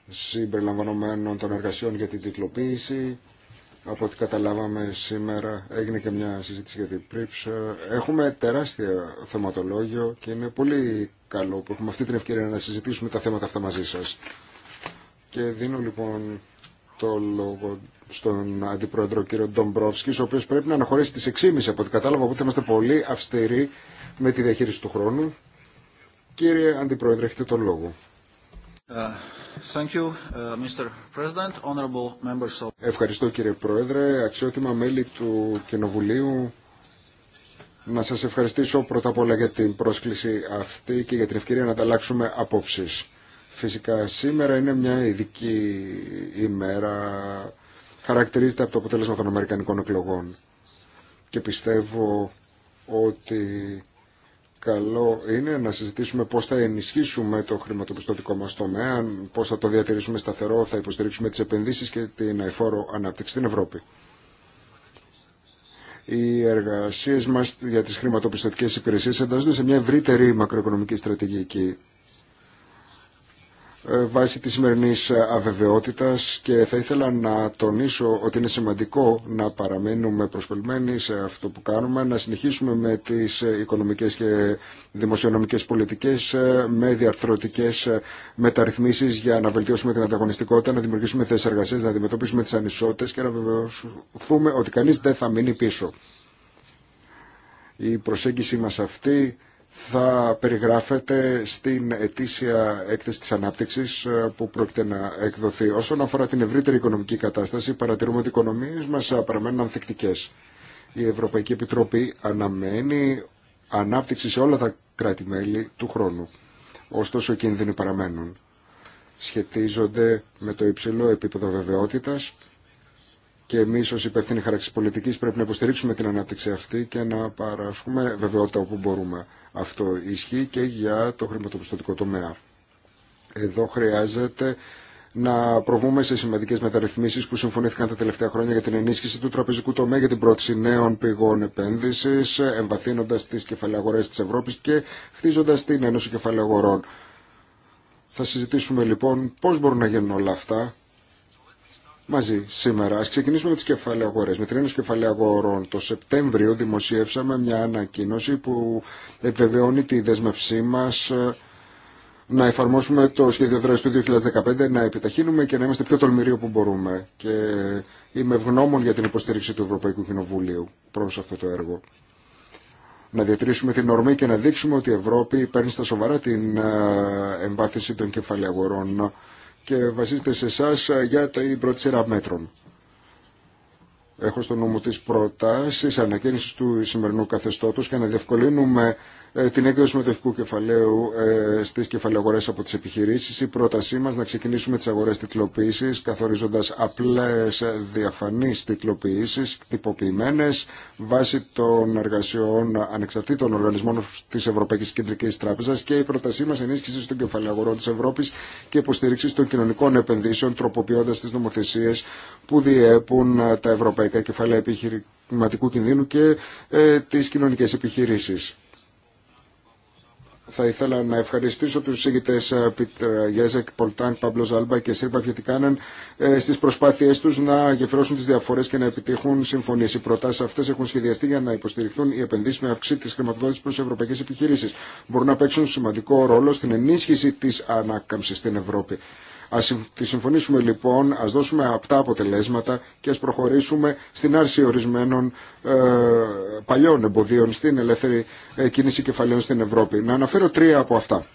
συμπεριλαμβανομένων των εργασιών για την τιτλοποίηση. Από ό,τι καταλάβαμε σήμερα έγινε και μια συζήτηση για την PRIPS. Έχουμε τεράστια θεματολόγιο και είναι πολύ καλό που έχουμε αυτή την ευκαιρία να συζητήσουμε τα θέματα αυτά μαζί σας. Και δίνω λοιπόν το λόγο στον Αντιπρόεδρο κύριο Ντομπρόφσκη, ο οποίο πρέπει να αναχωρήσει τι 6.30 από ό,τι κατάλαβα, οπότε θα είμαστε πολύ αυστηροί με τη διαχείριση του χρόνου. Κύριε Αντιπρόεδρε, έχετε το λόγο. Uh, thank you, uh, Mr. President, honorable members of... Ευχαριστώ κύριε Πρόεδρε, αξιότιμα μέλη του Κοινοβουλίου. Να σας ευχαριστήσω πρώτα απ' όλα για την πρόσκληση αυτή και για την ευκαιρία να ανταλλάξουμε απόψεις. Φυσικά σήμερα είναι μια ειδική ημέρα, χαρακτηρίζεται από το αποτέλεσμα των Αμερικανικών εκλογών και πιστεύω ότι καλό είναι να συζητήσουμε πώς θα ενισχύσουμε το χρηματοπιστωτικό μας τομέα, πώς θα το διατηρήσουμε σταθερό, θα υποστηρίξουμε τις επενδύσεις και την αηφόρο ανάπτυξη στην Ευρώπη. Οι εργασίες μας για τις χρηματοπιστωτικές υπηρεσίες εντάσσονται σε μια ευρύτερη μακροοικονομική στρατηγική ε, βάσει της σημερινής ε, αβεβαιότητας και θα ήθελα να τονίσω ότι είναι σημαντικό να παραμένουμε προσπελμένοι σε αυτό που κάνουμε, να συνεχίσουμε με τις ε, οικονομικές και δημοσιονομικές πολιτικές, με διαρθρωτικές μεταρρυθμίσεις για να βελτιώσουμε την ανταγωνιστικότητα, να δημιουργήσουμε θέσεις εργασίας, να αντιμετωπίσουμε τις ανισότητες και να βεβαιωθούμε ότι κανείς δεν θα μείνει πίσω. Η προσέγγιση μας αυτή θα περιγράφεται στην ετήσια έκθεση της ανάπτυξης ε, που πρόκειται να εκδοθεί. Όσον αφορά την ευρύτερη οικονομική κατάσταση, παρατηρούμε ότι οι οικονομίες μας ε, παραμένουν ανθεκτικές. Η Ευρωπαϊκή Επιτροπή αναμένει ανάπτυξη σε όλα τα κράτη-μέλη του χρόνου. Ωστόσο, οι κίνδυνοι παραμένουν. Σχετίζονται με το υψηλό επίπεδο βεβαιότητας και εμεί ω υπευθύνοι χαράξη πολιτική πρέπει να υποστηρίξουμε την ανάπτυξη αυτή και να παράσχουμε βεβαιότητα όπου μπορούμε. Αυτό ισχύει και για το χρηματοπιστωτικό τομέα. Εδώ χρειάζεται να προβούμε σε σημαντικέ μεταρρυθμίσει που συμφωνήθηκαν τα τελευταία χρόνια για την ενίσχυση του τραπεζικού τομέα, για την πρόθεση νέων πηγών επένδυση, εμβαθύνοντα τι κεφαλαγορέ τη Ευρώπη και χτίζοντα την Ένωση αγορών. Θα συζητήσουμε λοιπόν πώ μπορούν να γίνουν όλα αυτά μαζί σήμερα. Α ξεκινήσουμε με τις κεφαλαίες Με την Ένωση Κεφαλαίων Αγορών το Σεπτέμβριο δημοσιεύσαμε μια ανακοίνωση που επιβεβαιώνει τη δέσμευσή μα ε, να εφαρμόσουμε το σχέδιο δράση του 2015, να επιταχύνουμε και να είμαστε πιο τολμηροί όπου μπορούμε. Και είμαι ευγνώμων για την υποστήριξη του Ευρωπαϊκού Κοινοβουλίου προ αυτό το έργο. Να διατηρήσουμε την ορμή και να δείξουμε ότι η Ευρώπη παίρνει στα σοβαρά την ε, εμβάθυνση των κεφαλαίων και βασίζεται σε εσά ε, για τα πρώτη σειρά μέτρων. Έχω στο νόμο μου τις προτάσεις ανακαίνησης του σημερινού καθεστώτος και να διευκολύνουμε ε, την έκδοση μετοχικού κεφαλαίου ε, στι κεφαλαιογορέ από τι επιχειρήσει. Η πρότασή μα να ξεκινήσουμε τι αγορέ τυκλοποίηση, καθορίζοντα απλέ ε, διαφανεί τυκλοποιήσει, τυποποιημένε, βάσει των εργασιών ανεξαρτήτων οργανισμών τη Ευρωπαϊκή Κεντρική Τράπεζα και η πρότασή μα ενίσχυση των αγορών τη Ευρώπη και υποστήριξη των κοινωνικών επενδύσεων, τροποποιώντα τι νομοθεσίε που διέπουν τα ευρωπαϊκά κεφάλαια επιχειρηματικού κινδύνου και ε, τι κοινωνικέ επιχειρήσει. Θα ήθελα να ευχαριστήσω τους συζητητές ε, Πίτρ Γέζεκ, Πολτάν, Παμπλο Ζάλμπα και Σύρπα κάναν ε, στις προσπάθειές τους να γεφυρώσουν τις διαφορές και να επιτύχουν συμφωνίες. Οι προτάσεις αυτές έχουν σχεδιαστεί για να υποστηριχθούν οι επενδύσεις με αυξή της χρηματοδότησης προς ευρωπαϊκές επιχειρήσεις. Μπορούν να παίξουν σημαντικό ρόλο στην ενίσχυση της ανάκαμψης στην Ευρώπη. Ας συμφωνήσουμε λοιπόν, ας δώσουμε απτά αποτελέσματα και ας προχωρήσουμε στην άρση ορισμένων ε, παλιών εμποδίων στην ελεύθερη ε, κίνηση κεφαλαίων στην Ευρώπη. Να αναφέρω τρία από αυτά.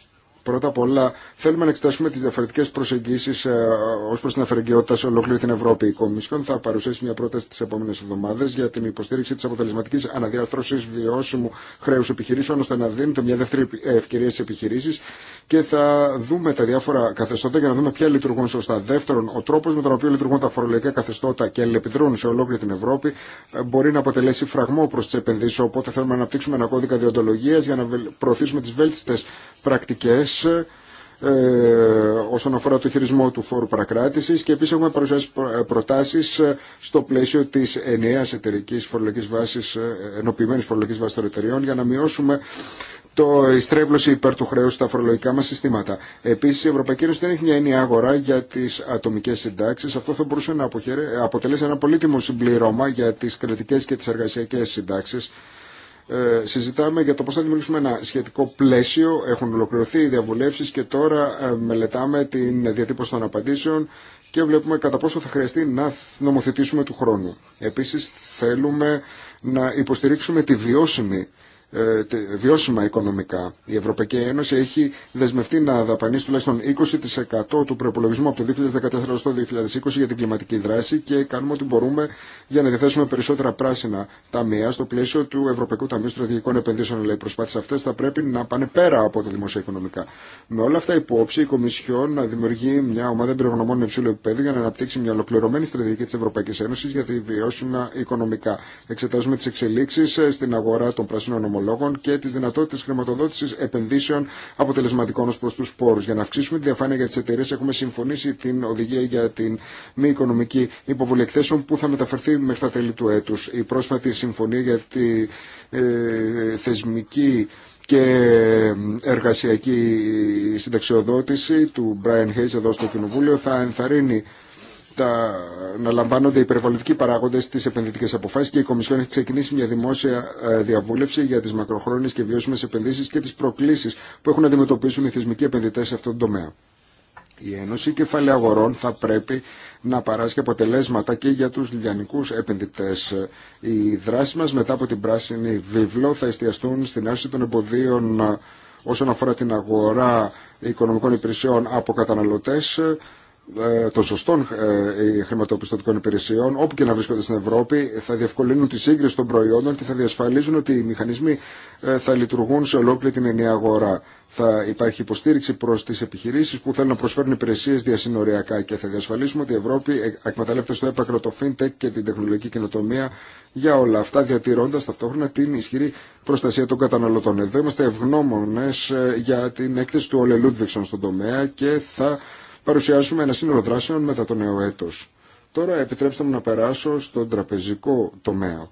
Πρώτα απ' όλα θέλουμε να εξετάσουμε τις διαφορετικές προσεγγίσεις ε, ως προς την αφαιρεγγιότητα σε ολόκληρη την Ευρώπη. Η Κομισιόν θα παρουσιάσει μια πρόταση τις επόμενες εβδομάδες για την υποστήριξη της αποτελεσματική αναδιαρθρώσης βιώσιμου χρέου επιχειρήσεων ώστε να δίνεται μια δεύτερη ε, ευκαιρία στις επιχειρήσεις και θα δούμε τα διάφορα καθεστώτα για να δούμε ποια λειτουργούν σωστά. Δεύτερον, ο τρόπο με τον οποίο λειτουργούν τα φορολογικά καθεστώτα και αλληλεπιδρούν σε ολόκληρη την Ευρώπη ε, μπορεί να αποτελέσει φραγμό προ τι επενδύσει, Οπότε θέλουμε να αναπτύξουμε ένα κώδικα διοντολογία για να προωθήσουμε τι βέλτιστες πρακτικέ. Ε, ε, όσον αφορά το χειρισμό του φόρου παρακράτησης και επίσης έχουμε παρουσιάσει ε, προτάσεις ε, στο πλαίσιο της ενιαίας εταιρικής φορολογικής βάσης, ενοποιημένης φορολογικής βάσης των εταιριών για να μειώσουμε το στρέβλωση υπέρ του χρέου στα φορολογικά μα συστήματα. Επίση, η Ευρωπαϊκή Ένωση δεν έχει μια ενιαία αγορά για τι ατομικέ συντάξει. Αυτό θα μπορούσε να αποτελέσει ένα πολύτιμο συμπληρώμα για τι κρατικέ και τι εργασιακέ συντάξει ε, συζητάμε για το πώς θα δημιουργήσουμε ένα σχετικό πλαίσιο. Έχουν ολοκληρωθεί οι διαβουλεύσεις και τώρα ε, μελετάμε την διατύπωση των απαντήσεων και βλέπουμε κατά πόσο θα χρειαστεί να νομοθετήσουμε του χρόνου. Επίσης θέλουμε να υποστηρίξουμε τη βιώσιμη ε, βιώσιμα οικονομικά. Η Ευρωπαϊκή Ένωση έχει δεσμευτεί να δαπανίσει τουλάχιστον 20% του προπολογισμού από το 2014 στο 2020 για την κλιματική δράση και κάνουμε ό,τι μπορούμε για να διαθέσουμε περισσότερα πράσινα ταμεία στο πλαίσιο του Ευρωπαϊκού Ταμείου Στρατηγικών Επενδύσεων. Αλλά οι προσπάθειε αυτέ θα πρέπει να πάνε πέρα από τα δημόσια οικονομικά. Με όλα αυτά υπόψη, η Κομισιόν να δημιουργεί μια ομάδα εμπειρογνωμών υψηλού επίπεδου για να αναπτύξει μια ολοκληρωμένη στρατηγική τη Ευρωπαϊκή Ένωση για τη βιώσιμα οικονομικά. Εξετάζουμε τι εξελίξει ε, στην αγορά των πράσινων φορολόγων και τι δυνατότητε χρηματοδότηση επενδύσεων αποτελεσματικών ω προ του πόρου. Για να αυξήσουμε τη διαφάνεια για τι εταιρείε, έχουμε συμφωνήσει την οδηγία για την μη οικονομική υποβολή εκθέσεων που θα μεταφερθεί μέχρι τα τέλη του έτου. Η πρόσφατη συμφωνία για τη ε, θεσμική και εργασιακή συνταξιοδότηση του Brian Hayes εδώ στο Κοινοβούλιο θα ενθαρρύνει τα, να λαμβάνονται υπερβολικοί παράγοντε στι επενδυτικέ αποφάσει και η Κομισιόν έχει ξεκινήσει μια δημόσια ε, διαβούλευση για τι μακροχρόνιε και βιώσιμε επενδύσει και τι προκλήσει που έχουν να αντιμετωπίσουν οι θεσμικοί επενδυτέ σε αυτόν τον τομέα. Η Ένωση Κεφαλαίου Αγορών θα πρέπει να παράσχει αποτελέσματα και για τους λιανικούς επενδυτές. Οι δράσει μας μετά από την πράσινη βίβλο θα εστιαστούν στην άρση των εμποδίων ε, όσον αφορά την αγορά οικονομικών υπηρεσιών από καταναλωτές, ε, των σωστών ε, ε, χρηματοπιστωτικών υπηρεσιών, όπου και να βρίσκονται στην Ευρώπη, θα διευκολύνουν τη σύγκριση των προϊόντων και θα διασφαλίζουν ότι οι μηχανισμοί θα λειτουργούν σε ολόκληρη την ενιαία αγορά. Θα υπάρχει υποστήριξη προ τι επιχειρήσει που θέλουν να προσφέρουν υπηρεσίε διασυνοριακά και θα διασφαλίσουμε ότι η Ευρώπη εκμεταλλεύεται στο έπακρο το fintech και την τεχνολογική καινοτομία για όλα αυτά, διατηρώντα ταυτόχρονα την ισχυρή προστασία των καταναλωτών. Εδώ είμαστε ευγνώμονε για την έκθεση του Ολελούντβιξον στον τομέα και θα παρουσιάσουμε ένα σύνολο δράσεων μετά το νέο έτος. Τώρα επιτρέψτε μου να περάσω στον τραπεζικό τομέα.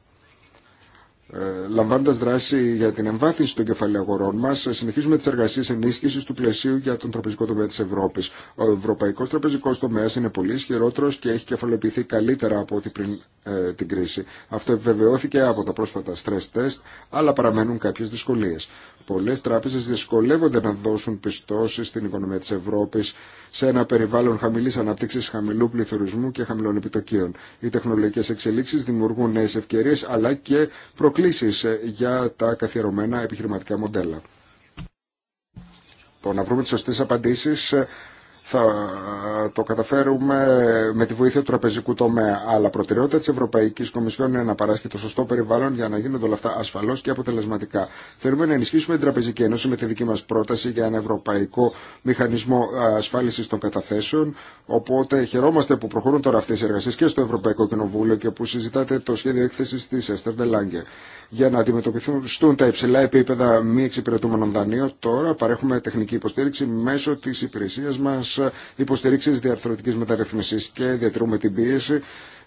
Ε, λαμβάνοντα δράση για την εμβάθυνση των κεφαλαίων αγορών μα, συνεχίζουμε τι εργασίε ενίσχυση του πλαισίου για τον τραπεζικό τομέα τη Ευρώπη. Ο ευρωπαϊκό τραπεζικό τομέα είναι πολύ ισχυρότερο και έχει κεφαλαιοποιηθεί καλύτερα από ό,τι πριν ε, την κρίση. Αυτό επιβεβαιώθηκε από τα πρόσφατα stress test, αλλά παραμένουν κάποιε δυσκολίε. Πολλέ τράπεζε δυσκολεύονται να δώσουν πιστώσει στην οικονομία τη Ευρώπη σε ένα περιβάλλον χαμηλή ανάπτυξη, χαμηλού πληθωρισμού και χαμηλών επιτοκίων. Οι τεχνολογικέ εξελίξει δημιουργούν νέε ευκαιρίε αλλά και προκλήσει προκλήσεις ε, για τα καθιερωμένα επιχειρηματικά μοντέλα. Το να βρούμε τις σωστές απαντήσεις ε, θα το καταφέρουμε με τη βοήθεια του τραπεζικού τομέα. Αλλά προτεραιότητα τη Ευρωπαϊκή Κομισιόν είναι να παράσχει το σωστό περιβάλλον για να γίνονται όλα αυτά ασφαλώ και αποτελεσματικά. Θέλουμε να ενισχύσουμε την Τραπεζική Ένωση με τη δική μα πρόταση για ένα ευρωπαϊκό μηχανισμό ασφάλιση των καταθέσεων. Οπότε χαιρόμαστε που προχωρούν τώρα αυτέ οι εργασίε και στο Ευρωπαϊκό Κοινοβούλιο και που συζητάτε το σχέδιο έκθεση τη Έστερ Ντελάγκε. Για να αντιμετωπιστούν τα υψηλά επίπεδα μη εξυπηρετούμενων δανείων, τώρα παρέχουμε τεχνική υποστήριξη μέσω τη υπηρεσία μα υποστηρίξει διαρθρωτική μεταρρύθμιση και διατηρούμε την πίεση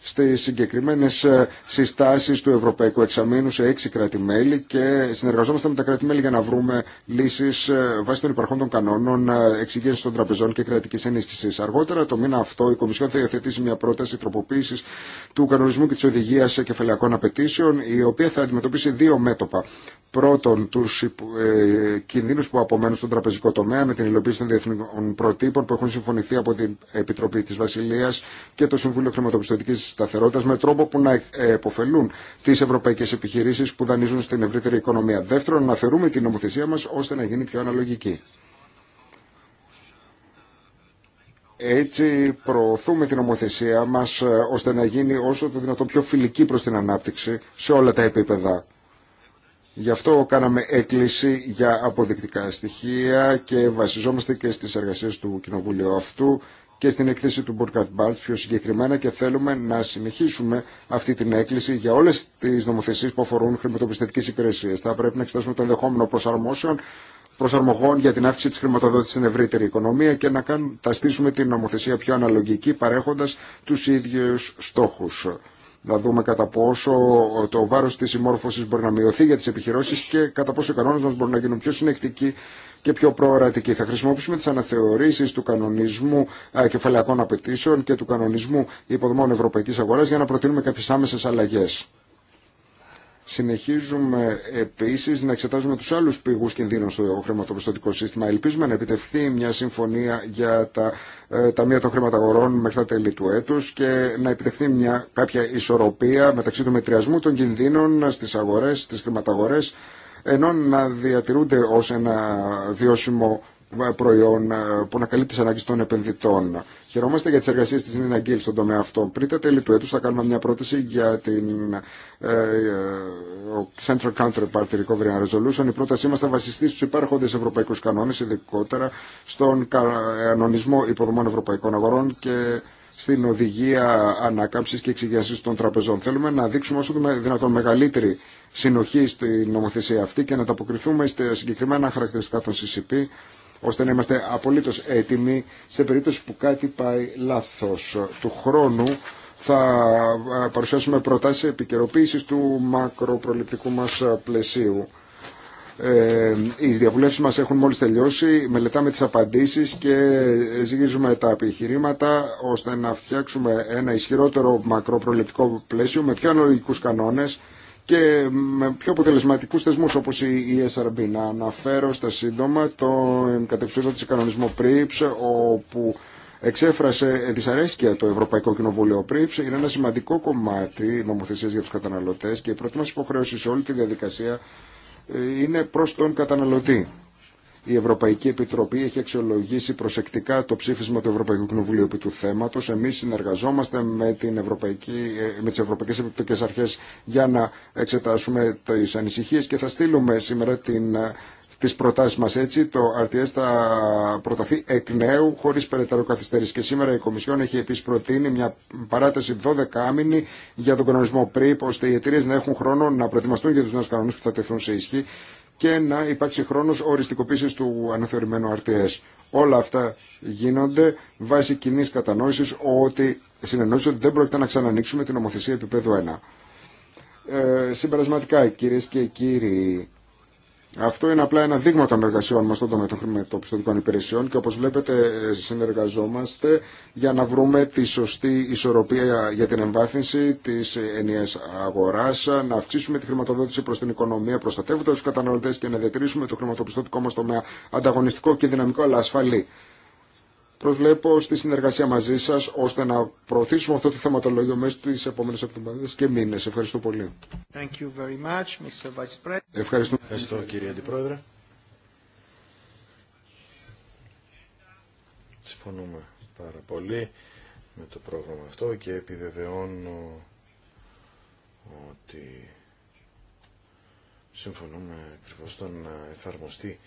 Στι συγκεκριμένε ε, συστάσει του Ευρωπαϊκού Εξαμήνου σε έξι κράτη-μέλη και συνεργαζόμαστε με τα κράτη-μέλη για να βρούμε λύσει ε, βάσει των υπαρχών των κανόνων ε, εξηγήσεω των τραπεζών και κρατική ενίσχυσης. Αργότερα το μήνα αυτό η Κομισιόν θα υιοθετήσει μια πρόταση τροποποίηση του κανονισμού και τη οδηγίας κεφαλαιακών απαιτήσεων η οποία θα αντιμετωπίσει δύο μέτωπα. Πρώτον, του κινδύνου που απομένουν στον τραπεζικό τομέα με την υλοποίηση των διεθνών προτύπων που έχουν συμφωνηθεί από την Επιτροπή τη Βασιλεία και το Συμβούλιο Χρηματοπιστωτική Σταθερότητα με τρόπο που να υποφελούν ε, τις ευρωπαϊκές επιχειρήσεις που δανείζουν στην ευρύτερη οικονομία. Δεύτερον, να θεωρούμε την νομοθεσία μας ώστε να γίνει πιο αναλογική. Έτσι προωθούμε την νομοθεσία μας ε, ώστε να γίνει όσο το δυνατόν πιο φιλική προς την ανάπτυξη σε όλα τα επίπεδα. Γι' αυτό κάναμε έκκληση για αποδεικτικά στοιχεία και βασιζόμαστε και στις εργασίες του Κοινοβουλίου αυτού και στην εκθέση του Μπουρκαντ Μπάλτ πιο συγκεκριμένα και θέλουμε να συνεχίσουμε αυτή την έκκληση για όλε τι νομοθεσίε που αφορούν χρηματοπιστωτικέ υπηρεσίε. Θα πρέπει να εξετάσουμε το ενδεχόμενο προσαρμόσεων προσαρμογών για την αύξηση τη χρηματοδότηση στην ευρύτερη οικονομία και να κάνουν, θα στήσουμε την νομοθεσία πιο αναλογική παρέχοντα του ίδιου στόχου. Να δούμε κατά πόσο το βάρο τη συμμόρφωση μπορεί να μειωθεί για τι επιχειρώσει και κατά πόσο οι κανόνε μα μπορούν να γίνουν πιο συνεκτικοί και πιο προορατική. Θα χρησιμοποιήσουμε τι αναθεωρήσει του κανονισμού κεφαλαίων απαιτήσεων και του κανονισμού υποδομών Ευρωπαϊκή Αγορά για να προτείνουμε κάποιε άμεσε αλλαγέ. Συνεχίζουμε επίση να εξετάζουμε του άλλου πηγού κινδύνων στο χρηματοπιστωτικό σύστημα. Ελπίζουμε να επιτευχθεί μια συμφωνία για τα ε, ταμεία των χρηματαγορών μέχρι τα τέλη του έτου και να επιτευχθεί μια κάποια ισορροπία μεταξύ του μετριασμού των κινδύνων στι αγορέ, στι χρηματαγορέ ενώ να διατηρούνται ως ένα βιώσιμο προϊόν ε, που να καλύπτει τι ανάγκε των επενδυτών. Χαιρόμαστε για τι εργασίε τη Νίνα Γκίλ στον τομέα αυτό. Πριν τα τέλη του έτου θα κάνουμε μια πρόταση για την ε, ε Central Party Recovery and Resolution. Η πρότασή μα θα βασιστεί στου υπάρχοντε ευρωπαϊκού κανόνε, ειδικότερα στον κανονισμό ε, υποδομών ευρωπαϊκών αγορών και στην οδηγία ανάκαμψης και εξηγιασής των τραπεζών. Θέλουμε να δείξουμε όσο δυνατόν μεγαλύτερη συνοχή στην νομοθεσία αυτή και να τα αποκριθούμε στα συγκεκριμένα χαρακτηριστικά των CCP ώστε να είμαστε απολύτως έτοιμοι σε περίπτωση που κάτι πάει λάθος του χρόνου θα ε, παρουσιάσουμε προτάσεις επικαιροποίησης του μακροπροληπτικού μας πλαισίου. Ε, οι διαβουλεύσει μα έχουν μόλι τελειώσει, μελετάμε τι απαντήσει και ζυγίζουμε τα επιχειρήματα ώστε να φτιάξουμε ένα ισχυρότερο μακροπροληπτικό πλαίσιο με πιο αναλογικού κανόνε και με πιο αποτελεσματικού θεσμού όπω η ESRB. Να αναφέρω στα σύντομα τον τη κανονισμό PRIPS όπου εξέφρασε δυσαρέσκεια το Ευρωπαϊκό Κοινοβούλιο PRIPS. Είναι ένα σημαντικό κομμάτι νομοθεσία για του καταναλωτέ και η πρώτη μα υποχρέωση σε όλη τη διαδικασία είναι προς τον καταναλωτή. Η Ευρωπαϊκή Επιτροπή έχει αξιολογήσει προσεκτικά το ψήφισμα του Ευρωπαϊκού Κοινοβουλίου επί του θέματο. Εμεί συνεργαζόμαστε με, την Ευρωπαϊκή, ε, με τις ευρωπαϊκές Επιπτωτικέ αρχές για να εξετάσουμε τις ανησυχίες και θα στείλουμε σήμερα την ε, τι προτάσει μα έτσι. Το RTS θα προταθεί εκ νέου χωρί περαιτέρω καθυστερήσεις. Και σήμερα η Κομισιόν έχει επίση προτείνει μια παράταση 12 άμυνη για τον κανονισμό πριν ώστε οι εταιρείε να έχουν χρόνο να προετοιμαστούν για του νέου κανονισμού που θα τεθούν σε ισχύ και να υπάρξει χρόνο οριστικόποίηση του αναθεωρημένου RTS. Όλα αυτά γίνονται βάσει κοινή κατανόηση, ότι ότι δεν πρόκειται να ξανανοίξουμε την ομοθεσία επίπεδου 1. Ε, συμπερασματικά, κυρίε και κύριοι, αυτό είναι απλά ένα δείγμα των εργασιών μας στον τομέα των χρηματοπιστωτικών υπηρεσιών και όπως βλέπετε συνεργαζόμαστε για να βρούμε τη σωστή ισορροπία για την εμβάθυνση της ενιαίας αγοράς, να αυξήσουμε τη χρηματοδότηση προς την οικονομία προστατεύοντας τους καταναλωτές και να διατηρήσουμε το χρηματοπιστωτικό μας τομέα ανταγωνιστικό και δυναμικό αλλά ασφαλή. Προσβλέπω στη συνεργασία μαζί σας ώστε να προωθήσουμε αυτό το θεματολόγιο μέσα στι επόμενε εβδομάδες και μήνες. Ευχαριστώ πολύ. Thank you very much, Mr. Vice Ευχαριστώ. Ευχαριστώ κύριε Αντιπρόεδρε. Συμφωνούμε πάρα πολύ με το πρόγραμμα αυτό και επιβεβαιώνω ότι συμφωνούμε ακριβώ στο να εφαρμοστεί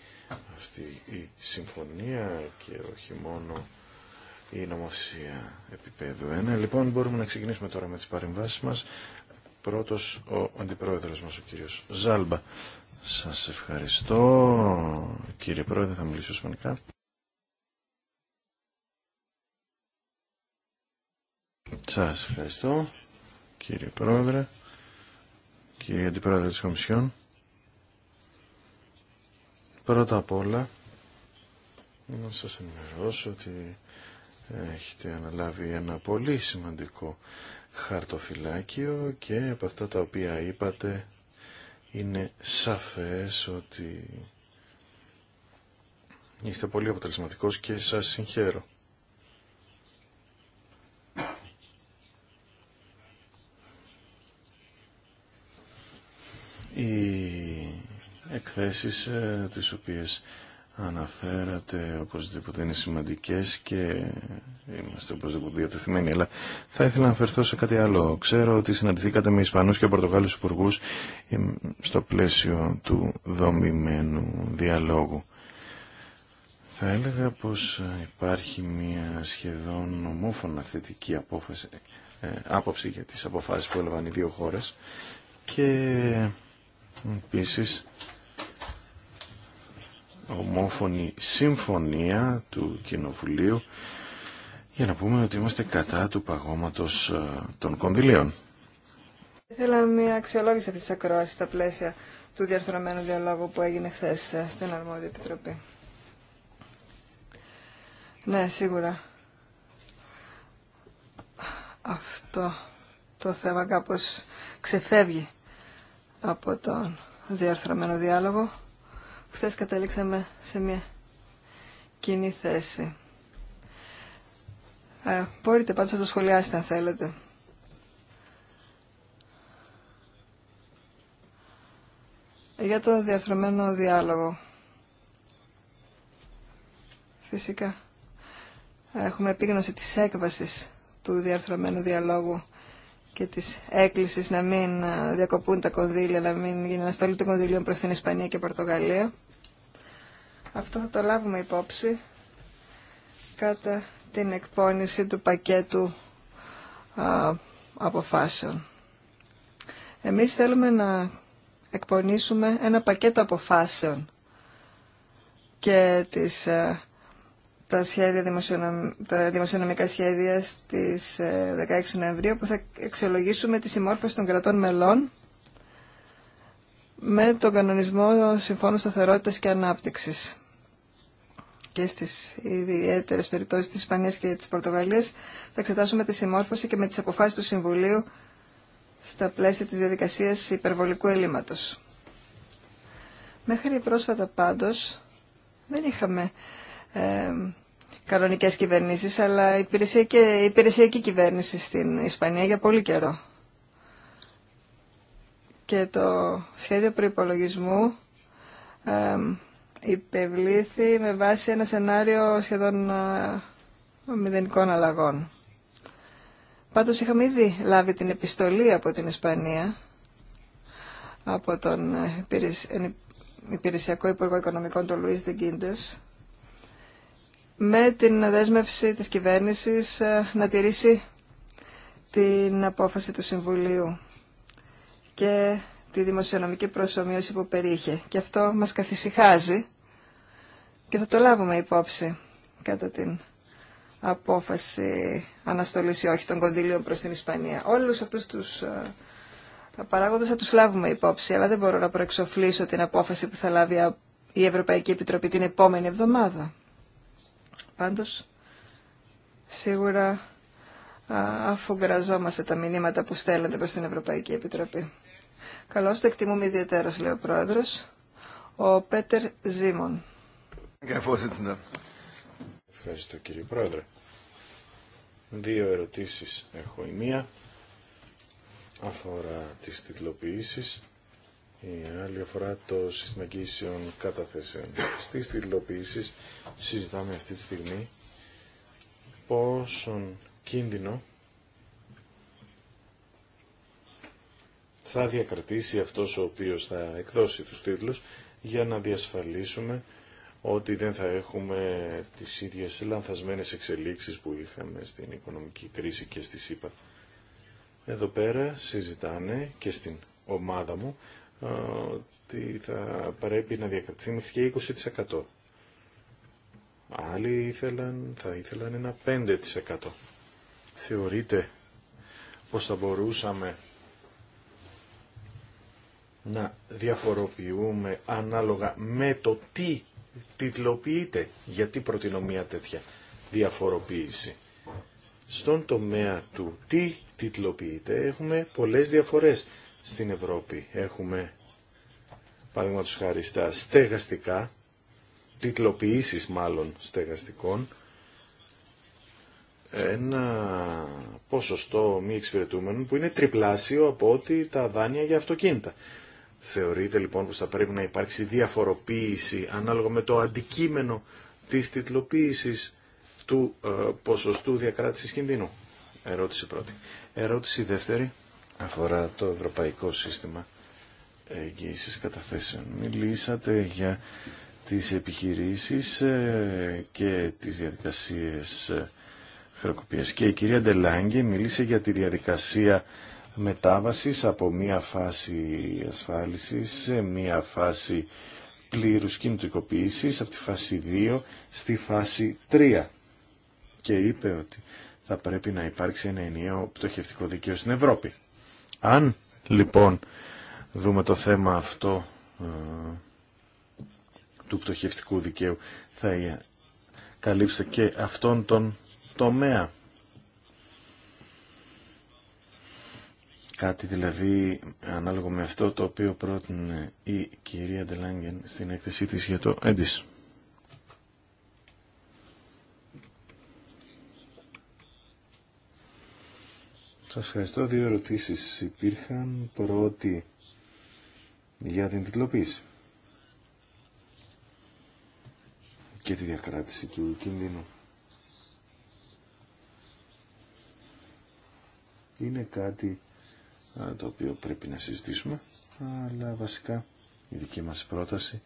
αυτή η συμφωνία και όχι μόνο η νομοθεσία επίπεδου 1. Λοιπόν, μπορούμε να ξεκινήσουμε τώρα με τις παρεμβάσεις μας. Πρώτος ο αντιπρόεδρος μας, ο κύριος Ζάλμπα. Σας ευχαριστώ. Κύριε Πρόεδρε, θα μιλήσω ισπανικά. Σας ευχαριστώ, κύριε Πρόεδρε, κύριε Αντιπρόεδρε της Κομισιόν. Πρώτα απ' όλα, να σας ενημερώσω ότι έχετε αναλάβει ένα πολύ σημαντικό χαρτοφυλάκιο και από αυτά τα οποία είπατε είναι σαφές ότι είστε πολύ αποτελεσματικός και σας συγχαίρω. Η εκθέσεις ε, τις οποίες αναφέρατε οπωσδήποτε είναι σημαντικές και είμαστε οπωσδήποτε διατεθειμένοι αλλά θα ήθελα να αφαιρθώ σε κάτι άλλο ξέρω ότι συναντηθήκατε με Ισπανούς και Πορτογάλους υπουργού στο πλαίσιο του δομημένου διαλόγου θα έλεγα πως ε, υπάρχει μια σχεδόν ομόφωνα θετική απόφαση, ε, άποψη για τις αποφάσεις που έλαβαν οι δύο χώρες και επίσης ομόφωνη συμφωνία του Κοινοβουλίου για να πούμε ότι είμαστε κατά του παγώματος ε, των κονδυλίων. Ήθελα μια αξιολόγηση αυτής της ακρόασης στα πλαίσια του διαρθρωμένου διαλόγου που έγινε χθε ε, στην Αρμόδια Επιτροπή. Ναι, σίγουρα. Αυτό το θέμα κάπως ξεφεύγει από τον διαρθρωμένο διάλογο χθες καταλήξαμε σε μια κοινή θέση. Ε, μπορείτε πάντως να το σχολιάσετε αν θέλετε. Για το διαφρομένο διάλογο. Φυσικά. Έχουμε επίγνωση της έκβασης του διαρθρωμένου διαλόγου και της έκκλησης να μην ε, διακοπούν τα κονδύλια, να μην γίνει αναστολή των κονδύλιων προς την Ισπανία και Πορτογαλία. Αυτό θα το λάβουμε υπόψη κατά την εκπόνηση του πακέτου αποφάσεων. Εμείς θέλουμε να εκπονήσουμε ένα πακέτο αποφάσεων και τις, α, ε, τα, σχέδια, τα δημοσιονομικά σχέδια στις 16 ε, Νοεμβρίου που θα εξελογήσουμε τη συμμόρφωση των κρατών μελών με τον κανονισμό Συμφώνου Σταθερότητας και Ανάπτυξης και στις ιδιαίτερε περιπτώσεις της Ισπανίας και της Πορτογαλίας θα εξετάσουμε τη συμμόρφωση και με τις αποφάσεις του Συμβουλίου στα πλαίσια της διαδικασίας υπερβολικού ελλείμματος. Μέχρι πρόσφατα πάντως δεν είχαμε ε, κανονικές κυβερνήσεις, αλλά υπηρεσιακή, υπηρεσιακή κυβέρνηση στην Ισπανία για πολύ καιρό. Και το σχέδιο προϋπολογισμού υπευλήθη με βάση ένα σενάριο σχεδόν μηδενικών αλλαγών. Πάντως είχαμε ήδη λάβει την επιστολή από την Ισπανία, από τον ε, Υπηρεσιακό Υπουργό Οικονομικών, τον Λουίς Δεγκίντες, με την δέσμευση της κυβέρνησης ε, να τηρήσει την απόφαση του Συμβουλίου και τη δημοσιονομική προσωμείωση που περίεχε. Και αυτό μας καθησυχάζει και θα το λάβουμε υπόψη κατά την απόφαση αναστολής ή όχι των κονδύλιων προς την Ισπανία. Όλους αυτούς τους ε, παράγοντες θα τους λάβουμε υπόψη, αλλά δεν μπορώ να προεξοφλήσω την απόφαση που θα λάβει η Ευρωπαϊκή Επιτροπή την επόμενη εβδομάδα. Πάντως, σίγουρα αφού γραζόμαστε τα μηνύματα που στέλνετε προς την Ευρωπαϊκή Επιτροπή. Καλώ το εκτιμούμε ιδιαίτερα, λέει ο πρόεδρο, ο Πέτερ Ζήμων. Ευχαριστώ κύριε πρόεδρε. Δύο ερωτήσεις έχω. Η μία αφορά τις τιτλοποιήσεις, η άλλη αφορά το σύστημα καταθέσεων. Στις τιτλοποιήσεις συζητάμε αυτή τη στιγμή πόσον κίνδυνο θα διακρατήσει αυτός ο οποίος θα εκδώσει τους τίτλους για να διασφαλίσουμε ότι δεν θα έχουμε τις ίδιες λανθασμένες εξελίξεις που είχαμε στην οικονομική κρίση και στη ΣΥΠΑ. Εδώ πέρα συζητάνε και στην ομάδα μου ότι θα πρέπει να διακρατηθεί μέχρι και 20%. Άλλοι ήθελαν, θα ήθελαν ένα 5%. Θεωρείτε πως θα μπορούσαμε να διαφοροποιούμε ανάλογα με το τι τιτλοποιείται. Γιατί προτείνω μια τέτοια διαφοροποίηση. Στον τομέα του τι τιτλοποιείται έχουμε πολλές διαφορές στην Ευρώπη. Έχουμε, παραδείγματος χάρη, στα στεγαστικά, τιτλοποιήσεις μάλλον στεγαστικών, ένα ποσοστό μη εξυπηρετούμενων που είναι τριπλάσιο από ό,τι τα δάνεια για αυτοκίνητα. Θεωρείτε λοιπόν πως θα πρέπει να υπάρξει διαφοροποίηση ανάλογα με το αντικείμενο της τιτλοποίησης του ε, ποσοστού διακράτησης κινδύνου. Ερώτηση πρώτη. Ερώτηση δεύτερη αφορά το Ευρωπαϊκό Σύστημα Εγγύησης Καταθέσεων. Μιλήσατε για τις επιχειρήσεις ε, και τις διαδικασίες ε, χρεοκοπίας. Και η κυρία Ντελάγκη μίλησε για τη διαδικασία μετάβασης από μία φάση ασφάλισης σε μία φάση πλήρους κινητικοποίησης από τη φάση 2 στη φάση 3 και είπε ότι θα πρέπει να υπάρξει ένα ενιαίο πτωχευτικό δικαίωμα στην Ευρώπη. Αν λοιπόν δούμε το θέμα αυτό ε, του πτωχευτικού δικαίου θα καλύψετε και αυτόν τον τομέα. Κάτι δηλαδή ανάλογο με αυτό το οποίο πρότεινε η κυρία Ντελάγγεν στην έκθεσή της για το έντις. Σας ευχαριστώ. Δύο ερωτήσεις υπήρχαν. Πρώτη για την τιτλοποίηση και τη διακράτηση του κινδύνου. Είναι κάτι το οποίο πρέπει να συζητήσουμε, αλλά βασικά η δική μας πρόταση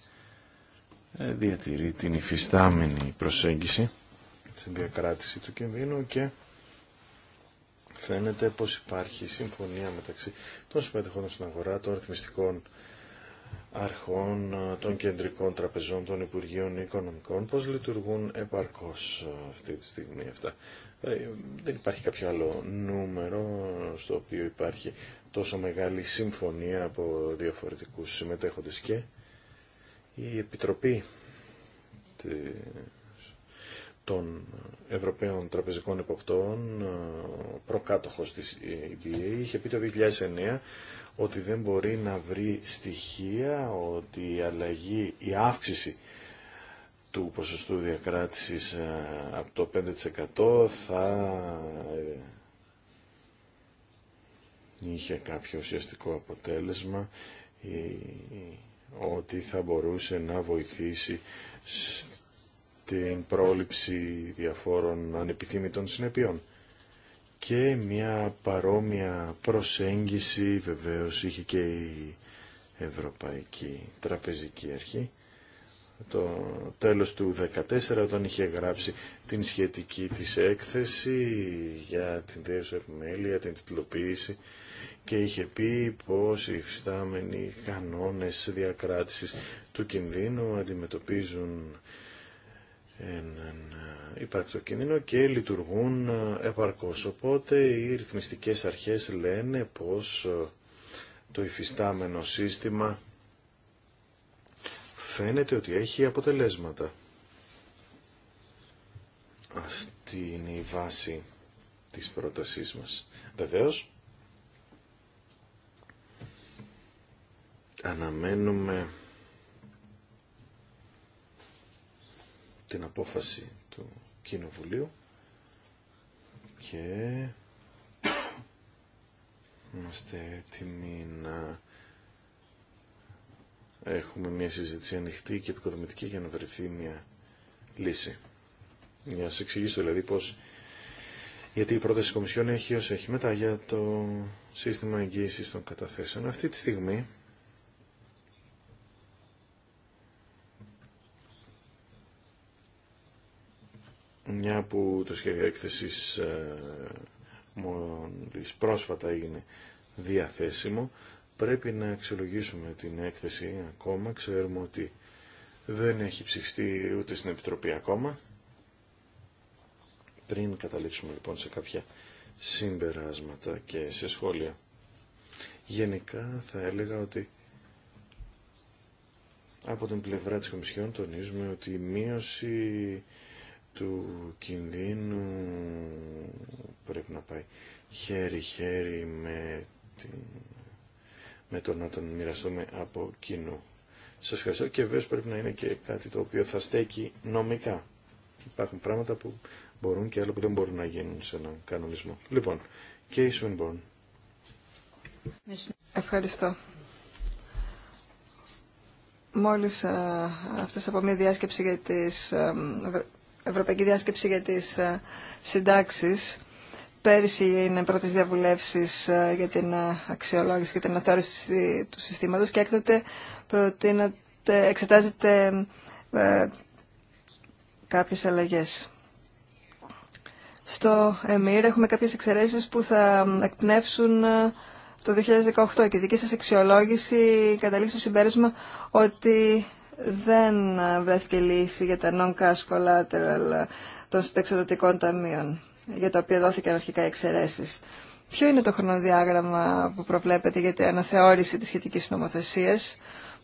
ε, διατηρεί την υφιστάμενη προσέγγιση στην διακράτηση του κινδύνου και φαίνεται πως υπάρχει συμφωνία μεταξύ των συμμετεχόντων στην αγορά, των ρυθμιστικών αρχών, των κεντρικών τραπεζών, των Υπουργείων Οικονομικών, πώς λειτουργούν επαρκώς ε, αυτή τη στιγμή αυτά. Ε, δεν υπάρχει κάποιο άλλο νούμερο στο οποίο υπάρχει τόσο μεγάλη συμφωνία από διαφορετικούς συμμετέχοντες και η Επιτροπή των Ευρωπαίων Τραπεζικών εποπτών, ε, προκάτοχος της EBA, είχε πει το 2009 ότι δεν μπορεί να βρει στοιχεία ότι η αλλαγή, η αύξηση του ποσοστού διακράτησης ε, από το 5% θα ε, είχε κάποιο ουσιαστικό αποτέλεσμα ότι θα μπορούσε να βοηθήσει στην πρόληψη διαφόρων ανεπιθύμητων συνεπειών. Και μια παρόμοια προσέγγιση βεβαίως είχε και η Ευρωπαϊκή Τραπεζική Αρχή το τέλος του 2014 όταν είχε γράψει την σχετική της έκθεση για την δεύτερη επιμέλεια, την τιτλοποίηση και είχε πει πως οι υφιστάμενοι κανόνες διακράτησης του κινδύνου αντιμετωπίζουν έναν το κίνδυνο και λειτουργούν επαρκώς. Οπότε οι ρυθμιστικές αρχές λένε πως το υφιστάμενο σύστημα φαίνεται ότι έχει αποτελέσματα. Αυτή είναι η βάση της πρότασής μας. Βεβαίως, αναμένουμε την απόφαση του Κοινοβουλίου και είμαστε έτοιμοι να έχουμε μια συζήτηση ανοιχτή και επικοδομητική για να βρεθεί μια λύση. Για να εξηγήσω δηλαδή πώς, γιατί η πρόταση της Κομισιόν έχει όσο έχει μετά για το σύστημα εγγύησης των καταθέσεων. Αυτή τη στιγμή μια που το σχέδιο έκθεσης ε, μόλις πρόσφατα έγινε διαθέσιμο Πρέπει να αξιολογήσουμε την έκθεση ακόμα. Ξέρουμε ότι δεν έχει ψηφιστεί ούτε στην Επιτροπή ακόμα. Πριν καταλήξουμε λοιπόν σε κάποια συμπεράσματα και σε σχόλια. Γενικά θα έλεγα ότι από την πλευρά της Κομισιόν τονίζουμε ότι η μείωση του κινδύνου πρέπει να πάει χέρι-χέρι με την με το να τον μοιραστούμε από κοινού. Σας ευχαριστώ και βέβαια πρέπει να είναι και κάτι το οποίο θα στέκει νομικά. Υπάρχουν πράγματα που μπορούν και άλλα που δεν μπορούν να γίνουν σε έναν κανονισμό. Λοιπόν, και η Σουινμπορν. Ευχαριστώ. Μόλις α, ε, αυτές από μια διάσκεψη για τις, α, ε, ευρωπαϊκή διάσκεψη για τις ε, συντάξεις, Πέρσι είναι πρώτη διαβουλεύσει ε, για την ε, αξιολόγηση και την αναθεώρηση του συστήματο και έκτοτε εξετάζεται ε, κάποιε αλλαγέ. Στο ΕΜΗΡ έχουμε κάποιε εξαιρέσει που θα εκπνεύσουν ε, το 2018 και η δική σας αξιολόγηση καταλήξει στο συμπέρασμα ότι δεν βρέθηκε λύση για τα non-cash collateral των συντεξοδοτικών ταμείων για τα οποία δόθηκαν αρχικά εξαιρέσει. Ποιο είναι το χρονοδιάγραμμα που προβλέπετε για την αναθεώρηση τη σχετική νομοθεσία,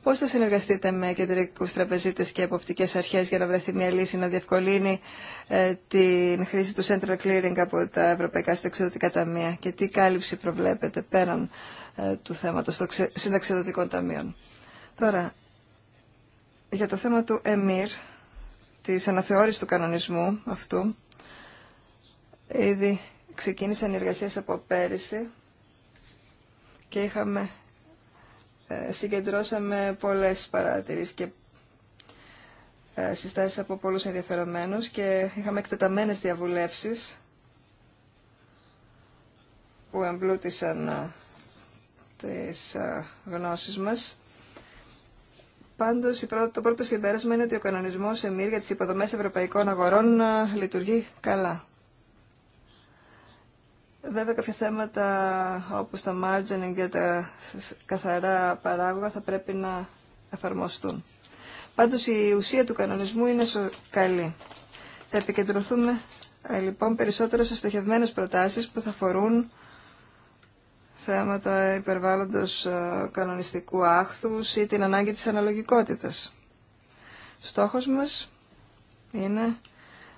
πώ θα συνεργαστείτε με κεντρικού τραπεζίτε και εποπτικέ αρχέ για να βρεθεί μια λύση να διευκολύνει ε, την χρήση του Central Clearing από τα Ευρωπαϊκά Συνταξιδοτικά Ταμεία και τι κάλυψη προβλέπετε πέραν ε, του θέματο των συνταξιδοτικών ταμείων. Τώρα, για το θέμα του ΕΜΙΡ, της αναθεώρησης του κανονισμού αυτού, Ήδη ξεκίνησαν οι εργασίες από πέρυσι και είχαμε, ε, συγκεντρώσαμε πολλές παρατηρήσεις και ε, συστάσεις από πολλούς ενδιαφερομένους και είχαμε εκτεταμένες διαβουλεύσεις που εμπλούτησαν ε, τις γνώσεις μας. Πάντως, το πρώτο συμπέρασμα είναι ότι ο κανονισμός ΕΜΗΡ για τις υποδομές ευρωπαϊκών αγορών λειτουργεί καλά. Βέβαια κάποια θέματα όπως τα margin και τα καθαρά παράγωγα θα πρέπει να εφαρμοστούν. Πάντως η ουσία του κανονισμού είναι καλή. Θα επικεντρωθούμε ε, λοιπόν περισσότερο σε στοχευμένες προτάσεις που θα αφορούν θέματα υπερβάλλοντος ε, κανονιστικού άχθους ή την ανάγκη της αναλογικότητας. Στόχος μας είναι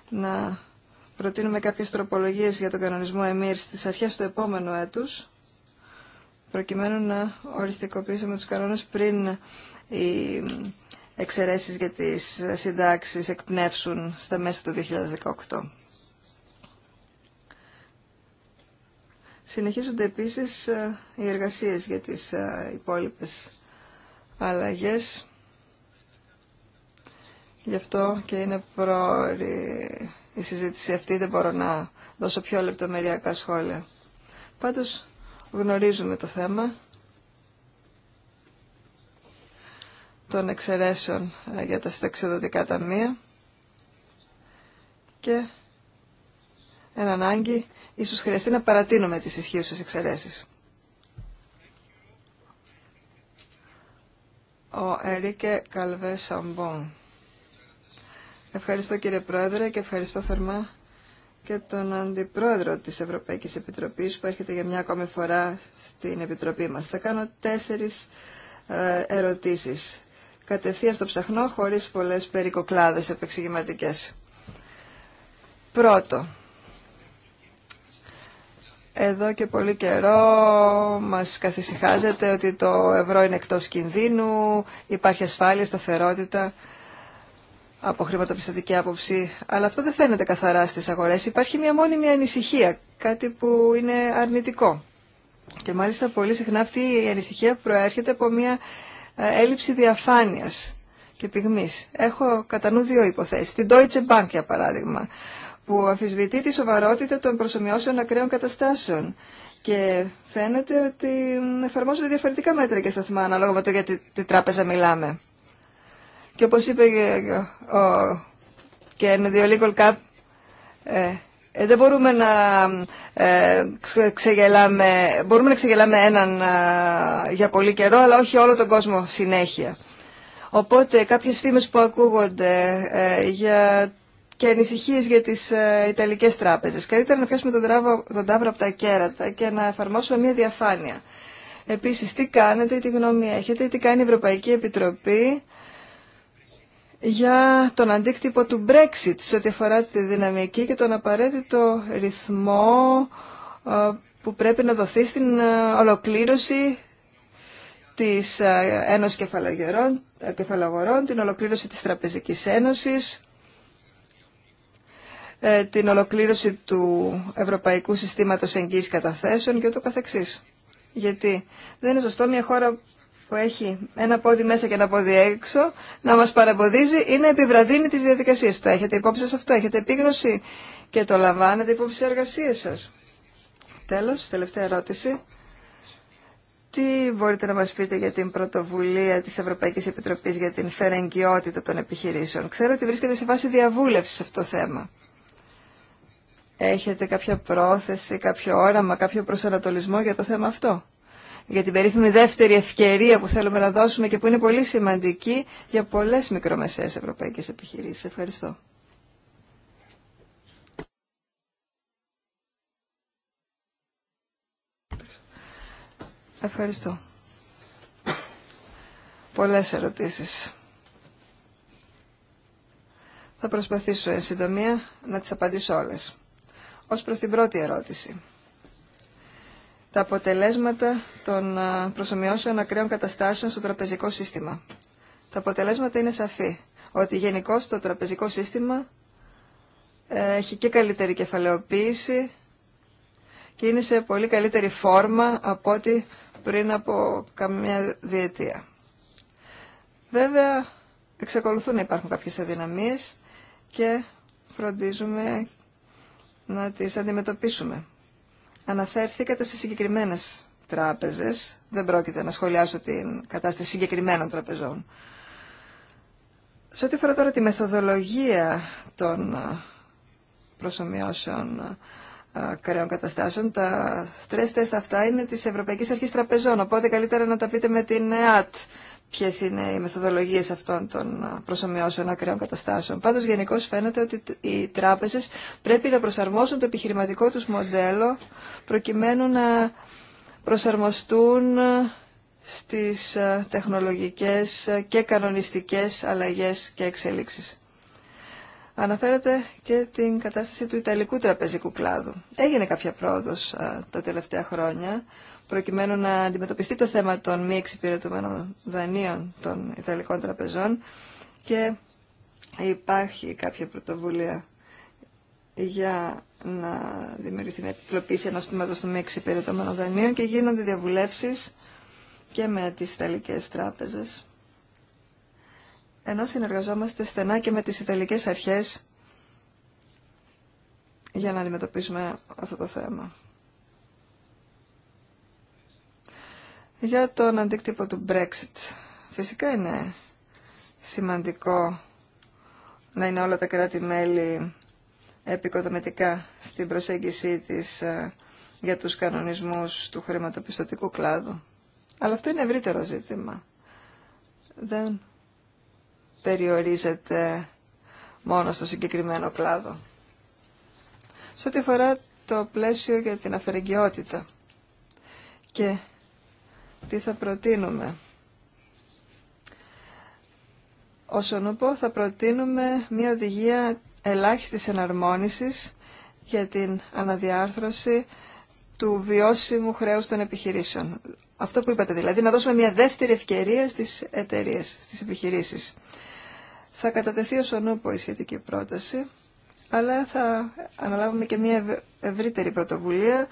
να προτείνουμε κάποιες τροπολογίες για τον κανονισμό ΕΜΙΡ στις αρχές του επόμενου έτους, προκειμένου να οριστικοποιήσουμε τους κανόνες πριν οι εξαιρέσεις για τις συντάξεις εκπνεύσουν στα μέσα του 2018. Συνεχίζονται επίσης ε, οι εργασίες για τις ε, υπόλοιπες αλλαγές. Γι' αυτό και είναι προ η συζήτηση αυτή, δεν μπορώ να δώσω πιο λεπτομεριακά σχόλια. Πάντως γνωρίζουμε το θέμα των εξαιρέσεων ε, για τα συνταξιοδοτικά ταμεία και εν ανάγκη ίσως χρειαστεί να παρατείνουμε τις ισχύουσες εξαιρέσεις. Ο Ερίκε Καλβέ Σαμπόν. Ευχαριστώ κύριε Πρόεδρε και ευχαριστώ θερμά και τον Αντιπρόεδρο της Ευρωπαϊκής Επιτροπής που έρχεται για μια ακόμη φορά στην Επιτροπή μας. Θα κάνω τέσσερις ε, ερωτήσεις. Κατευθείαν στο ψαχνό, χωρίς πολλές περικοκλάδες επεξηγηματικές. Πρώτο, εδώ και πολύ καιρό μας καθησυχάζεται ότι το ευρώ είναι εκτός κινδύνου, υπάρχει ασφάλεια, σταθερότητα από χρηματοπιστωτική άποψη, αλλά αυτό δεν φαίνεται καθαρά στις αγορές. Υπάρχει μια μόνιμη ανησυχία, κάτι που είναι αρνητικό. Και μάλιστα πολύ συχνά αυτή η ανησυχία προέρχεται από μια ε, έλλειψη διαφάνειας και πυγμής. Έχω κατά νου δύο υποθέσεις. Την Deutsche Bank, για παράδειγμα, που αμφισβητεί τη σοβαρότητα των προσωμιώσεων ακραίων καταστάσεων. Και φαίνεται ότι εφαρμόζονται διαφορετικά μέτρα και σταθμά ανάλογα με το γιατί τη τράπεζα μιλάμε. Και όπως είπε και ο Διολίκολ Καπ, ε, ε, δεν μπορούμε να, ε, ξεγελάμε, μπορούμε να ξεγελάμε έναν για πολύ καιρό, αλλά όχι όλο τον κόσμο συνέχεια. Οπότε κάποιες φήμες που ακούγονται ε, για, και ανησυχίες για τις Ιταλικές τράπεζες. Καλύτερα να φτιάξουμε τον, τράβο, τον τάβρο από τα κέρατα και να εφαρμόσουμε μια διαφάνεια. Επίσης, τι κάνετε, τι γνώμη έχετε, τι κάνει η Ευρωπαϊκή Επιτροπή για τον αντίκτυπο του Brexit σε ό,τι αφορά τη δυναμική και τον απαραίτητο ρυθμό ε, που πρέπει να δοθεί στην ε, ολοκλήρωση της ε, Ένωσης Κεφαλαγορών, την ολοκλήρωση της Τραπεζικής Ένωσης, την ολοκλήρωση του Ευρωπαϊκού Συστήματος Εγγύης Καταθέσεων και ούτω καθεξής. Γιατί δεν είναι σωστό μια χώρα που έχει ένα πόδι μέσα και ένα πόδι έξω να μας παραμποδίζει ή να επιβραδύνει τις διαδικασίες. Το έχετε υπόψη σε αυτό, έχετε επίγνωση και το λαμβάνετε υπόψη σε εργασίες σας. Τέλος, τελευταία ερώτηση. Τι μπορείτε να μας πείτε για την πρωτοβουλία της Ευρωπαϊκής Επιτροπής για την φερεγγιότητα των επιχειρήσεων. Ξέρω ότι βρίσκεται σε βάση διαβούλευση σε αυτό το θέμα. Έχετε κάποια πρόθεση, κάποιο όραμα, κάποιο προσανατολισμό για το θέμα αυτό για την περίφημη δεύτερη ευκαιρία που θέλουμε να δώσουμε και που είναι πολύ σημαντική για πολλές μικρομεσαίες ευρωπαϊκές επιχειρήσεις. Ευχαριστώ. Ευχαριστώ. Πολλές ερωτήσεις. Θα προσπαθήσω εν συντομία να τις απαντήσω όλες. Ως προς την πρώτη ερώτηση τα αποτελέσματα των προσωμιώσεων ακραίων καταστάσεων στο τραπεζικό σύστημα. Τα αποτελέσματα είναι σαφή, ότι γενικώ το τραπεζικό σύστημα ε, έχει και καλύτερη κεφαλαιοποίηση και είναι σε πολύ καλύτερη φόρμα από ό,τι πριν από καμιά διετία. Βέβαια, εξακολουθούν να υπάρχουν κάποιες αδυναμίες και φροντίζουμε να τις αντιμετωπίσουμε. Αναφέρθηκατε σε συγκεκριμένες τράπεζες. Δεν πρόκειται να σχολιάσω την κατάσταση συγκεκριμένων τραπεζών. Σε ό,τι αφορά τώρα τη μεθοδολογία των προσωμιώσεων κρέων καταστάσεων, τα stress test αυτά είναι της Ευρωπαϊκής Αρχής Τραπεζών, οπότε καλύτερα να τα πείτε με την ΕΑΤ ποιε είναι οι μεθοδολογίε αυτών των προσωμιώσεων ακραίων καταστάσεων. Πάντω, γενικώ φαίνεται ότι οι τράπεζε πρέπει να προσαρμόσουν το επιχειρηματικό του μοντέλο προκειμένου να προσαρμοστούν στις τεχνολογικές και κανονιστικές αλλαγές και εξέλιξεις. Αναφέρεται και την κατάσταση του Ιταλικού τραπεζικού κλάδου. Έγινε κάποια πρόοδος τα τελευταία χρόνια προκειμένου να αντιμετωπιστεί το θέμα των μη εξυπηρετούμενων δανείων των Ιταλικών τραπεζών και υπάρχει κάποια πρωτοβουλία για να δημιουργηθεί μια τυπλοποίηση ενός τμήματο των μη εξυπηρετούμενων δανείων και γίνονται διαβουλεύσεις και με τις Ιταλικές τράπεζες ενώ συνεργαζόμαστε στενά και με τις Ιταλικές αρχές για να αντιμετωπίσουμε αυτό το θέμα. Για τον αντίκτυπο του Brexit. Φυσικά είναι σημαντικό να είναι όλα τα κράτη-μέλη επικοδομητικά στην προσέγγιση της ε, για τους κανονισμούς του χρηματοπιστωτικού κλάδου. Αλλά αυτό είναι ευρύτερο ζήτημα. Δεν περιορίζεται μόνο στο συγκεκριμένο κλάδο. Σε ό,τι αφορά το πλαίσιο για την αφαιρεγγιότητα και τι θα προτείνουμε. Όσον θα προτείνουμε μια οδηγία ελάχιστης εναρμόνισης για την αναδιάρθρωση του βιώσιμου χρέους των επιχειρήσεων. Αυτό που είπατε δηλαδή, να δώσουμε μια δεύτερη ευκαιρία στις εταιρείες, στις επιχειρήσεις. Θα κατατεθεί ο ονόπο η σχετική πρόταση, αλλά θα αναλάβουμε και μια ευρύτερη πρωτοβουλία,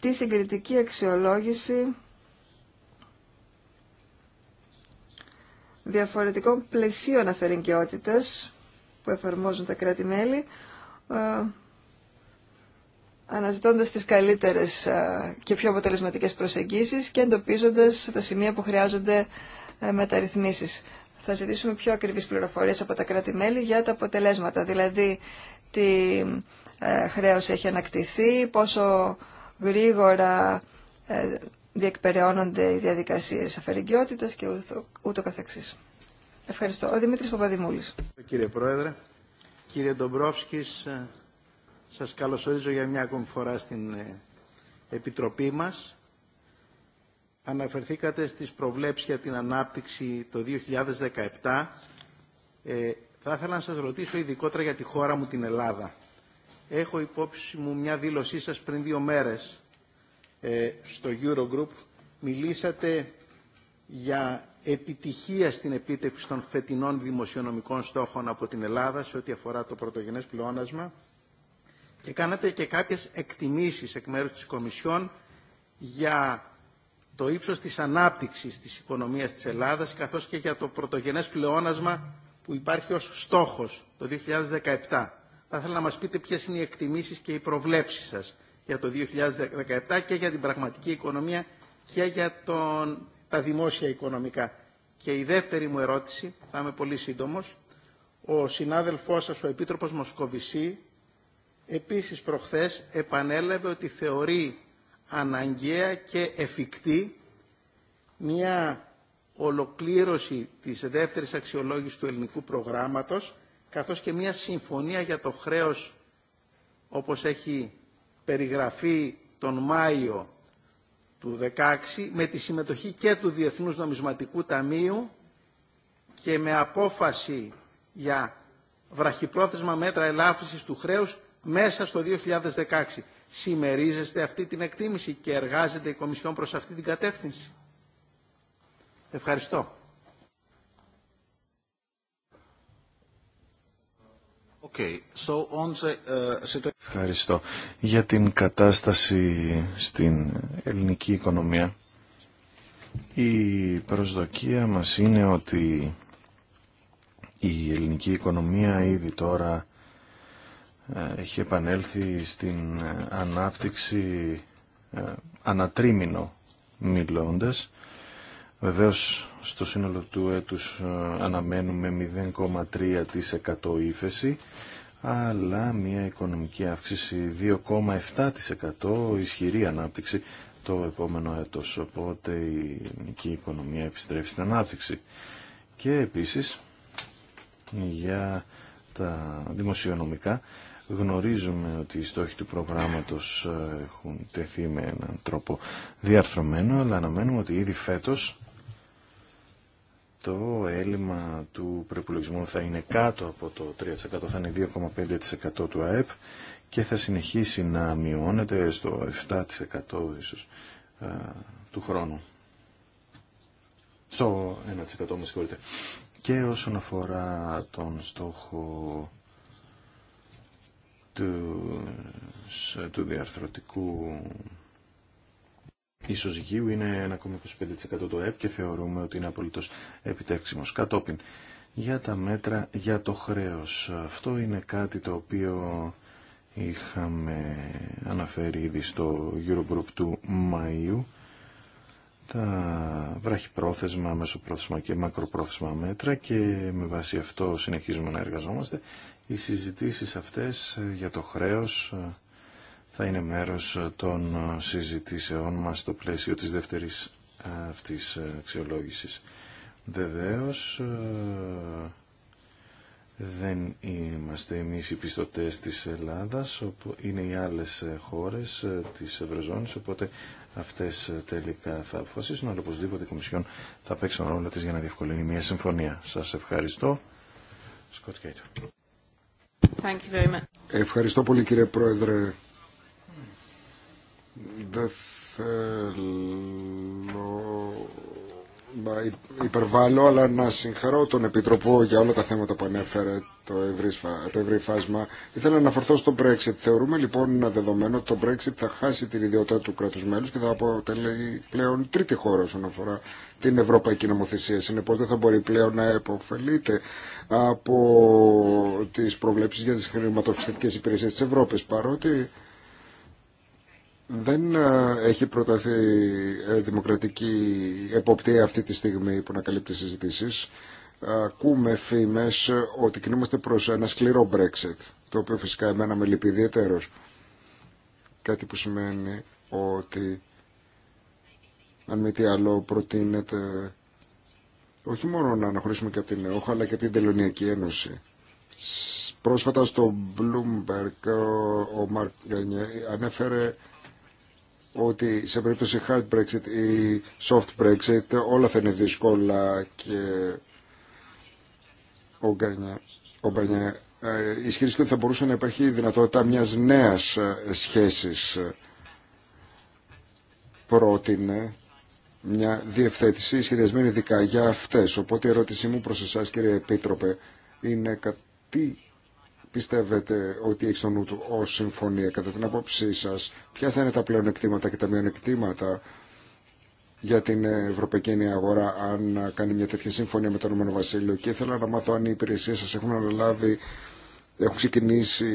τη συγκριτική αξιολόγηση διαφορετικών πλαισίων αφαιρεγκαιότητας που εφαρμόζουν τα κράτη-μέλη, ε, αναζητώντας τις καλύτερες ε, και πιο αποτελεσματικές προσεγγίσεις και εντοπίζοντας τα σημεία που χρειάζονται ε, μεταρρυθμίσεις. Θα ζητήσουμε πιο ακριβείς πληροφορίες από τα κράτη-μέλη για τα αποτελέσματα, δηλαδή τι χρέος έχει ανακτηθεί, πόσο γρήγορα διεκπεραιώνονται οι διαδικασίες αφαιρεγκαιότητα και ούτω, ούτω καθεξής. Ευχαριστώ. Ο Δημήτρης Παπαδημούλης. Κύριε Πρόεδρε, κύριε Ντομπρόφσκης, ε, σας καλωσορίζω για μια ακόμη φορά στην ε, Επιτροπή μας. Αναφερθήκατε στις προβλέψεις για την ανάπτυξη το 2017. Ε, θα ήθελα να σας ρωτήσω ειδικότερα για τη χώρα μου την Ελλάδα. Έχω υπόψη μου μια δήλωσή σας πριν δύο μέρες ε, στο Eurogroup μιλήσατε για επιτυχία στην επίτευξη των φετινών δημοσιονομικών στόχων από την Ελλάδα σε ό,τι αφορά το πρωτογενές πλεόνασμα και κάνατε και κάποιες εκτιμήσεις εκ μέρους της Κομισιόν για το ύψος της ανάπτυξης της οικονομίας της Ελλάδας καθώς και για το πρωτογενές πλεόνασμα που υπάρχει ως στόχος το 2017. Θα ήθελα να μας πείτε ποιες είναι οι εκτιμήσεις και οι προβλέψεις σας για το 2017 και για την πραγματική οικονομία και για τον, τα δημόσια οικονομικά. Και η δεύτερη μου ερώτηση, θα είμαι πολύ σύντομος, ο συνάδελφός σας, ο Επίτροπος Μοσκοβισή, επίσης προχθές επανέλαβε ότι θεωρεί αναγκαία και εφικτή μια ολοκλήρωση της δεύτερης αξιολόγησης του ελληνικού προγράμματος, καθώς και μια συμφωνία για το χρέος, όπως έχει Περιγραφή τον Μάιο του 2016 με τη συμμετοχή και του Διεθνούς Νομισματικού Ταμείου και με απόφαση για βραχυπρόθεσμα μέτρα ελάφρυσης του χρέους μέσα στο 2016. Σημερίζεστε αυτή την εκτίμηση και εργάζεται η Κομισιόν προς αυτή την κατεύθυνση. Ευχαριστώ. Uh, Ευχαριστώ. Για την κατάσταση στην ελληνική οικονομία, η προσδοκία μας είναι ότι η ελληνική οικονομία ήδη τώρα ε, έχει επανέλθει στην ε, ανάπτυξη ε, ανατρίμηνο μιλώντας Βεβαίως στο σύνολο του έτους ε, αναμένουμε 0,3% ύφεση αλλά μια οικονομική αύξηση 2,7% ισχυρή ανάπτυξη το επόμενο έτος. Οπότε η ελληνική οικονομία επιστρέφει στην ανάπτυξη. Και επίσης για τα δημοσιονομικά γνωρίζουμε ότι οι στόχοι του προγράμματος ε, έχουν τεθεί με έναν τρόπο διαρθρωμένο αλλά αναμένουμε ότι ήδη φέτος το έλλειμμα του προπολογισμού θα είναι κάτω από το 3%, θα είναι 2,5% του ΑΕΠ και θα συνεχίσει να μειώνεται στο 7% ίσως του χρόνου. Στο 1% με συγχωρείτε. Και όσον αφορά τον στόχο του, του διαρθρωτικού ισοζυγίου είναι 1,25% το ΕΠ και θεωρούμε ότι είναι απολύτως επιτεύξιμος. Κατόπιν, για τα μέτρα για το χρέος. Αυτό είναι κάτι το οποίο είχαμε αναφέρει ήδη στο Eurogroup του Μαΐου. Τα βραχυπρόθεσμα, μεσοπρόθεσμα και μακροπρόθεσμα μέτρα και με βάση αυτό συνεχίζουμε να εργαζόμαστε. Οι συζητήσεις αυτές για το χρέος θα είναι μέρος των συζητήσεών μας στο πλαίσιο της δεύτερης ε, αυτής ε, αξιολόγησης. Βεβαίως ε, δεν είμαστε εμείς οι πιστωτές της Ελλάδας, όπου είναι οι άλλες χώρες της Ευρωζώνης, οπότε αυτές τελικά θα αποφασίσουν, αλλά οπωσδήποτε η Κομισιόν θα παίξει τον ρόλο της για να διευκολύνει μια συμφωνία. Σας ευχαριστώ. Σκοτ Ευχαριστώ πολύ κύριε Πρόεδρε. Δεν θέλω να υπερβάλλω, αλλά να συγχαρώ τον Επιτροπό για όλα τα θέματα που ανέφερε το ευρύ, το φάσμα. Ήθελα να αναφερθώ στο Brexit. Θεωρούμε λοιπόν ένα δεδομένο ότι το Brexit θα χάσει την ιδιότητα του κράτους μέλους και θα αποτελεί πλέον τρίτη χώρα όσον αφορά την ευρωπαϊκή νομοθεσία. Συνεπώς δεν θα μπορεί πλέον να επωφελείται από τις προβλέψεις για τις χρηματοπιστωτικές υπηρεσίες της Ευρώπης, παρότι δεν ε, έχει προταθεί ε, δημοκρατική εποπτεία αυτή τη στιγμή που να καλύπτει συζητήσει. Ακούμε φήμε ότι κινούμαστε προ ένα σκληρό Brexit, το οποίο φυσικά εμένα με λυπεί ιδιαίτερο. Κάτι που σημαίνει ότι, αν μη τι άλλο, προτείνεται όχι μόνο να αναχωρήσουμε και από την ΕΟΧ, αλλά και την Τελωνιακή Ένωση. Πρόσφατα στο Bloomberg ο Μαρκ ανέφερε ότι σε περίπτωση hard Brexit ή soft Brexit όλα θα είναι δύσκολα και ο Γκαρνιά, ο ε, ισχυρίστηκε ότι θα μπορούσε να υπάρχει η δυνατότητα μιας νέας ε, σχέσης πρότεινε μια διευθέτηση σχεδιασμένη ειδικά για αυτές. Οπότε η ερώτησή μου προς εσάς κύριε Επίτροπε είναι τι πιστεύετε ότι έχει στο νου του ω συμφωνία, κατά την άποψή σα, ποια θα είναι τα πλεονεκτήματα και τα μειονεκτήματα για την Ευρωπαϊκή Ενία Αγορά, αν κάνει μια τέτοια συμφωνία με το Ηνωμένο Βασίλειο. Και ήθελα να μάθω αν οι υπηρεσίε σα έχουν αναλάβει, έχουν ξεκινήσει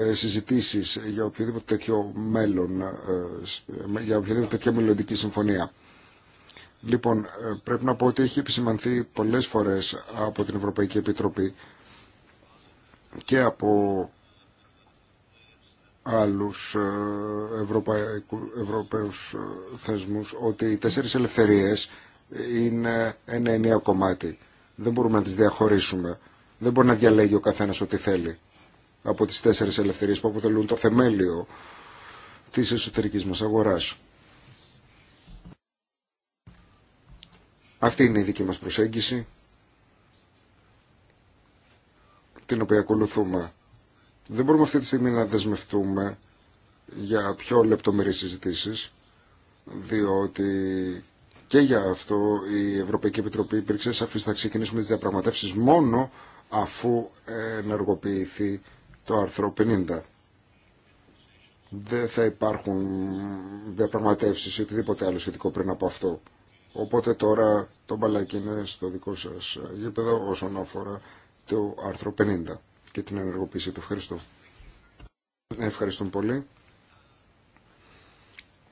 ε, συζητήσει για οποιοδήποτε τέτοιο μέλλον, ε, ε, για οποιαδήποτε τέτοια μελλοντική συμφωνία. Λοιπόν, πρέπει να πω ότι έχει επισημανθεί πολλές φορές από την Ευρωπαϊκή Επιτροπή και από άλλους ε, ευρωπαίους ε, θεσμούς ότι οι τέσσερις ελευθερίες είναι ένα ενιαίο κομμάτι. Δεν μπορούμε να τις διαχωρίσουμε. Δεν μπορεί να διαλέγει ο καθένας ό,τι θέλει από τις τέσσερις ελευθερίες που αποτελούν το θεμέλιο της εσωτερικής μας αγοράς. Αυτή είναι η δική μας προσέγγιση. την οποία ακολουθούμε. Δεν μπορούμε αυτή τη στιγμή να δεσμευτούμε για πιο λεπτομερείς συζητήσεις, διότι και για αυτό η Ευρωπαϊκή Επιτροπή υπήρξε σαφής θα ξεκινήσουμε τις διαπραγματεύσεις μόνο αφού ενεργοποιηθεί το άρθρο 50. Δεν θα υπάρχουν διαπραγματεύσεις ή οτιδήποτε άλλο σχετικό πριν από αυτό. Οπότε τώρα το μπαλάκι είναι στο δικό σας γήπεδο όσον αφορά το άρθρο 50 και την ενεργοποίηση του. Ευχαριστώ. Ευχαριστώ πολύ.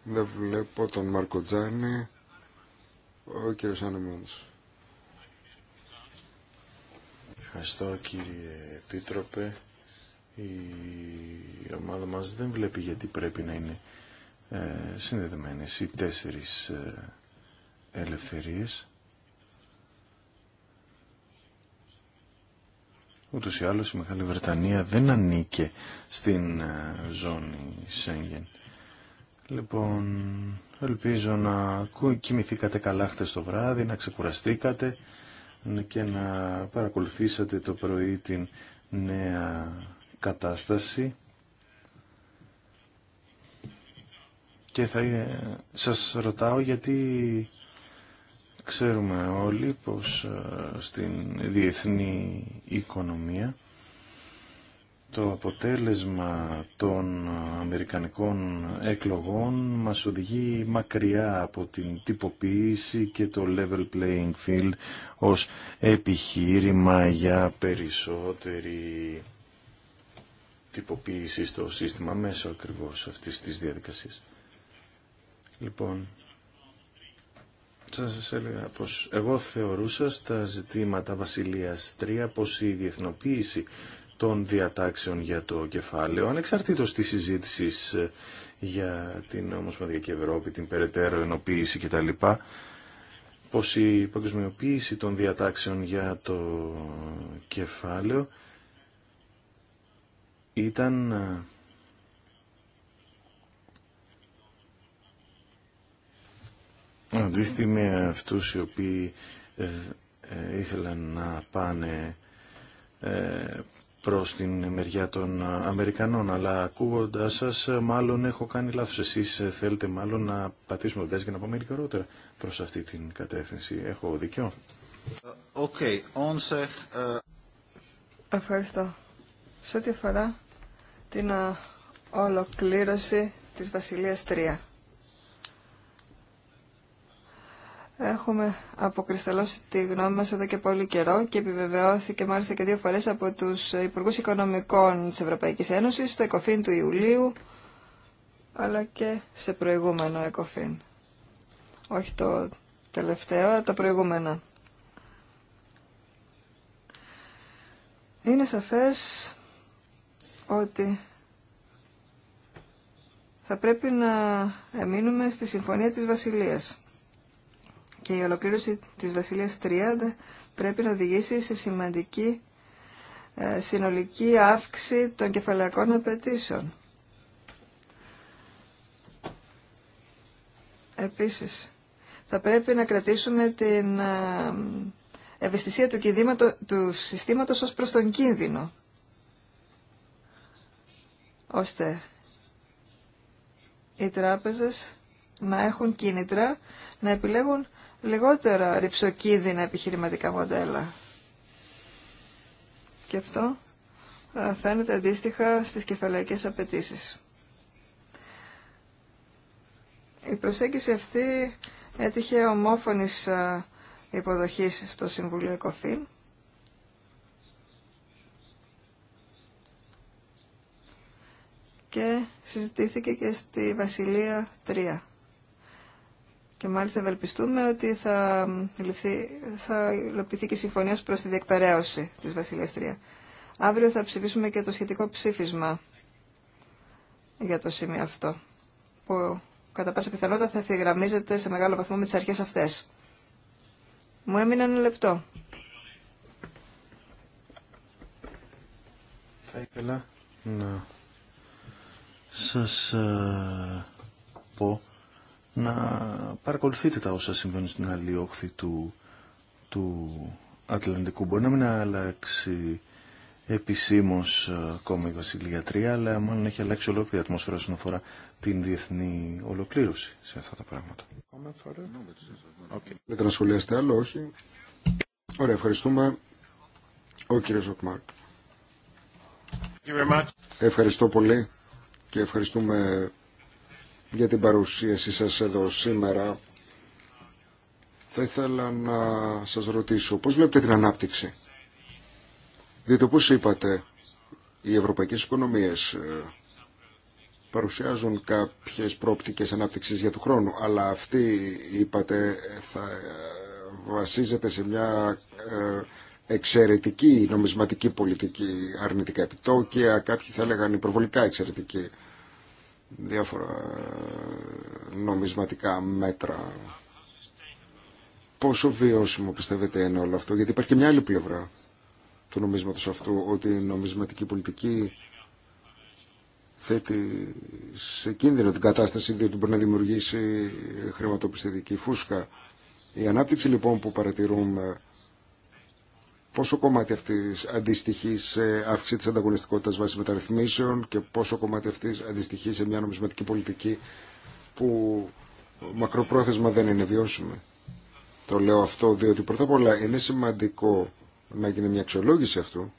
Δεν βλέπω τον Μάρκο Τζάνι, ο κύριος αννεμόντς. Ευχαριστώ κύριε Επίτροπε. Η ομάδα μας δεν βλέπει γιατί πρέπει να είναι ε, συνδεδεμένες οι τέσσερις ε, Ούτως ή άλλως η Μεγάλη Βρετανία δεν ανήκε στην ε, ζώνη Σέγγεν. Λοιπόν, ελπίζω να κοιμηθήκατε καλά χτες το βράδυ, να ξεκουραστήκατε και να παρακολουθήσατε το πρωί την νέα κατάσταση. Και θα ε, σας ρωτάω γιατί Ξέρουμε όλοι πως ε, στην διεθνή οικονομία το αποτέλεσμα των αμερικανικών εκλογών μας οδηγεί μακριά από την τυποποίηση και το level playing field ως επιχείρημα για περισσότερη τυποποίηση στο σύστημα μέσω ακριβώς αυτής της διαδικασίας. Λοιπόν, Σα έλεγα εγώ θεωρούσα στα ζητήματα Βασιλείας 3 πως η διεθνοποίηση των διατάξεων για το κεφάλαιο, ανεξαρτήτως της συζήτηση ε, για την Ομοσπονδιακή Ευρώπη, την περαιτέρω ενοποίηση κτλ, πως η παγκοσμιοποίηση των διατάξεων για το κεφάλαιο ήταν ε, Αντίστοιχα με αυτούς οι οποίοι ε, ε, ήθελαν να πάνε ε, προς την μεριά των Αμερικανών, αλλά ακούγοντάς σας μάλλον έχω κάνει λάθος. Εσείς θέλετε μάλλον να πατήσουμε τον και να πάμε λιγορότερα προς αυτή την κατεύθυνση. Έχω δίκαιο. Okay. Ευχαριστώ. Σε ό,τι αφορά την ολοκλήρωση της Βασιλείας 3. Έχουμε αποκρισταλώσει τη γνώμη μας εδώ και πολύ καιρό και επιβεβαιώθηκε μάλιστα και δύο φορές από τους Υπουργούς Οικονομικών της Ευρωπαϊκής Ένωσης στο ΕΚΟΦΗΝ του Ιουλίου αλλά και σε προηγούμενο ΕΚΟΦΗΝ. Όχι το τελευταίο, αλλά τα προηγούμενα. Είναι σαφές ότι θα πρέπει να εμείνουμε στη Συμφωνία της Βασιλείας και η ολοκλήρωση της Βασιλείας 30 πρέπει να οδηγήσει σε σημαντική ε, συνολική αύξηση των κεφαλαϊκών απαιτήσεων. Επίσης, θα πρέπει να κρατήσουμε την ε, ευαισθησία του, του συστήματος ως προς τον κίνδυνο, ώστε οι τράπεζες να έχουν κίνητρα να επιλέγουν Λιγότερα ρηψοκίνδυνα επιχειρηματικά μοντέλα. Και αυτό ε, φαίνεται αντίστοιχα στις κεφαλαϊκές απαιτήσεις. Η προσέγγιση αυτή έτυχε ομόφωνης ε, υποδοχής στο Συμβούλιο Εκοφήν. και συζητήθηκε και στη Βασιλεία 3. Και μάλιστα ευελπιστούμε ότι θα, θα υλοποιηθεί και η συμφωνία προς τη διεκπαιρέωση της βασιλεστρία. Αύριο θα ψηφίσουμε και το σχετικό ψήφισμα για το σημείο αυτό, που κατά πάσα πιθανότητα θα ευθυγραμμίζεται σε μεγάλο βαθμό με τι αρχέ αυτέ. Μου έμεινε ένα λεπτό. Θα ήθελα να σας ε, πω να παρακολουθείτε τα όσα συμβαίνουν στην άλλη του, του Ατλαντικού. Μπορεί να μην αλλάξει επισήμω ακόμα η Βασιλεία αλλά μάλλον έχει αλλάξει ολόκληρη η ατμόσφαιρα όσον αφορά την διεθνή ολοκλήρωση σε αυτά τα πράγματα. Δεν να σχολιάσετε άλλο, όχι. Ωραία, ευχαριστούμε. Ο κύριος Οκμάρκ. Ευχαριστώ πολύ και ευχαριστούμε για την παρουσίαση σας εδώ σήμερα. Θα ήθελα να σας ρωτήσω, πώς βλέπετε την ανάπτυξη. Διότι όπως είπατε, οι ευρωπαϊκές οικονομίες ε, παρουσιάζουν κάποιες πρόπτικες ανάπτυξης για του χρόνου, αλλά αυτή, είπατε, θα ε, βασίζεται σε μια ε, εξαιρετική νομισματική πολιτική, αρνητικά επιτόκια, κάποιοι θα έλεγαν υπερβολικά εξαιρετική διάφορα ε, νομισματικά μέτρα. Πόσο βιώσιμο πιστεύετε είναι όλο αυτό, γιατί υπάρχει και μια άλλη πλευρά του νομίσματος αυτού, ότι η νομισματική πολιτική θέτει σε κίνδυνο την κατάσταση, διότι μπορεί να δημιουργήσει χρηματοπιστήτικη φούσκα. Η ανάπτυξη λοιπόν που παρατηρούμε πόσο κομμάτι αυτή αντιστοιχεί σε αύξηση τη ανταγωνιστικότητα βάσει μεταρρυθμίσεων και πόσο κομμάτι αυτή αντιστοιχεί σε μια νομισματική πολιτική που μακροπρόθεσμα δεν είναι βιώσιμη. Το λέω αυτό διότι πρώτα απ' όλα είναι σημαντικό να γίνει μια αξιολόγηση αυτού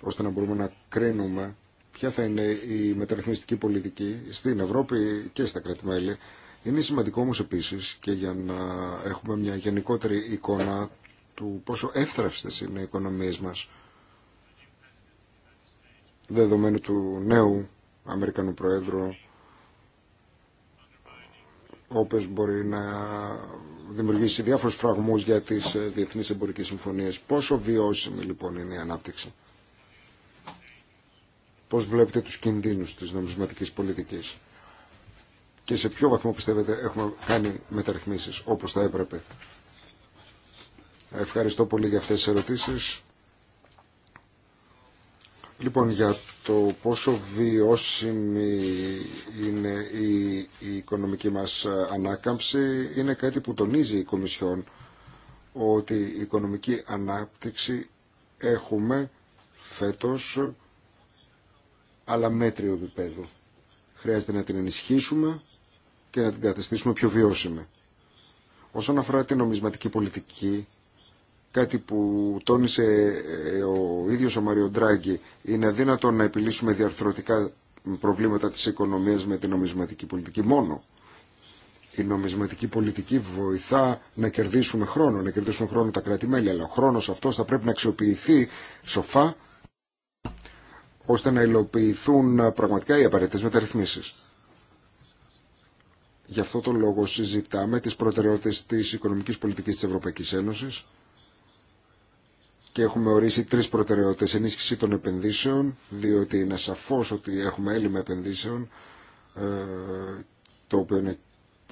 ώστε να μπορούμε να κρίνουμε ποια θα είναι η μεταρρυθμιστική πολιτική στην Ευρώπη και στα κράτη-μέλη. Είναι σημαντικό όμως επίσης και για να έχουμε μια γενικότερη εικόνα του πόσο εύθραυστες είναι οι οικονομίες μας δεδομένου του νέου Αμερικανού Προέδρου όπως μπορεί να δημιουργήσει διάφορους φραγμούς για τις ε, διεθνείς εμπορικές συμφωνίες. Πόσο βιώσιμη λοιπόν είναι η ανάπτυξη. Πώς βλέπετε τους κινδύνους της νομισματικής πολιτικής και σε ποιο βαθμό πιστεύετε έχουμε κάνει μεταρρυθμίσεις όπως θα έπρεπε Ευχαριστώ πολύ για αυτές τις ερωτήσεις. Λοιπόν, για το πόσο βιώσιμη είναι η, οικονομική μας ανάκαμψη, είναι κάτι που τονίζει η Κομισιόν, ότι η οικονομική ανάπτυξη έχουμε φέτος, αλλά μέτριο επίπεδο. Χρειάζεται να την ενισχύσουμε και να την καταστήσουμε πιο βιώσιμη. Όσον αφορά την νομισματική πολιτική, κάτι που τόνισε ε, ο ίδιος ο Μαριο Ντράγκη, είναι αδύνατο να επιλύσουμε διαρθρωτικά προβλήματα της οικονομίας με την νομισματική πολιτική μόνο. Η νομισματική πολιτική βοηθά να κερδίσουμε χρόνο, να κερδίσουν χρόνο τα κράτη-μέλη, αλλά ο χρόνος αυτός θα πρέπει να αξιοποιηθεί σοφά ώστε να υλοποιηθούν πραγματικά οι απαραίτητες μεταρρυθμίσεις. Γι' αυτό το λόγο συζητάμε τις προτεραιότητες της οικονομικής πολιτικής της Ευρωπαϊκής Ένωσης και έχουμε ορίσει τρεις προτεραιότητες. Ενίσχυση των επενδύσεων, διότι είναι σαφώ ότι έχουμε έλλειμμα επενδύσεων, ε, το οποίο είναι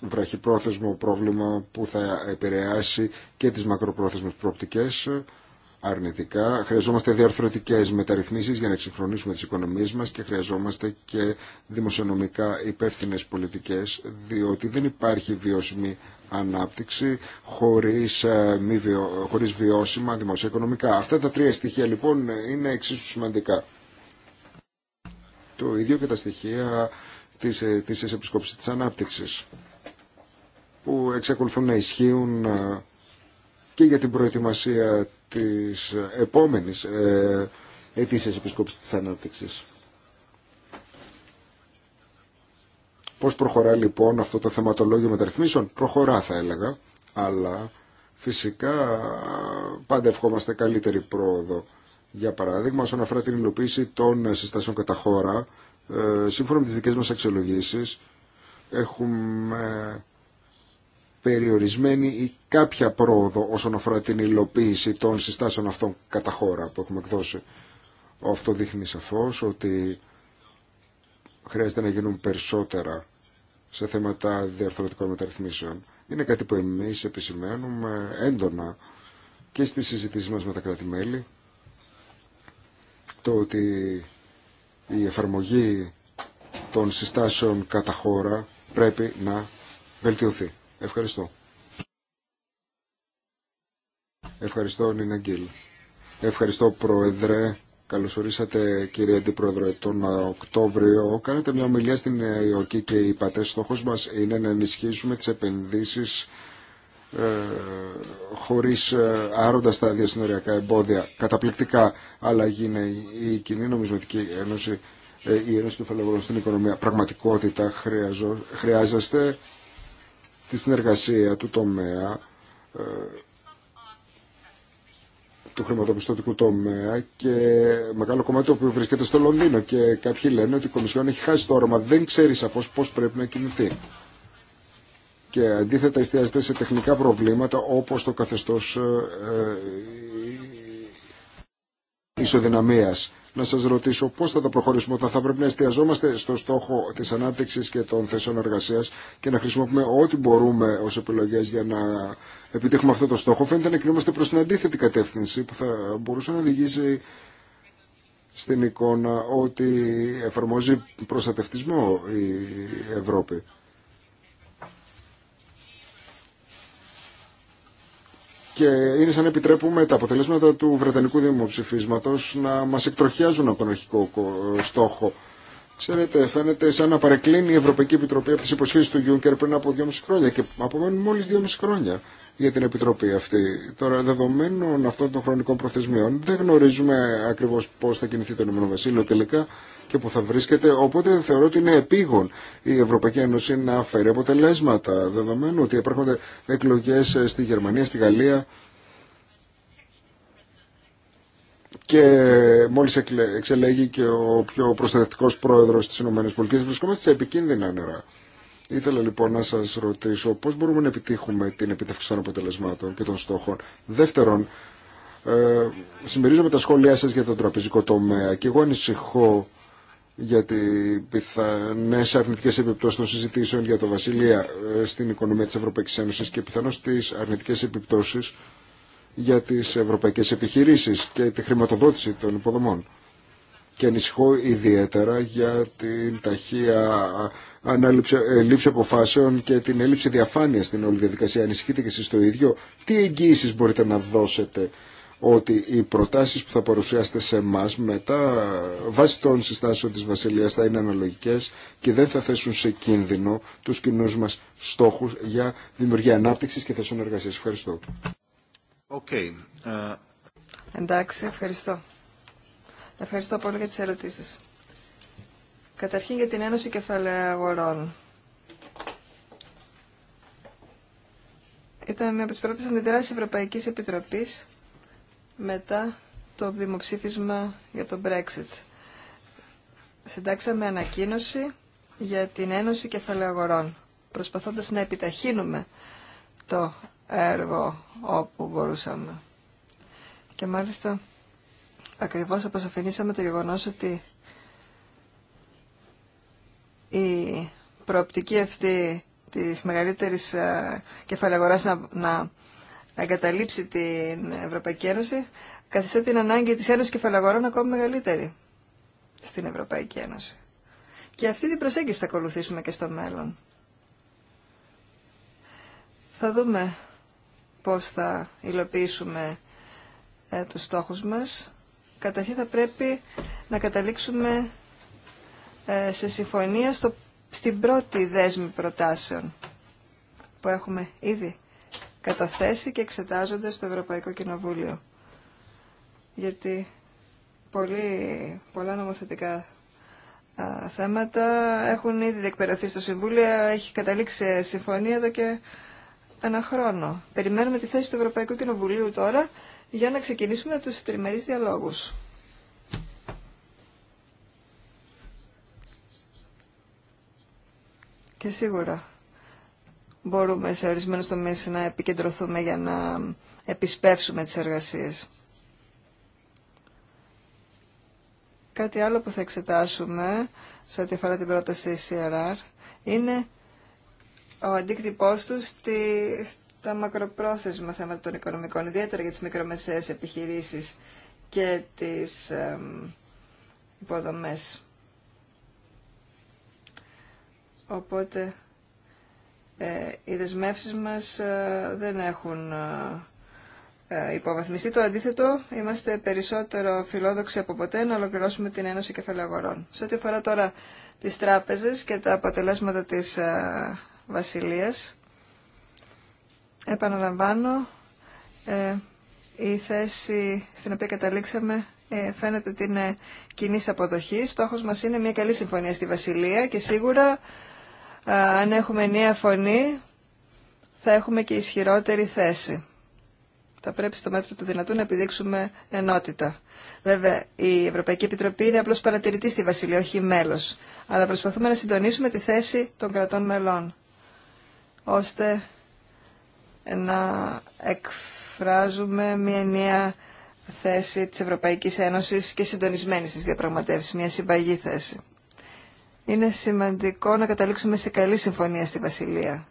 βραχυπρόθεσμο πρόβλημα που θα επηρεάσει και τις μακροπρόθεσμες προοπτικές αρνητικά. Χρειαζόμαστε διαρθρωτικές μεταρρυθμίσεις για να εξυγχρονίσουμε τις οικονομίες μας και χρειαζόμαστε και δημοσιονομικά υπεύθυνε πολιτικές, διότι δεν υπάρχει βιώσιμη ανάπτυξη χωρίς, ε, μη βιω... βιώσιμα δημοσιοοικονομικά. Αυτά τα τρία στοιχεία λοιπόν είναι εξίσου σημαντικά. Το ίδιο και τα στοιχεία της επισκόπηση επισκόπησης της ανάπτυξης που εξακολουθούν να ισχύουν ε, και για την προετοιμασία της επόμενης ε, ετήσιας επισκόπησης της ανάπτυξης. Πώς προχωρά λοιπόν αυτό το θεματολόγιο μεταρρυθμίσεων. Προχωρά θα έλεγα, αλλά φυσικά πάντα ευχόμαστε καλύτερη πρόοδο. Για παράδειγμα, όσον αφορά την υλοποίηση των συστάσεων κατά χώρα, ε, σύμφωνα με τις δικές μας αξιολογήσεις, έχουμε περιορισμένη ή κάποια πρόοδο όσον αφορά την υλοποίηση των συστάσεων αυτών κατά χώρα που έχουμε εκδώσει. Αυτό δείχνει σαφώς ότι χρειάζεται να γίνουν περισσότερα σε θέματα διαρθρωτικών μεταρρυθμίσεων. Είναι κάτι που εμείς επισημαίνουμε έντονα και στις συζητήσεις μας με τα κράτη-μέλη το ότι η εφαρμογή των συστάσεων κατά χώρα πρέπει να βελτιωθεί. Ευχαριστώ. Ευχαριστώ, Νίνα Γκίλ. Ευχαριστώ, Πρόεδρε. Καλωσορίσατε κύριε Αντιπρόεδρε, τον Οκτώβριο. Κάνετε μια ομιλία στην ΙΟΚΙ και είπατε, στόχος μας είναι να ενισχύσουμε τις επενδύσεις ε, χωρίς ε, άροντα τα διασυνοριακά εμπόδια. Καταπληκτικά αλλά γίνει η κοινή νομισματική ένωση, ε, η ένωση του φελεγόρων στην οικονομία. Πραγματικότητα χρειάζεστε τη συνεργασία του τομέα, ε, του χρηματοπιστωτικού τομέα και μεγάλο κομμάτι που βρίσκεται στο Λονδίνο και κάποιοι λένε ότι η Κομισιόν έχει χάσει το όρομα, δεν ξέρει σαφώς πώς πρέπει να κινηθεί. Και αντίθετα εστιάζεται σε τεχνικά προβλήματα όπως το καθεστώς ε, ε ισοδυναμίας να σας ρωτήσω πώς θα τα προχωρήσουμε όταν θα πρέπει να εστιαζόμαστε στο στόχο της ανάπτυξης και των θέσεων εργασίας και να χρησιμοποιούμε ό,τι μπορούμε ως επιλογές για να επιτύχουμε αυτό το στόχο. Φαίνεται να κινούμαστε προς την αντίθετη κατεύθυνση που θα μπορούσε να οδηγήσει στην εικόνα ότι εφαρμόζει προστατευτισμό η Ευρώπη. και είναι σαν να επιτρέπουμε τα αποτελέσματα του Βρετανικού Δημοψηφίσματος να μας εκτροχιάζουν από τον αρχικό στόχο. Ξέρετε, φαίνεται σαν να παρεκκλίνει η Ευρωπαϊκή Επιτροπή από τις υποσχέσεις του Γιούνκερ πριν από 2,5 χρόνια και απομένουν μόλις 2,5 χρόνια για την Επιτροπή αυτή. Τώρα, δεδομένων αυτών των χρονικών προθεσμιών, δεν γνωρίζουμε ακριβώ πώ θα κινηθεί το Ηνωμένο Βασίλειο τελικά και που θα βρίσκεται. Οπότε θεωρώ ότι είναι επίγον η Ευρωπαϊκή Ένωση να φέρει αποτελέσματα, δεδομένου ότι υπάρχουν εκλογέ στη Γερμανία, στη Γαλλία. Και μόλις εξελέγει και ο πιο προστατευτικός πρόεδρος της ΗΠΑ, βρισκόμαστε σε επικίνδυνα νερά. Ήθελα λοιπόν να σας ρωτήσω πώς μπορούμε να επιτύχουμε την επιτεύξη των αποτελεσμάτων και των στόχων. Δεύτερον, ε, συμμερίζομαι τα σχόλιά σας για τον τραπεζικό τομέα και εγώ ανησυχώ για τι πιθανέ αρνητικέ επιπτώσει των συζητήσεων για το Βασιλεία ε, στην οικονομία τη Ευρωπαϊκή Ένωση και πιθανώ τι αρνητικέ επιπτώσει για τι ευρωπαϊκέ επιχειρήσει και τη χρηματοδότηση των υποδομών. Και ανησυχώ ιδιαίτερα για την ταχεία ανάληψη ε, λήψη αποφάσεων και την έλλειψη διαφάνεια στην όλη διαδικασία. Ανησυχείτε και εσεί το ίδιο. Τι εγγύησει μπορείτε να δώσετε ότι οι προτάσει που θα παρουσιάσετε σε εμά μετά βάσει των συστάσεων της Βασιλείας θα είναι αναλογικές και δεν θα θέσουν σε κίνδυνο τους κοινού μας στόχους για δημιουργία ανάπτυξη και θέσεων εργασία. Ευχαριστώ. Ε, Εντάξει, ευχαριστώ. Ευχαριστώ πολύ για τις ερωτήσεις. Καταρχήν για την Ένωση Κεφαλαίου Αγορών. Ήταν μια από τις πρώτες αντιδράσεις Ευρωπαϊκής Επιτροπής μετά το δημοψήφισμα για το Brexit. Συντάξαμε ανακοίνωση για την Ένωση Κεφαλαίου Αγορών, προσπαθώντας να επιταχύνουμε το έργο όπου μπορούσαμε. Και μάλιστα ακριβώς αποσαφηνήσαμε το γεγονός ότι η προοπτική αυτή της μεγαλύτερης ε, κεφαλαγοράς να, να εγκαταλείψει την Ευρωπαϊκή Ένωση καθιστά την ανάγκη της Ένωσης Κεφαλαγορών ακόμη μεγαλύτερη στην Ευρωπαϊκή Ένωση. Και αυτή την προσέγγιση θα ακολουθήσουμε και στο μέλλον. Θα δούμε πώς θα υλοποιήσουμε ε, τους στόχους μας. Καταρχήν θα πρέπει να καταλήξουμε ε, σε συμφωνία στο, στην πρώτη δέσμη προτάσεων που έχουμε ήδη καταθέσει και εξετάζονται στο Ευρωπαϊκό Κοινοβούλιο. Γιατί πολύ, πολλά νομοθετικά θέματα έχουν ήδη διεκπαιρεωθεί στο Συμβούλιο, έχει καταλήξει συμφωνία εδώ και ένα χρόνο. Περιμένουμε τη θέση του Ευρωπαϊκού Κοινοβουλίου τώρα για να ξεκινήσουμε τους τριμερείς διαλόγους. Και σίγουρα μπορούμε σε ορισμένους τομείς να επικεντρωθούμε για να επισπεύσουμε τις εργασίες. Κάτι άλλο που θα εξετάσουμε σε ό,τι αφορά την πρόταση CRR είναι ο αντίκτυπός του στα μακροπρόθεσμα θέματα των οικονομικών, ιδιαίτερα για τις μικρομεσαίες επιχειρήσεις και τις υποδομέ. Οπότε ε, οι δεσμεύσεις μας ε, δεν έχουν ε, υποβαθμιστεί. Το αντίθετο, είμαστε περισσότερο φιλόδοξοι από ποτέ να ολοκληρώσουμε την Ένωση Αγορών. Σε ό,τι αφορά τώρα τις τράπεζες και τα αποτελέσματα της Βασιλείας, επαναλαμβάνω, η θέση στην οποία καταλήξαμε φαίνεται ότι είναι κοινή αποδοχή. Στόχος μας είναι μια καλή συμφωνία στη Βασιλεία και σίγουρα αν έχουμε νέα φωνή, θα έχουμε και ισχυρότερη θέση. Θα πρέπει στο μέτρο του δυνατού να επιδείξουμε ενότητα. Βέβαια, η Ευρωπαϊκή Επιτροπή είναι απλώς παρατηρητή στη Βασιλεία, όχι μέλος. Αλλά προσπαθούμε να συντονίσουμε τη θέση των κρατών μελών, ώστε να εκφράζουμε μια νέα θέση της Ευρωπαϊκής Ένωσης και συντονισμένη στις διαπραγματεύσεις, μια συμπαγή θέση είναι σημαντικό να καταλήξουμε σε καλή συμφωνία στη Βασιλεία.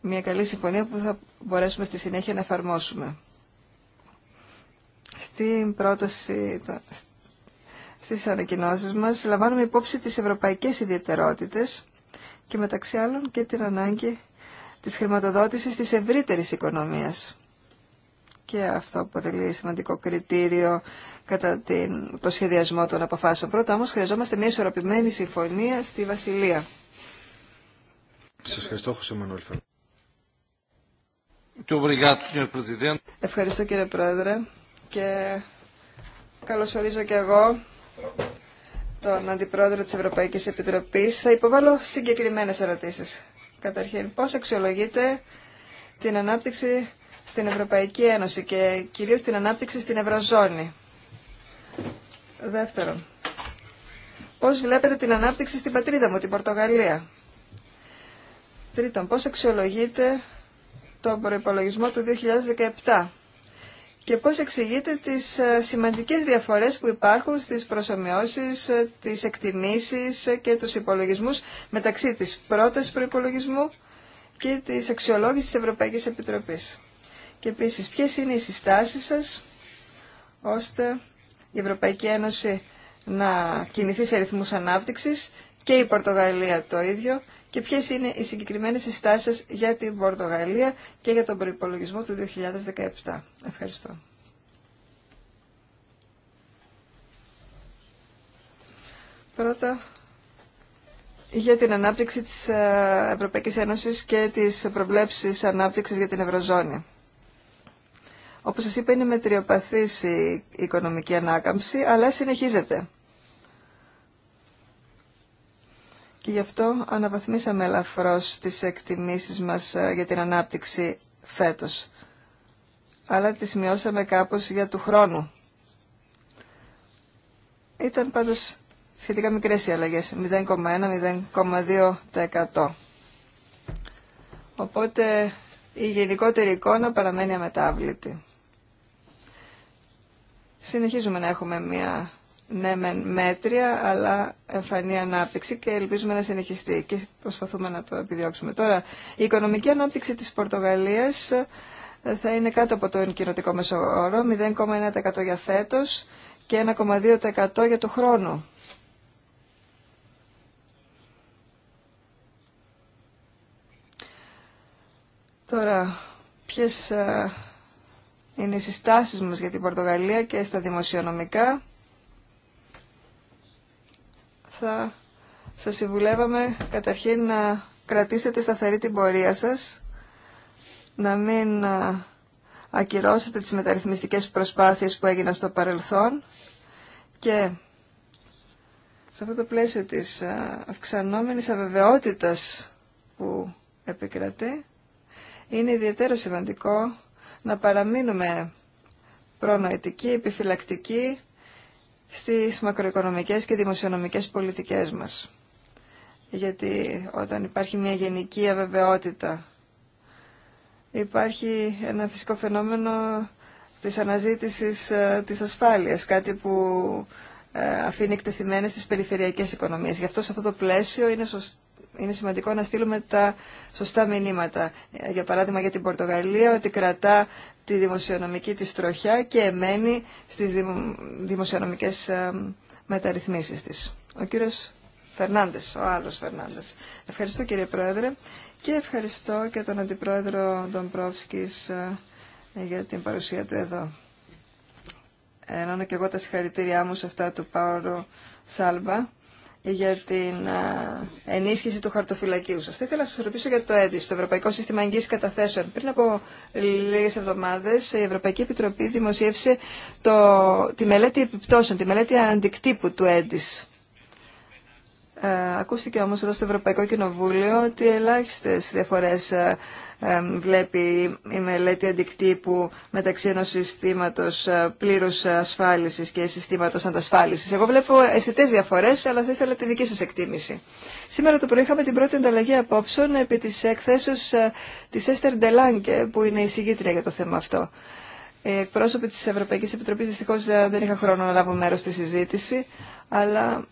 Μια καλή συμφωνία που θα μπορέσουμε στη συνέχεια να εφαρμόσουμε. Στην πρόταση, στις ανακοινώσεις μας, λαμβάνουμε υπόψη τις ευρωπαϊκές ιδιαιτερότητες και μεταξύ άλλων και την ανάγκη της χρηματοδότησης της ευρύτερης οικονομίας και αυτό αποτελεί σημαντικό κριτήριο κατά την, το σχεδιασμό των αποφάσεων. Πρώτα όμως χρειαζόμαστε μια ισορροπημένη συμφωνία στη Βασιλεία. Σας ευχαριστώ, Χωσέ Ευχαριστώ κύριε Πρόεδρε και καλωσορίζω και εγώ τον Αντιπρόεδρο της Ευρωπαϊκής Επιτροπής. Θα υποβάλω συγκεκριμένες ερωτήσεις. Καταρχήν, πώς αξιολογείτε την ανάπτυξη στην Ευρωπαϊκή Ένωση και κυρίως την ανάπτυξη στην Ευρωζώνη. Δεύτερον, πώς βλέπετε την ανάπτυξη στην πατρίδα μου, την Πορτογαλία. Τρίτον, πώς αξιολογείτε τον προϋπολογισμό του 2017 και πώς εξηγείτε τις ε, σημαντικές διαφορές που υπάρχουν στις προσωμιώσεις, ε, τις εκτιμήσεις ε, και τους υπολογισμούς μεταξύ της πρώτας προϋπολογισμού και της αξιολόγησης της Ευρωπαϊκής Επιτροπής και επίσης ποιες είναι οι συστάσεις σας ώστε η Ευρωπαϊκή Ένωση να κινηθεί σε ρυθμούς ανάπτυξης και η Πορτογαλία το ίδιο και ποιες είναι οι συγκεκριμένες συστάσεις για την Πορτογαλία και για τον προϋπολογισμό του 2017. Ευχαριστώ. Πρώτα, για την ανάπτυξη της ε, Ευρωπαϊκής Ένωσης και τις προβλέψεις ανάπτυξης για την Ευρωζώνη. Όπως σας είπα είναι μετριοπαθής η οικονομική ανάκαμψη, αλλά συνεχίζεται. Και γι' αυτό αναβαθμίσαμε ελαφρώς τις εκτιμήσεις μας ε, για την ανάπτυξη φέτος. Αλλά τις μειώσαμε κάπως για του χρόνου. Ήταν πάντως σχετικά μικρές οι αλλαγές, 0,1-0,2%. Οπότε η γενικότερη εικόνα παραμένει αμετάβλητη συνεχίζουμε να έχουμε μια ναι μέτρια αλλά εμφανή ανάπτυξη και ελπίζουμε να συνεχιστεί και προσπαθούμε να το επιδιώξουμε. Τώρα, η οικονομική ανάπτυξη της Πορτογαλίας ε, θα είναι κάτω από το κοινοτικό μεσοόρο, 0,1% για φέτος και 1,2% για το χρόνο. Τώρα, ποιες ε, είναι οι συστάσεις μας για την Πορτογαλία και στα δημοσιονομικά. Θα σας συμβουλεύαμε καταρχήν να κρατήσετε σταθερή την πορεία σας, να μην ακυρώσετε τις μεταρρυθμιστικές προσπάθειες που έγιναν στο παρελθόν και σε αυτό το πλαίσιο της αυξανόμενης αβεβαιότητας που επικρατεί είναι ιδιαίτερο σημαντικό να παραμείνουμε προνοητικοί, επιφυλακτικοί στις μακροοικονομικές και δημοσιονομικές πολιτικές μας. Γιατί όταν υπάρχει μια γενική αβεβαιότητα, υπάρχει ένα φυσικό φαινόμενο της αναζήτησης ε, της ασφάλειας, κάτι που ε, αφήνει εκτεθειμένες τις περιφερειακές οικονομίες. Γι' αυτό σε αυτό το πλαίσιο είναι σωστό είναι σημαντικό να στείλουμε τα σωστά μηνύματα. Για παράδειγμα για την Πορτογαλία ότι κρατά τη δημοσιονομική της τροχιά και μένει στις δημοσιονομικές ε, μεταρρυθμίσεις της. Ο κύριος Φερνάντες, ο άλλος Φερνάντες. Ευχαριστώ κύριε Πρόεδρε και ευχαριστώ και τον Αντιπρόεδρο τον ε, για την παρουσία του εδώ. Ενώνω και εγώ τα συγχαρητήριά μου σε αυτά του Πάολο Σάλμπα ε, για την ε, ενίσχυση του χαρτοφυλακίου σας. Θα ήθελα να σας ρωτήσω για το ΕΔΙΣ, το Ευρωπαϊκό Σύστημα Αγγίσης Καταθέσεων. Πριν από λίγες εβδομάδες η Ευρωπαϊκή Επιτροπή δημοσίευσε το, τη μελέτη επιπτώσεων, τη μελέτη αντικτύπου του ΕΔΙΣ. Ε, ακούστηκε όμως εδώ στο Ευρωπαϊκό Κοινοβούλιο ότι ελάχιστες διαφορές βλέπει η μελέτη αντικτύπου μεταξύ ενός συστήματος ε, πλήρους ασφάλισης και συστήματος αντασφάλισης. Εγώ βλέπω αισθητέ διαφορές, αλλά θα ήθελα τη δική σας εκτίμηση. Σήμερα το πρωί είχαμε την πρώτη ανταλλαγή απόψεων επί της εκθέσεως ε, της Έστερ Ντελάνκε, που είναι η συγκίτρια για το θέμα αυτό. Οι ε, εκπρόσωποι της Ευρωπαϊκής Επιτροπή, δυστυχώ δεν είχαν χρόνο να λάβουν μέρο στη συζήτηση, αλλά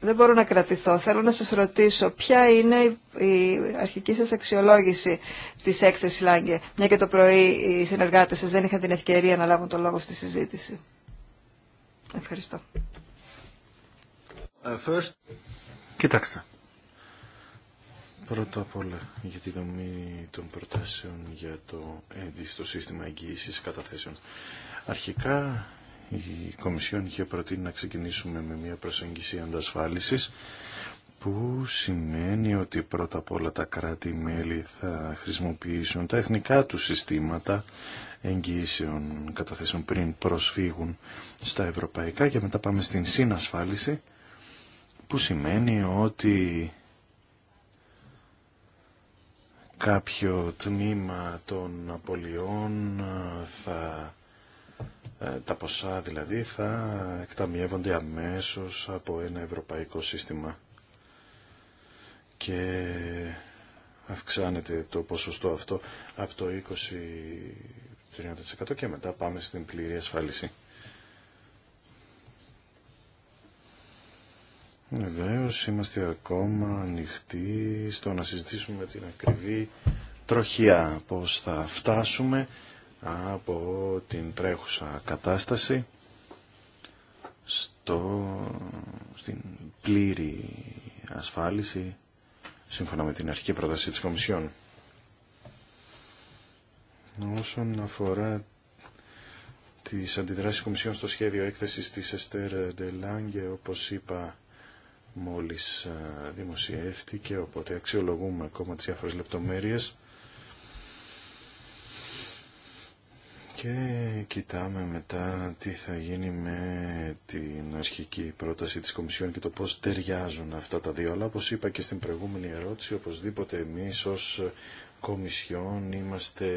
δεν μπορώ να κρατηθώ. Θέλω να σας ρωτήσω ποια είναι η αρχική σας αξιολόγηση της έκθεσης Λάγκε, μια και το πρωί οι συνεργάτες σας δεν είχαν την ευκαιρία να λάβουν το λόγο στη συζήτηση. Ευχαριστώ. Ε, first... Κοιτάξτε. Πρώτα απ' όλα για τη δομή των προτάσεων για το ένδυστο ε, σύστημα εγγύησης καταθέσεων. Αρχικά η Κομισιόν είχε προτείνει να ξεκινήσουμε με μια προσέγγιση αντασφάλισης που σημαίνει ότι πρώτα απ' όλα τα κράτη-μέλη θα χρησιμοποιήσουν τα εθνικά του συστήματα εγγυήσεων καταθέσεων πριν προσφύγουν στα ευρωπαϊκά και μετά πάμε στην συνασφάλιση που σημαίνει ότι κάποιο τμήμα των απολειών ε, θα ε, τα ποσά δηλαδή θα εκταμιεύονται αμέσως από ένα ευρωπαϊκό σύστημα και αυξάνεται το ποσοστό αυτό από το 20-30% και μετά πάμε στην πλήρη ασφάλιση. Βεβαίω είμαστε ακόμα ανοιχτοί στο να συζητήσουμε την ακριβή τροχιά, πώς θα φτάσουμε από την τρέχουσα κατάσταση στο, στην πλήρη ασφάλιση σύμφωνα με την αρχική πρόταση της Κομισιόν. Όσον αφορά τις αντιδράσεις Κομισιόν στο σχέδιο έκθεσης της Εστέρ Ντελάνγκε, όπως είπα μόλις δημοσιεύτηκε, οπότε αξιολογούμε ακόμα τις διάφορες λεπτομέρειες. και κοιτάμε μετά τι θα γίνει με την αρχική πρόταση της Κομισιόν και το πώς ταιριάζουν αυτά τα δύο. Αλλά όπως είπα και στην προηγούμενη ερώτηση, οπωσδήποτε εμείς ως Κομισιόν είμαστε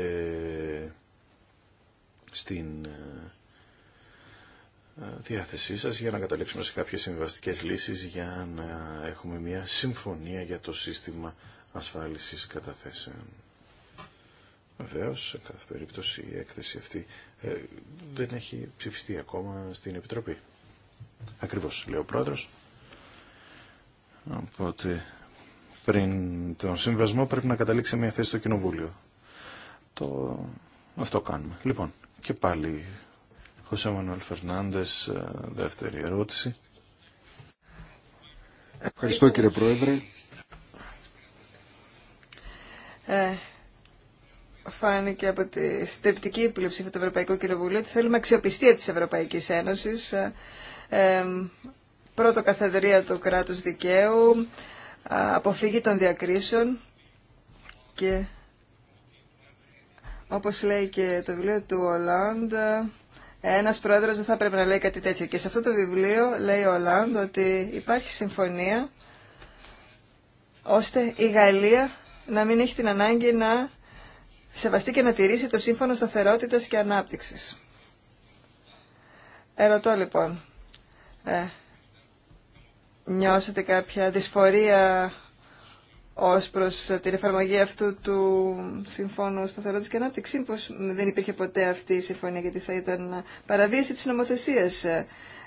στην ε, ε, διάθεσή σας για να καταλήξουμε σε κάποιες συμβαστικές λύσεις για να έχουμε μια συμφωνία για το σύστημα ασφάλισης καταθέσεων. Βεβαίω, σε κάθε περίπτωση η έκθεση αυτή ε, δεν έχει ψηφιστεί ακόμα στην Επιτροπή. Ακριβώς, λέει ο πρόεδρο. Οπότε, πριν τον συμβασμό πρέπει να καταλήξει μια θέση στο Κοινοβούλιο. Το... Αυτό κάνουμε. Λοιπόν, και πάλι, Χωσέ Μανουέλ Φερνάντες, ε, δεύτερη ερώτηση. Ευχαριστώ κύριε Πρόεδρε. Ε, φάνηκε από τη συντριπτική πλειοψήφια του Ευρωπαϊκού Κοινοβουλίου ότι θέλουμε αξιοπιστία της Ευρωπαϊκής Ένωσης, ε, πρώτο καθεδρία του κράτους δικαίου, αποφύγη των διακρίσεων και όπως λέει και το βιβλίο του Ολάντ, ένας πρόεδρος δεν θα πρέπει να λέει κάτι τέτοιο. Και σε αυτό το βιβλίο λέει ο Ολάντ ότι υπάρχει συμφωνία ώστε η Γαλλία να μην έχει την ανάγκη να σεβαστεί και να τηρήσει το Σύμφωνο Σταθερότητας και Ανάπτυξης. Ερωτώ λοιπόν, ε, κάποια δυσφορία ως προς την εφαρμογή αυτού του Συμφώνου Σταθερότητας και Ανάπτυξης, πως δεν υπήρχε ποτέ αυτή η συμφωνία γιατί θα ήταν παραβίαση της νομοθεσίας ε,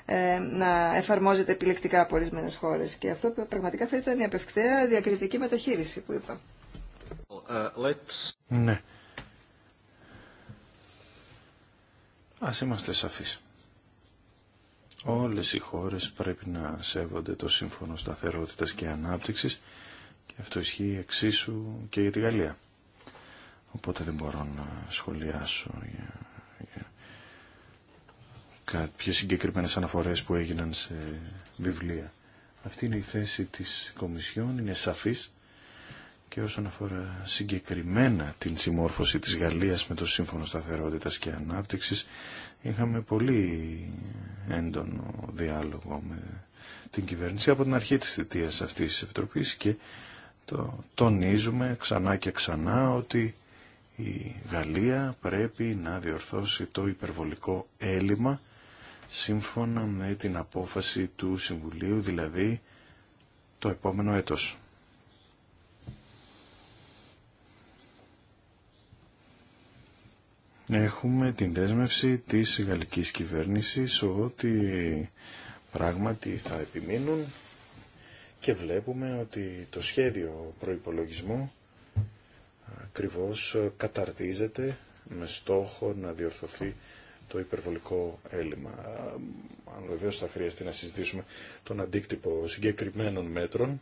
ε να εφαρμόζεται επιλεκτικά από ορισμένε χώρες και αυτό πραγματικά θα ήταν η απευκταία διακριτική μεταχείριση που είπα. Uh, ναι. Ας είμαστε σαφείς. Όλες οι χώρες πρέπει να σέβονται το Σύμφωνο Σταθερότητας και Ανάπτυξης και αυτό ισχύει εξίσου και για τη Γαλλία. Οπότε δεν μπορώ να σχολιάσω για, για κάποιες συγκεκριμένες αναφορές που έγιναν σε βιβλία. Αυτή είναι η θέση της Κομισιόν, είναι σαφής και όσον αφορά συγκεκριμένα την συμμόρφωση της Γαλλίας με το Σύμφωνο Σταθερότητας και Ανάπτυξης είχαμε πολύ έντονο διάλογο με την κυβέρνηση από την αρχή της θητείας αυτής της Επιτροπής και το τονίζουμε ξανά και ξανά ότι η Γαλλία πρέπει να διορθώσει το υπερβολικό έλλειμμα σύμφωνα με την απόφαση του Συμβουλίου, δηλαδή το επόμενο έτος. έχουμε την δέσμευση της γαλλικής κυβέρνησης ότι πράγματι θα επιμείνουν και βλέπουμε ότι το σχέδιο προϋπολογισμού ακριβώς καταρτίζεται με στόχο να διορθωθεί το υπερβολικό έλλειμμα. Αν βεβαίω θα χρειαστεί να συζητήσουμε τον αντίκτυπο συγκεκριμένων μέτρων,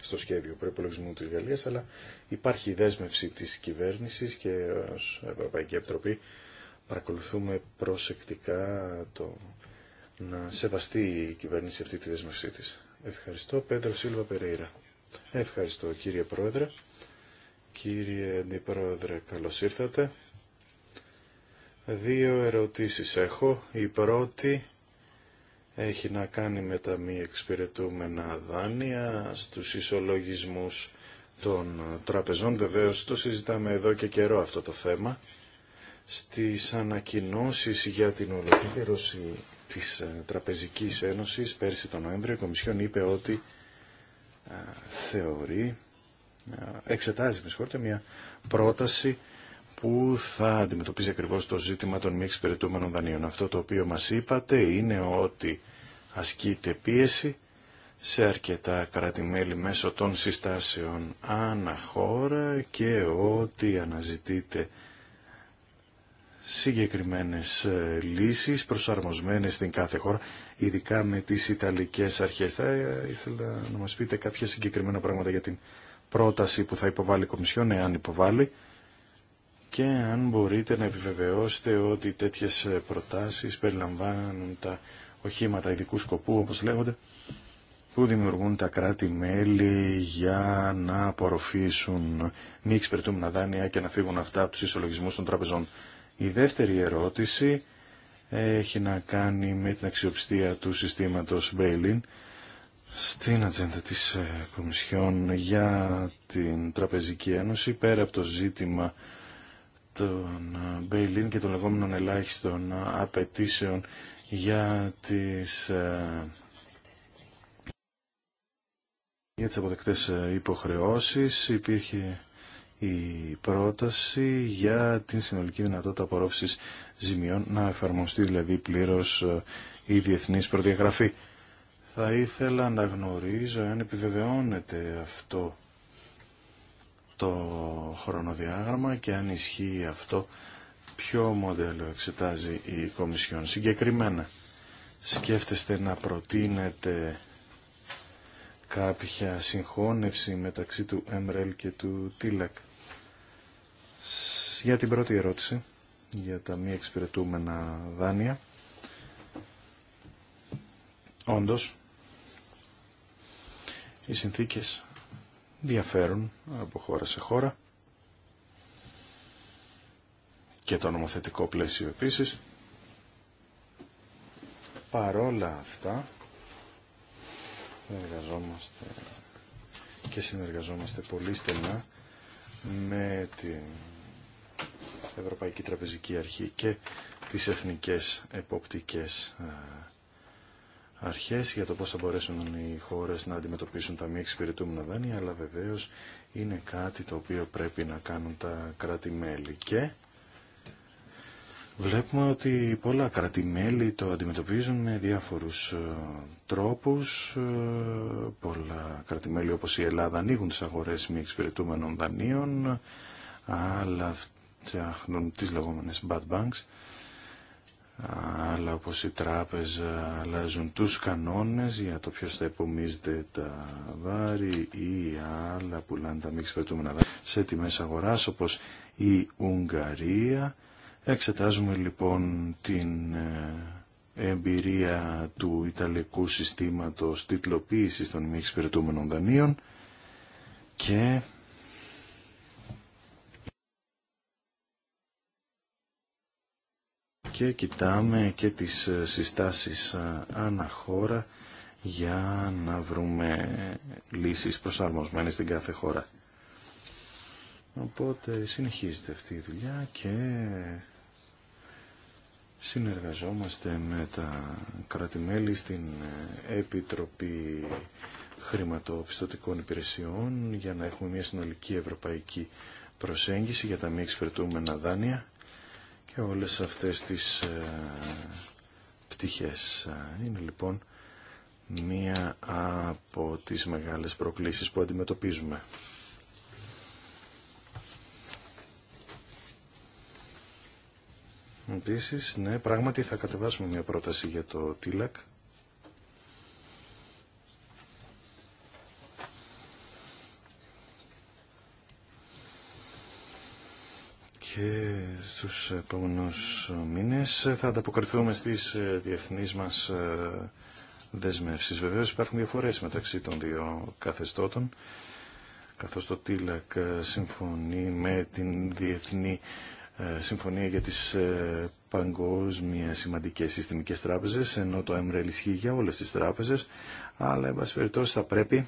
στο σχέδιο προπολογισμού της Γαλλίας, αλλά υπάρχει η δέσμευση της κυβέρνησης και ως Ευρωπαϊκή Επιτροπή παρακολουθούμε προσεκτικά το να σεβαστεί η κυβέρνηση αυτή τη δέσμευσή της. Ευχαριστώ. Πέντρο Σίλβα Περέιρα. Ευχαριστώ κύριε Πρόεδρε. Κύριε Αντιπρόεδρε, καλώς ήρθατε. Δύο ερωτήσεις έχω. Η πρώτη έχει να κάνει με τα μη εξυπηρετούμενα δάνεια, στους ισολογισμούς των τραπεζών. Βεβαίως το συζητάμε εδώ και καιρό αυτό το θέμα. Στις ανακοινώσεις για την ολοκλήρωση της ε, Τραπεζικής Ένωσης πέρσι τον Νοέμβριο η Κομισιόν είπε ότι ε, θεωρεί, ε, εξετάζει με συγχωρείτε, μια πρόταση που θα αντιμετωπίσει ακριβώς το ζήτημα των μη εξυπηρετούμενων δανείων. Αυτό το οποίο μας είπατε είναι ότι ασκείται πίεση σε αρκετά κρατημέλη μέσω των συστάσεων αναχώρα και ότι αναζητείται συγκεκριμένες ε, λύσεις προσαρμοσμένες στην κάθε χώρα, ειδικά με τις Ιταλικές αρχές. Θα ε, ήθελα να μας πείτε κάποια συγκεκριμένα πράγματα για την πρόταση που θα υποβάλει η Κομισιόν, εάν υποβάλει, και αν μπορείτε να επιβεβαιώσετε ότι τέτοιες προτάσεις περιλαμβάνουν τα οχήματα ειδικού σκοπού, όπως λέγονται, που δημιουργούν τα κράτη-μέλη για να απορροφήσουν μη εξυπηρετούμενα δάνεια και να φύγουν αυτά από τους ισολογισμούς των τραπεζών. Η δεύτερη ερώτηση έχει να κάνει με την αξιοπιστία του συστήματος Bailin στην ατζέντα της ε, Κομισιόν για την Τραπεζική Ένωση, πέρα από το ζήτημα των Μπέιλιν και των λεγόμενων ελάχιστων απαιτήσεων για τις, ε, για τις αποδεκτές υποχρεώσεις. Υπήρχε η πρόταση για την συνολική δυνατότητα απορρόφησης ζημιών να εφαρμοστεί δηλαδή πλήρως ε, η διεθνής προδιαγραφή. Θα ήθελα να γνωρίζω αν επιβεβαιώνεται αυτό το χρονοδιάγραμμα και αν ισχύει αυτό ποιο μοντέλο εξετάζει η Κομισιόν. Συγκεκριμένα σκέφτεστε να προτείνετε κάποια συγχώνευση μεταξύ του MREL και του TILAC. Για την πρώτη ερώτηση, για τα μη εξυπηρετούμενα δάνεια, όντως οι συνθήκες διαφέρουν από χώρα σε χώρα και το νομοθετικό πλαίσιο επίσης. Παρόλα αυτά, εργαζόμαστε και συνεργαζόμαστε πολύ στενά με την Ευρωπαϊκή Τραπεζική Αρχή και τις Εθνικές Εποπτικές ε, αρχές για το πώς θα μπορέσουν οι χώρες να αντιμετωπίσουν τα μη εξυπηρετούμενα δάνεια, αλλά βεβαίως είναι κάτι το οποίο πρέπει να κάνουν τα κράτη-μέλη. Και βλέπουμε ότι πολλά κράτη-μέλη το αντιμετωπίζουν με διάφορους ε, τρόπους. Ε, πολλά κράτη-μέλη όπως η Ελλάδα ανοίγουν τις αγορές μη εξυπηρετούμενων δανείων, αλλά ε, φτιάχνουν τις λεγόμενες bad banks αλλά όπως η τράπεζα αλλάζουν τους κανόνες για το ποιος θα υπομίζεται τα βάρη ή άλλα πουλάνε τα μη εξυπηρετούμενα βάρη σε τιμές αγοράς όπως η Ουγγαρία. Εξετάζουμε λοιπόν την ε, εμπειρία του Ιταλικού συστήματος τιτλοποίησης των μη εξυπηρετούμενων δανείων και και κοιτάμε και τις ε, συστάσεις ε, αναχώρα για να βρούμε λύσεις προσαρμοσμένες στην κάθε χώρα. Οπότε συνεχίζεται αυτή η δουλειά και συνεργαζόμαστε με τα κρατημέλη στην ε, Επιτροπή Χρηματοπιστωτικών Υπηρεσιών για να έχουμε μια συνολική ευρωπαϊκή προσέγγιση για τα μη εξυπηρετούμενα δάνεια και όλες αυτές τις ε, πτυχές. Ε, είναι λοιπόν μία από τις μεγάλες προκλήσεις που αντιμετωπίζουμε. Επίσης, ναι, πράγματι θα κατεβάσουμε μια πρόταση για το TILAC και στους επόμενους μήνες θα ανταποκριθούμε στις ε, διεθνείς μας ε, δεσμεύσεις. Βεβαίως υπάρχουν διαφορές μεταξύ των δύο καθεστώτων, καθώς το ΤΙΛΑΚ ε, συμφωνεί με την Διεθνή Συμφωνία για τις παγκόσμια σημαντικές συστημικές τράπεζες, ενώ το ΕΜΡΕΛ ισχύει για όλες τις τράπεζες, αλλά εν θα πρέπει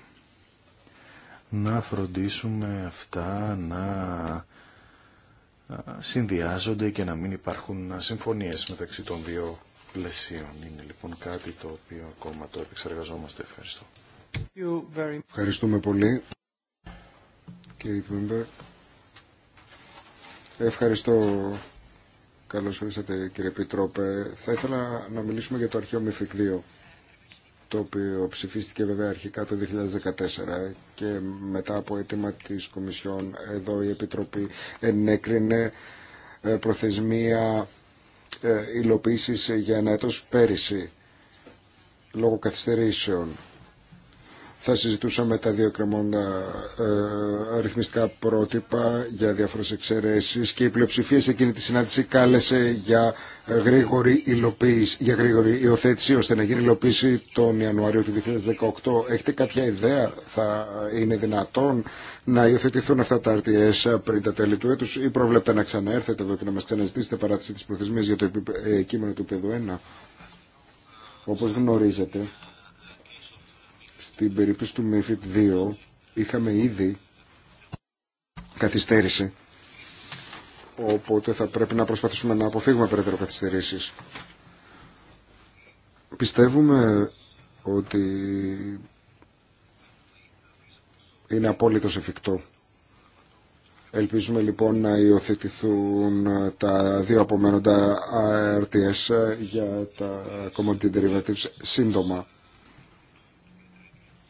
να φροντίσουμε αυτά να συνδυάζονται και να μην υπάρχουν συμφωνίες μεταξύ των δύο πλαισίων. Είναι λοιπόν κάτι το οποίο ακόμα το επεξεργαζόμαστε. Ευχαριστώ. Ευχαριστούμε πολύ. Κύριε Ευχαριστώ. Καλώς ήρθατε, κύριε Πιτρόπε. Θα ήθελα να μιλήσουμε για το αρχείο Μηφικ 2 το οποίο ψηφίστηκε βέβαια αρχικά το 2014 και μετά από αίτημα της Κομισιόν εδώ η Επιτροπή ενέκρινε ε, προθεσμία ε, υλοποίησης για ένα έτος πέρυσι λόγω καθυστερήσεων θα συζητούσαμε τα δύο κρεμόντα ε, αριθμιστικά πρότυπα για διάφορε εξαιρέσει και η πλειοψηφία σε εκείνη τη συνάντηση κάλεσε για ε, γρήγορη, για γρήγορη υιοθέτηση ώστε να γίνει υλοποίηση τον Ιανουάριο του 2018. Έχετε κάποια ιδέα, θα είναι δυνατόν να υιοθετηθούν αυτά τα RTS πριν τα τέλη του έτου ή προβλέπετε να ξαναέρθετε εδώ και να μα ξαναζητήσετε παράτηση τη προθεσμία για το ε, κείμενο του ΠΕΔΟΕΝΑ, 1. Όπως γνωρίζετε, στην περίπτωση του MIFID 2 είχαμε ήδη καθυστέρηση, οπότε θα πρέπει να προσπαθήσουμε να αποφύγουμε περαιτέρω καθυστερήσεις. Πιστεύουμε ότι είναι απόλυτος εφικτό. Ελπίζουμε λοιπόν να υιοθετηθούν τα δύο απομένοντα RTS για τα commodity derivatives σύντομα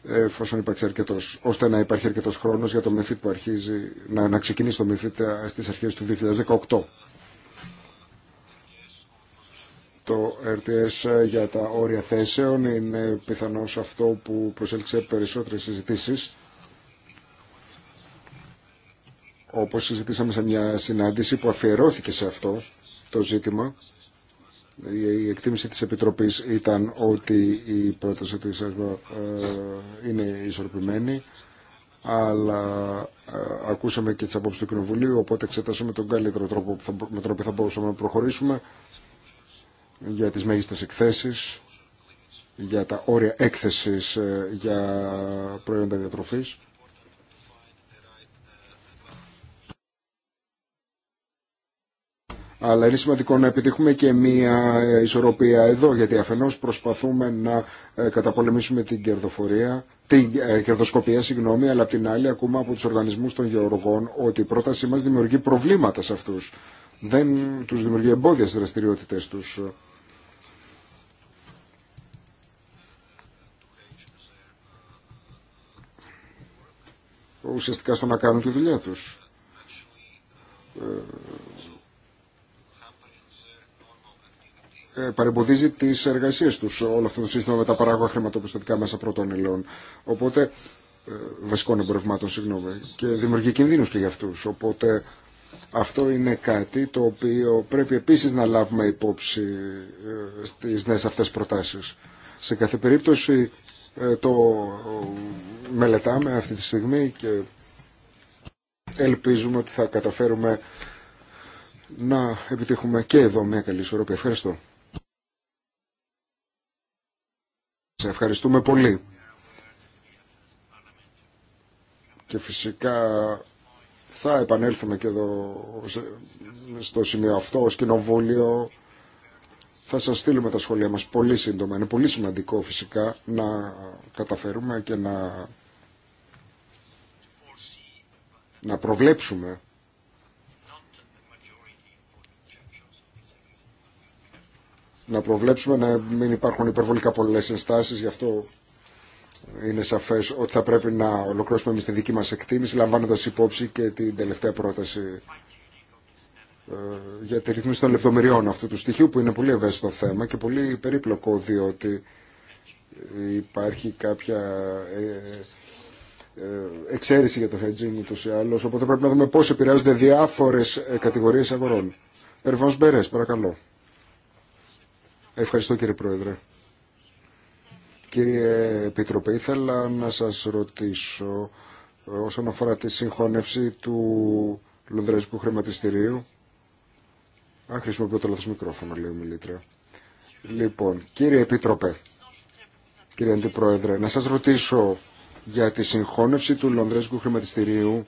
εφόσον υπάρχει ώστε να υπάρχει αρκετός χρόνος για το ΜΕΦΙΤ που αρχίζει να, να ξεκινήσει το ΜΕΦΙΤ ε, στις αρχές του 2018. Το RTS ε, για τα όρια θέσεων είναι πιθανώς αυτό που προσέλξε περισσότερες συζητήσεις. Όπως συζητήσαμε σε μια συνάντηση που αφιερώθηκε σε αυτό το ζήτημα η εκτίμηση της Επιτροπής ήταν ότι η πρόταση του ε, είναι ισορροπημένη αλλά ε, ακούσαμε και τις απόψεις του Κοινοβουλίου οπότε εξετάσουμε τον καλύτερο τρόπο θα, με τον οποίο θα μπορούσαμε να προχωρήσουμε για τις μέγιστες εκθέσεις για τα όρια έκθεσης ε, για προϊόντα διατροφής αλλά είναι σημαντικό να επιτύχουμε και μία ε, ισορροπία εδώ, γιατί αφενός προσπαθούμε να ε, καταπολεμήσουμε την κερδοφορία, την ε, κερδοσκοπία, συγγνώμη, αλλά απ' την άλλη ακούμε από τους οργανισμούς των γεωργών ότι η πρότασή μας δημιουργεί προβλήματα σε αυτούς. Δεν τους δημιουργεί εμπόδια στις δραστηριότητες τους. ουσιαστικά στο να κάνουν τη δουλειά τους. Ε, παρεμποδίζει τις εργασίες τους όλο αυτό το σύστημα με τα παράγωγα χρηματοπιστωτικά μέσα πρώτων ελαιών Οπότε, ε, βασικών εμπορευμάτων, συγγνώμη, και δημιουργεί κινδύνου και για αυτού. Οπότε, αυτό είναι κάτι το οποίο πρέπει επίσης να λάβουμε υπόψη ε, στι νέες αυτές προτάσεις. Σε κάθε περίπτωση το μελετάμε αυτή τη στιγμή και ελπίζουμε ότι θα καταφέρουμε να επιτύχουμε και εδώ μια καλή ισορροπία. Ευχαριστώ. Σε ευχαριστούμε πολύ. Και φυσικά θα επανέλθουμε και εδώ στο σημείο αυτό ως κοινοβούλιο. Θα σας στείλουμε τα σχόλια μας πολύ σύντομα. Είναι πολύ σημαντικό φυσικά να καταφέρουμε και να, να προβλέψουμε να προβλέψουμε να μην υπάρχουν υπερβολικά πολλέ ενστάσει. γι' αυτό είναι σαφέ ότι θα πρέπει να ολοκληρώσουμε εμεί τη δική μα εκτίμηση, λαμβάνοντα υπόψη και την τελευταία πρόταση ε, για τη ρυθμίση των λεπτομεριών αυτού του στοιχείου που είναι πολύ ευαίσθητο θέμα και πολύ περίπλοκο διότι υπάρχει κάποια ε, ε, εξαίρεση για το hedging ούτως ή άλλως οπότε πρέπει να δούμε πώς επηρεάζονται διάφορες κατηγορίες αγορών. Ερβάνς Μπερές, παρακαλώ. Ευχαριστώ κύριε Πρόεδρε. Κύριε Επιτροπέ, ήθελα να σας ρωτήσω ε, όσον αφορά τη συγχώνευση του Λονδρέζικου Χρηματιστηρίου. Αν χρησιμοποιώ το λάθος μικρόφωνο, λέει ο Μιλήτρια. Λοιπόν, κύριε Επίτροπε, κύριε Αντιπρόεδρε, να σας ρωτήσω για τη συγχώνευση του Λονδρέζικου Χρηματιστηρίου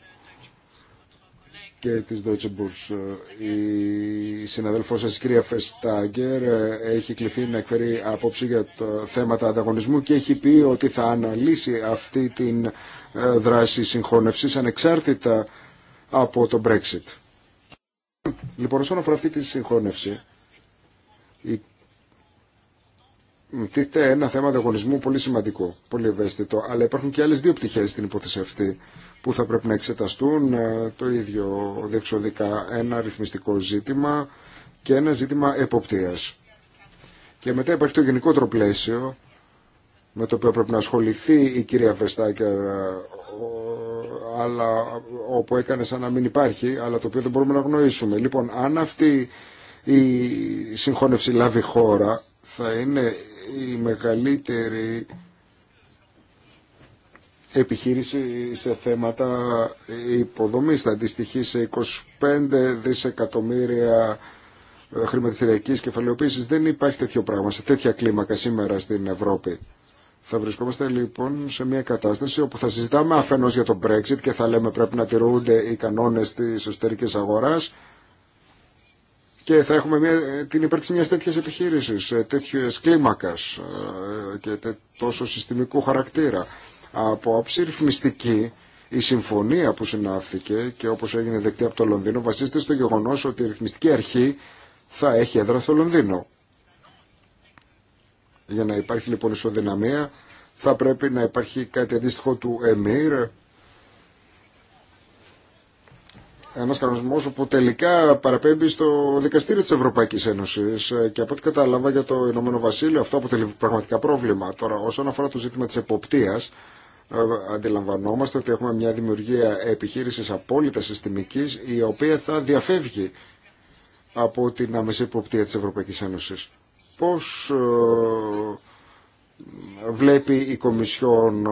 και της Deutsche Burs. Η συναδελφός σας, κυρία Φεστάγκερ, έχει κληθεί να εκφέρει απόψη για το θέματα ανταγωνισμού και έχει πει ότι θα αναλύσει αυτή την ε, δράση συγχώνευσης ανεξάρτητα από το Brexit. Λοιπόν, όσον αφορά αυτή τη συγχώνευση, τίθεται ένα θέμα διαγωνισμού πολύ σημαντικό, πολύ ευαίσθητο. Αλλά υπάρχουν και άλλε δύο πτυχέ στην υπόθεση αυτή που θα πρέπει να εξεταστούν ε, το ίδιο διεξοδικά. Ένα ρυθμιστικό ζήτημα και ένα ζήτημα εποπτεία. Και μετά υπάρχει το γενικότερο πλαίσιο με το οποίο πρέπει να ασχοληθεί η κυρία Βεστάκερ ε, αλλά όπου έκανε σαν να μην υπάρχει, αλλά το οποίο δεν μπορούμε να γνωρίσουμε. Λοιπόν, αν αυτή η συγχώνευση λάβει χώρα, θα είναι η μεγαλύτερη επιχείρηση σε θέματα υποδομής θα αντιστοιχεί σε 25 δισεκατομμύρια χρηματιστηριακής κεφαλαιοποίησης. Δεν υπάρχει τέτοιο πράγμα σε τέτοια κλίμακα σήμερα στην Ευρώπη. Θα βρισκόμαστε λοιπόν σε μια κατάσταση όπου θα συζητάμε αφενός για το Brexit και θα λέμε πρέπει να τηρούνται οι κανόνες της εσωτερικής αγοράς και θα έχουμε μια, την ύπαρξη μια τέτοια επιχείρηση, ε, τέτοιου κλίμακα ε, και τόσο συστημικού χαρακτήρα. Από άψη ρυθμιστική, η συμφωνία που συνάφθηκε και όπως έγινε δεκτή από το Λονδίνο βασίζεται στο γεγονός ότι η ρυθμιστική αρχή θα έχει έδρα στο Λονδίνο. Για να υπάρχει λοιπόν ισοδυναμία θα πρέπει να υπάρχει κάτι αντίστοιχο του ΕΜΗΡ ένας κανονισμός που τελικά παραπέμπει στο δικαστήριο της Ευρωπαϊκής Ένωσης ε, και από ό,τι κατάλαβα για το Ηνωμένο Βασίλειο αυτό αποτελεί πραγματικά πρόβλημα. Τώρα όσον αφορά το ζήτημα της εποπτείας ε, αντιλαμβανόμαστε ότι έχουμε μια δημιουργία επιχείρησης απόλυτα συστημικής η οποία θα διαφεύγει από την άμεση εποπτεία της Ευρωπαϊκής Ένωσης. Πώς ε, βλέπει η Κομισιόν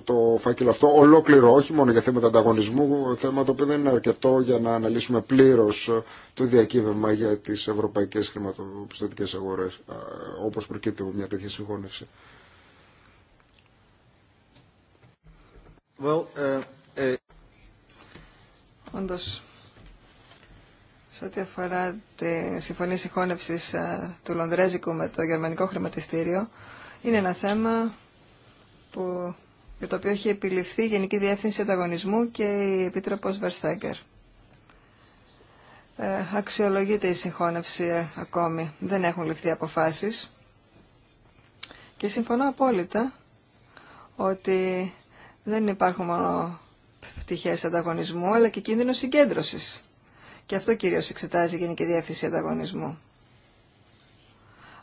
το φάκελο αυτό ολόκληρο, όχι μόνο για θέματα ανταγωνισμού, θέμα το οποίο δεν είναι αρκετό για να αναλύσουμε πλήρως το διακύβευμα για τις ευρωπαϊκές χρηματοπιστωτικές αγορές, όπως προκύπτει από μια τέτοια συγχώνευση. Well, uh, uh... Όντως, σε ό,τι αφορά τη συμφωνία συγχώνευσης ε, του Λονδρέζικου με το Γερμανικό Χρηματιστήριο, είναι ένα θέμα που για το οποίο έχει επιληφθεί η Γενική Διεύθυνση Ανταγωνισμού και η Επίτροπος Βερστέγκερ. Ε, αξιολογείται η συγχώνευση ε, ακόμη. Δεν έχουν ληφθεί αποφάσεις. Και συμφωνώ απόλυτα ότι δεν υπάρχουν μόνο πτυχές ανταγωνισμού, αλλά και κίνδυνο συγκέντρωσης. Και αυτό κυρίως εξετάζει η Γενική Διεύθυνση Ανταγωνισμού.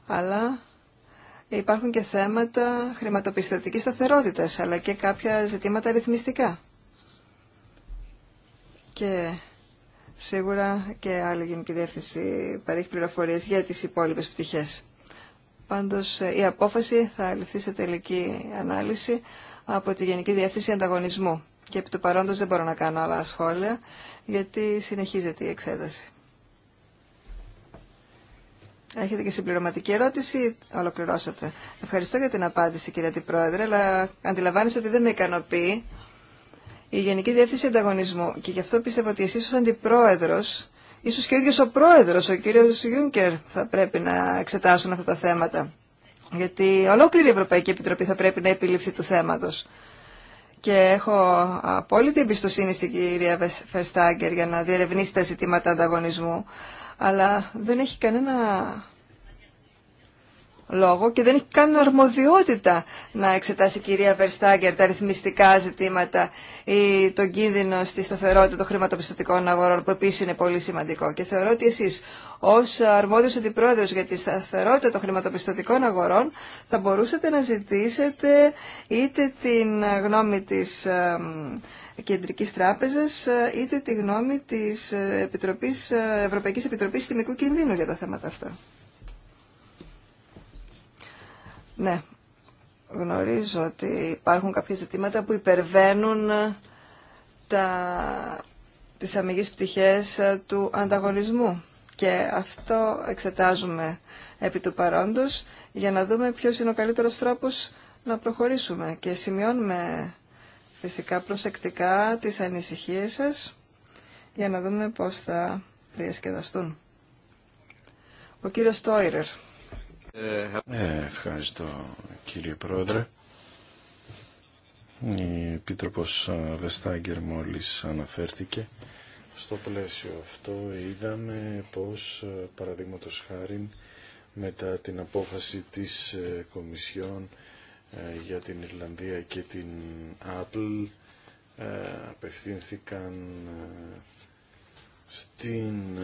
Αλλά υπάρχουν και θέματα χρηματοπιστωτικής σταθερότητας, αλλά και κάποια ζητήματα ρυθμιστικά. Και σίγουρα και άλλη Γενική Διεύθυνση παρέχει πληροφορίες για τις υπόλοιπες πτυχές. Πάντως ε, η απόφαση θα ληφθεί σε τελική ανάλυση από τη Γενική Διεύθυνση Ανταγωνισμού. Και επί του παρόντος δεν μπορώ να κάνω άλλα σχόλια, γιατί συνεχίζεται η εξέταση. Έχετε και συμπληρωματική ερώτηση ολοκληρώσατε. Ευχαριστώ για την απάντηση κύριε Αντιπρόεδρε, Πρόεδρε, αλλά αντιλαμβάνεστε ότι δεν με ικανοποιεί η Γενική Διεύθυνση Ανταγωνισμού. Και γι' αυτό πιστεύω ότι εσείς ως αντιπρόεδρος, ίσως και ο ίδιος ο πρόεδρος, ο κύριος Γιούνκερ, θα πρέπει να εξετάσουν αυτά τα θέματα. Γιατί ολόκληρη η Ευρωπαϊκή Επιτροπή θα πρέπει να επιληφθεί του θέματος. Και έχω απόλυτη εμπιστοσύνη στην κυρία Φερστάγκερ για να διερευνήσει τα ζητήματα ανταγωνισμού αλλά δεν έχει κανένα λόγο και δεν έχει καν αρμοδιότητα να εξετάσει η κυρία Βερστάγκερ τα ρυθμιστικά ζητήματα ή τον κίνδυνο στη σταθερότητα των χρηματοπιστωτικών αγορών που επίσης είναι πολύ σημαντικό. Και θεωρώ ότι εσείς ως αρμόδιος αντιπρόεδρος για τη σταθερότητα των χρηματοπιστωτικών αγορών θα μπορούσατε να ζητήσετε είτε την γνώμη της Κεντρικής Τράπεζας ε, είτε τη γνώμη της ε, Επιτροπής, ε, Ευρωπαϊκής Επιτροπής Συστημικού Κινδύνου για τα θέματα αυτά. Ναι, γνωρίζω ότι υπάρχουν κάποια ζητήματα που υπερβαίνουν τα, τις αμυγείς πτυχές του ανταγωνισμού. Και αυτό εξετάζουμε επί του παρόντος για να δούμε ποιος είναι ο καλύτερος τρόπος να προχωρήσουμε. Και σημειώνουμε φυσικά προσεκτικά τις ανησυχίες σας για να δούμε πώς θα διασκεδαστούν. Ο κύριος Τόιρερ. Ε, ευχαριστώ κύριε Πρόεδρε. Η Επίτροπος Βεστάγκερ μόλις αναφέρθηκε. Στο πλαίσιο αυτό είδαμε πως παραδείγματος χάρη μετά την απόφαση της ε, Κομισιόν ε, για την Ιρλανδία και την Apple ε, απευθύνθηκαν ε, στην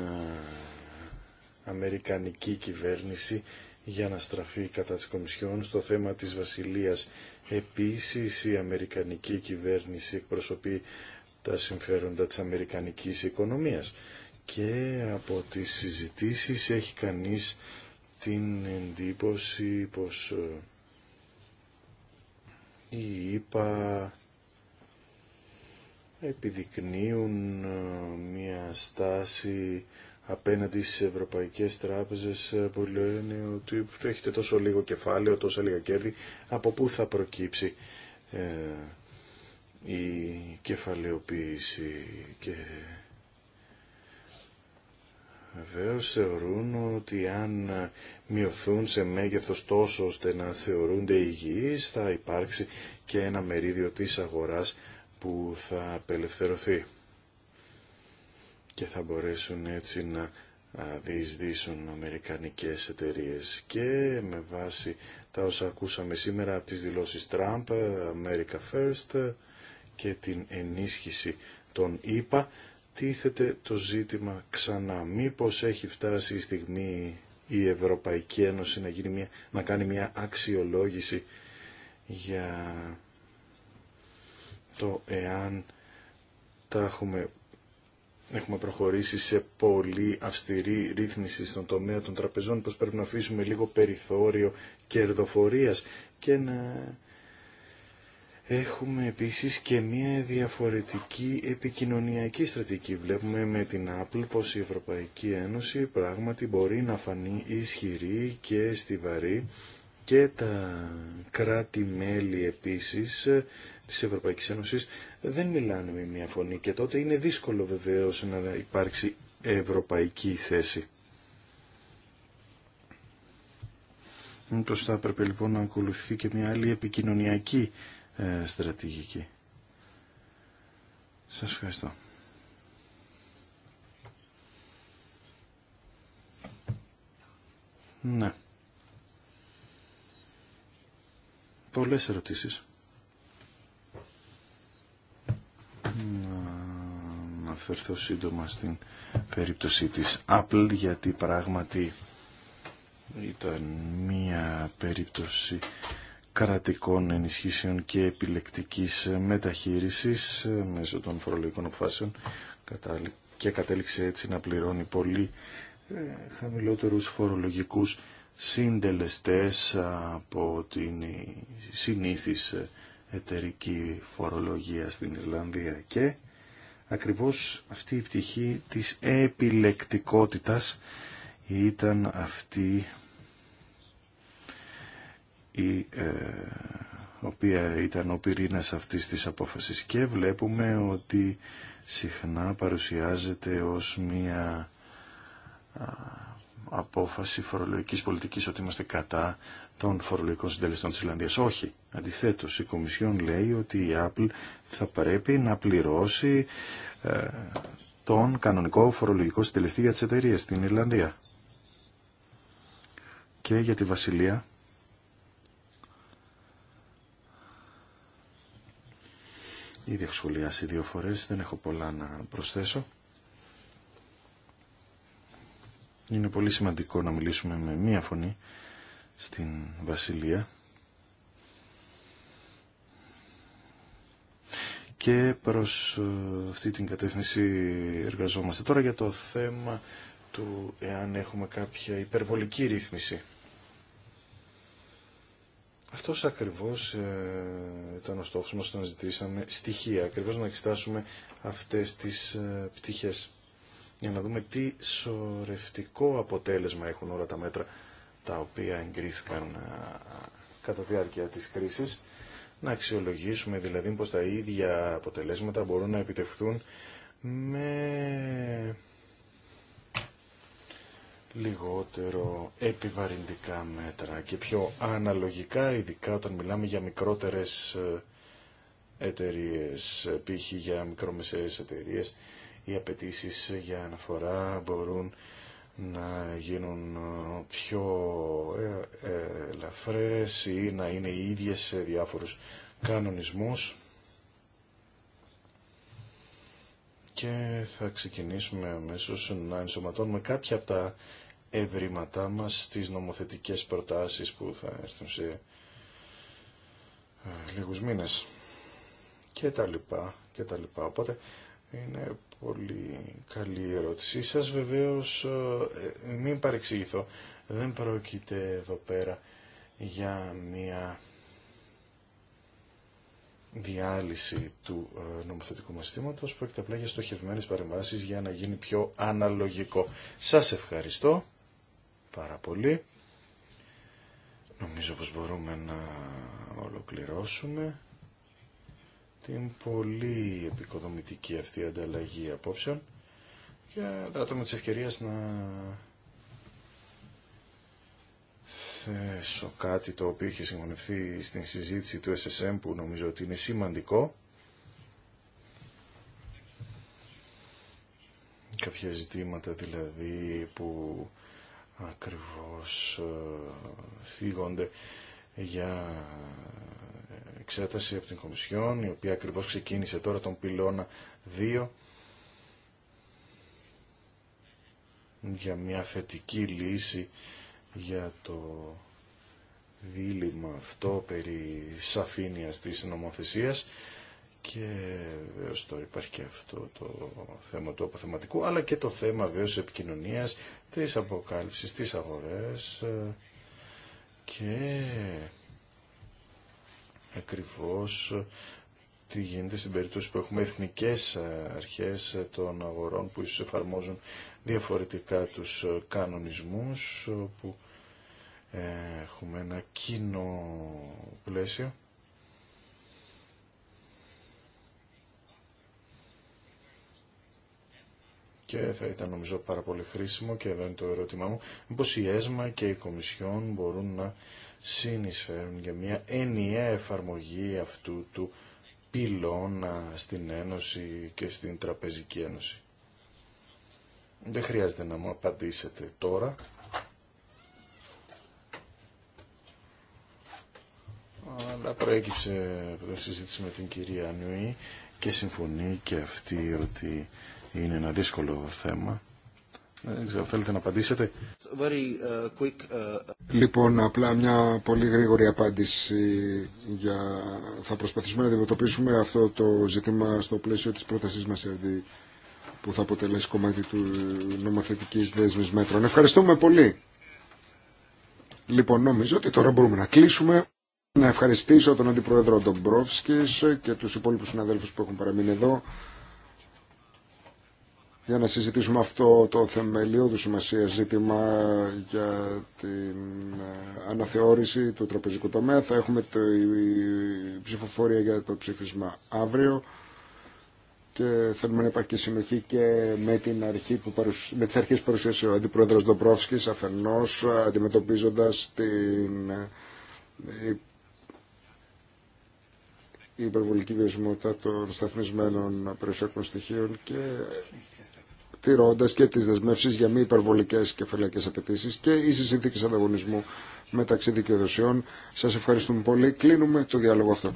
Αμερικανική κυβέρνηση για να στραφεί κατά της Κομισιόν στο θέμα της Βασιλείας. Επίσης η Αμερικανική κυβέρνηση εκπροσωπεί τα συμφέροντα της Αμερικανικής οικονομίας και από τις συζητήσεις έχει κανείς την εντύπωση πως η ΙΠΑ επιδεικνύουν ε, μια στάση απέναντι στις ευρωπαϊκές τράπεζες ε, που λένε ότι έχετε τόσο λίγο κεφάλαιο, τόσο λίγα κέρδη, από πού θα προκύψει ε, η κεφαλαιοποίηση και βέβαιως θεωρούν ότι αν μειωθούν σε μέγεθος τόσο ώστε να θεωρούνται υγιείς, θα υπάρξει και ένα μερίδιο της αγοράς που θα απελευθερωθεί και θα μπορέσουν έτσι να διεισδύσουν αμερικανικές εταιρείες και με βάση τα όσα ακούσαμε σήμερα από τις δηλώσεις Τραμπ America First και την ενίσχυση των ΗΠΑ, τίθεται το ζήτημα ξανά. Μήπως έχει φτάσει η στιγμή η Ευρωπαϊκή Ένωση να, μια, κάνει μια αξιολόγηση για το εάν τα έχουμε, έχουμε προχωρήσει σε πολύ αυστηρή ρύθμιση στον τομέα των τραπεζών, πως πρέπει να αφήσουμε λίγο περιθώριο κερδοφορίας και να Έχουμε επίσης και μια διαφορετική επικοινωνιακή στρατηγική. Βλέπουμε με την Apple πως η Ευρωπαϊκή Ένωση πράγματι μπορεί να φανεί ισχυρή και στιβαρή και τα κράτη-μέλη επίσης της Ευρωπαϊκής Ένωσης δεν μιλάνε με μια φωνή και τότε είναι δύσκολο βεβαίως να υπάρξει ευρωπαϊκή θέση. Μήπως θα έπρεπε λοιπόν να ακολουθεί και μια άλλη επικοινωνιακή ε, στρατηγική. Σας ευχαριστώ. Ναι. Πολλές ερωτήσεις. Να φερθώ σύντομα στην περίπτωση της Apple γιατί πράγματι ήταν μία περίπτωση κρατικών ενισχύσεων και επιλεκτικής μεταχείρισης ε, μέσω των φορολογικών αποφάσεων και κατέληξε έτσι να πληρώνει πολύ ε, χαμηλότερους φορολογικούς συντελεστές από την συνήθις ε, εταιρική φορολογία στην Ισλανδία και ακριβώς αυτή η πτυχή της επιλεκτικότητας ήταν αυτή η ε, οποία ήταν ο πυρήνας αυτής της απόφασης και βλέπουμε ότι συχνά παρουσιάζεται ως μία απόφαση φορολογικής πολιτικής ότι είμαστε κατά των φορολογικών συντελεστών της Ιρλανδίας. Όχι. Αντιθέτως, η Κομισιόν λέει ότι η Apple θα πρέπει να πληρώσει ε, τον κανονικό φορολογικό συντελεστή για τις εταιρείες στην Ιρλανδία. Και για τη Βασιλεία Ήδη έχω σχολιάσει δύο φορές, δεν έχω πολλά να προσθέσω. Είναι πολύ σημαντικό να μιλήσουμε με μία φωνή στην Βασιλεία. Και προς ε, αυτή την κατεύθυνση εργαζόμαστε τώρα για το θέμα του εάν έχουμε κάποια υπερβολική ρύθμιση. Αυτός ακριβώς ε, ήταν ο στόχος μας όταν ζητήσαμε στοιχεία, ακριβώς να εξετάσουμε αυτές τις ε, πτυχές για να δούμε τι σορευτικό αποτέλεσμα έχουν όλα τα μέτρα τα οποία εγκρίθηκαν ε, κατά τη διάρκεια της κρίσης, να αξιολογήσουμε δηλαδή πως τα ίδια αποτελέσματα μπορούν να επιτευχθούν με λιγότερο επιβαρυντικά μέτρα και πιο αναλογικά, ειδικά όταν μιλάμε για μικρότερες ε, εταιρείες, π.χ. για μικρομεσαίες εταιρείες, οι απαιτήσει για αναφορά μπορούν να γίνουν ε, πιο ε, ελαφρές ή να είναι οι ίδιες σε διάφορους κανονισμούς. και θα ξεκινήσουμε αμέσως να ενσωματώνουμε κάποια από τα ευρήματά μας στις νομοθετικές προτάσεις που θα έρθουν σε ε, λίγους μήνες και τα λοιπά και τα λοιπά. Οπότε είναι πολύ καλή η ερώτησή σας. Βεβαίως ε, ε, μην παρεξηγηθώ. Δεν πρόκειται εδώ πέρα για μια διάλυση του νομοθετικού μας που πρόκειται απλά για στοχευμένες παρεμβάσεις για να γίνει πιο αναλογικό. Σας ευχαριστώ πάρα πολύ. Νομίζω πως μπορούμε να ολοκληρώσουμε την πολύ επικοδομητική αυτή ανταλλαγή απόψεων και δάτω με τις ευκαιρίες να θέσω κάτι το οποίο είχε συγχωνευτεί στην συζήτηση του SSM που νομίζω ότι είναι σημαντικό. Κάποια ζητήματα δηλαδή που ακριβώς ε, θίγονται για εξέταση από την Κομισιόν, η οποία ακριβώς ξεκίνησε τώρα τον πυλώνα 2 για μια θετική λύση για το δίλημα αυτό περί σαφήνειας της νομοθεσίας και βεβαίως τώρα υπάρχει και αυτό το θέμα του αποθεματικού, αλλά και το θέμα βεβαίως επικοινωνίας, της αποκάλυψης, της αγορές ε, και ακριβώς τι γίνεται στην περίπτωση που έχουμε εθνικές ε, αρχές των αγορών που ίσως εφαρμόζουν διαφορετικά τους ε, κανονισμούς, που έχουμε ένα κοινό πλαίσιο και θα ήταν νομίζω πάρα πολύ χρήσιμο και εδώ είναι το ερώτημά μου μήπως η ΕΣΜΑ και οι Κομισιόν μπορούν να συνεισφέρουν για μια ενιαία εφαρμογή αυτού του πυλώνα στην Ένωση και στην Τραπεζική Ένωση. Δεν χρειάζεται να μου απαντήσετε τώρα. Αλλά προέκυψε από συζήτηση με την κυρία Νουή και συμφωνεί και αυτή ότι είναι ένα δύσκολο θέμα. Δεν ξέρω, θέλετε να απαντήσετε. Uh, uh, λοιπόν, απλά μια πολύ γρήγορη απάντηση. Για... Θα προσπαθήσουμε να αντιμετωπίσουμε αυτό το ζήτημα στο πλαίσιο της πρότασής μας, που θα αποτελέσει κομμάτι του νομοθετικής δέσμης μέτρων. Ευχαριστούμε πολύ. Λοιπόν, νομίζω ότι τώρα μπορούμε να κλείσουμε. Να ευχαριστήσω τον Αντιπρόεδρο Ντομπρόφσκης και τους υπόλοιπους συναδέλφους που έχουν παραμείνει εδώ για να συζητήσουμε αυτό το του σημασία ζήτημα για την ε, αναθεώρηση του τραπεζικού τομέα. Θα έχουμε η ψηφοφορία για το ψήφισμα αύριο και θέλουμε να υπάρχει και συνοχή και με, την αρχή που με τις αρχές που παρουσίασε ο Αντιπρόεδρος Ντομπρόφσκης αφενός αντιμετωπίζοντας την ε, η υπερβολική βιωσιμότητα των σταθμισμένων περιουσιακών στοιχείων και τηρώντα και τι δεσμεύσει για μη υπερβολικές κεφαλαϊκές απαιτήσει και ίση συνθήκε ανταγωνισμού μεταξύ δικαιοδοσιών. Σας ευχαριστούμε πολύ. Κλείνουμε το διάλογο αυτό.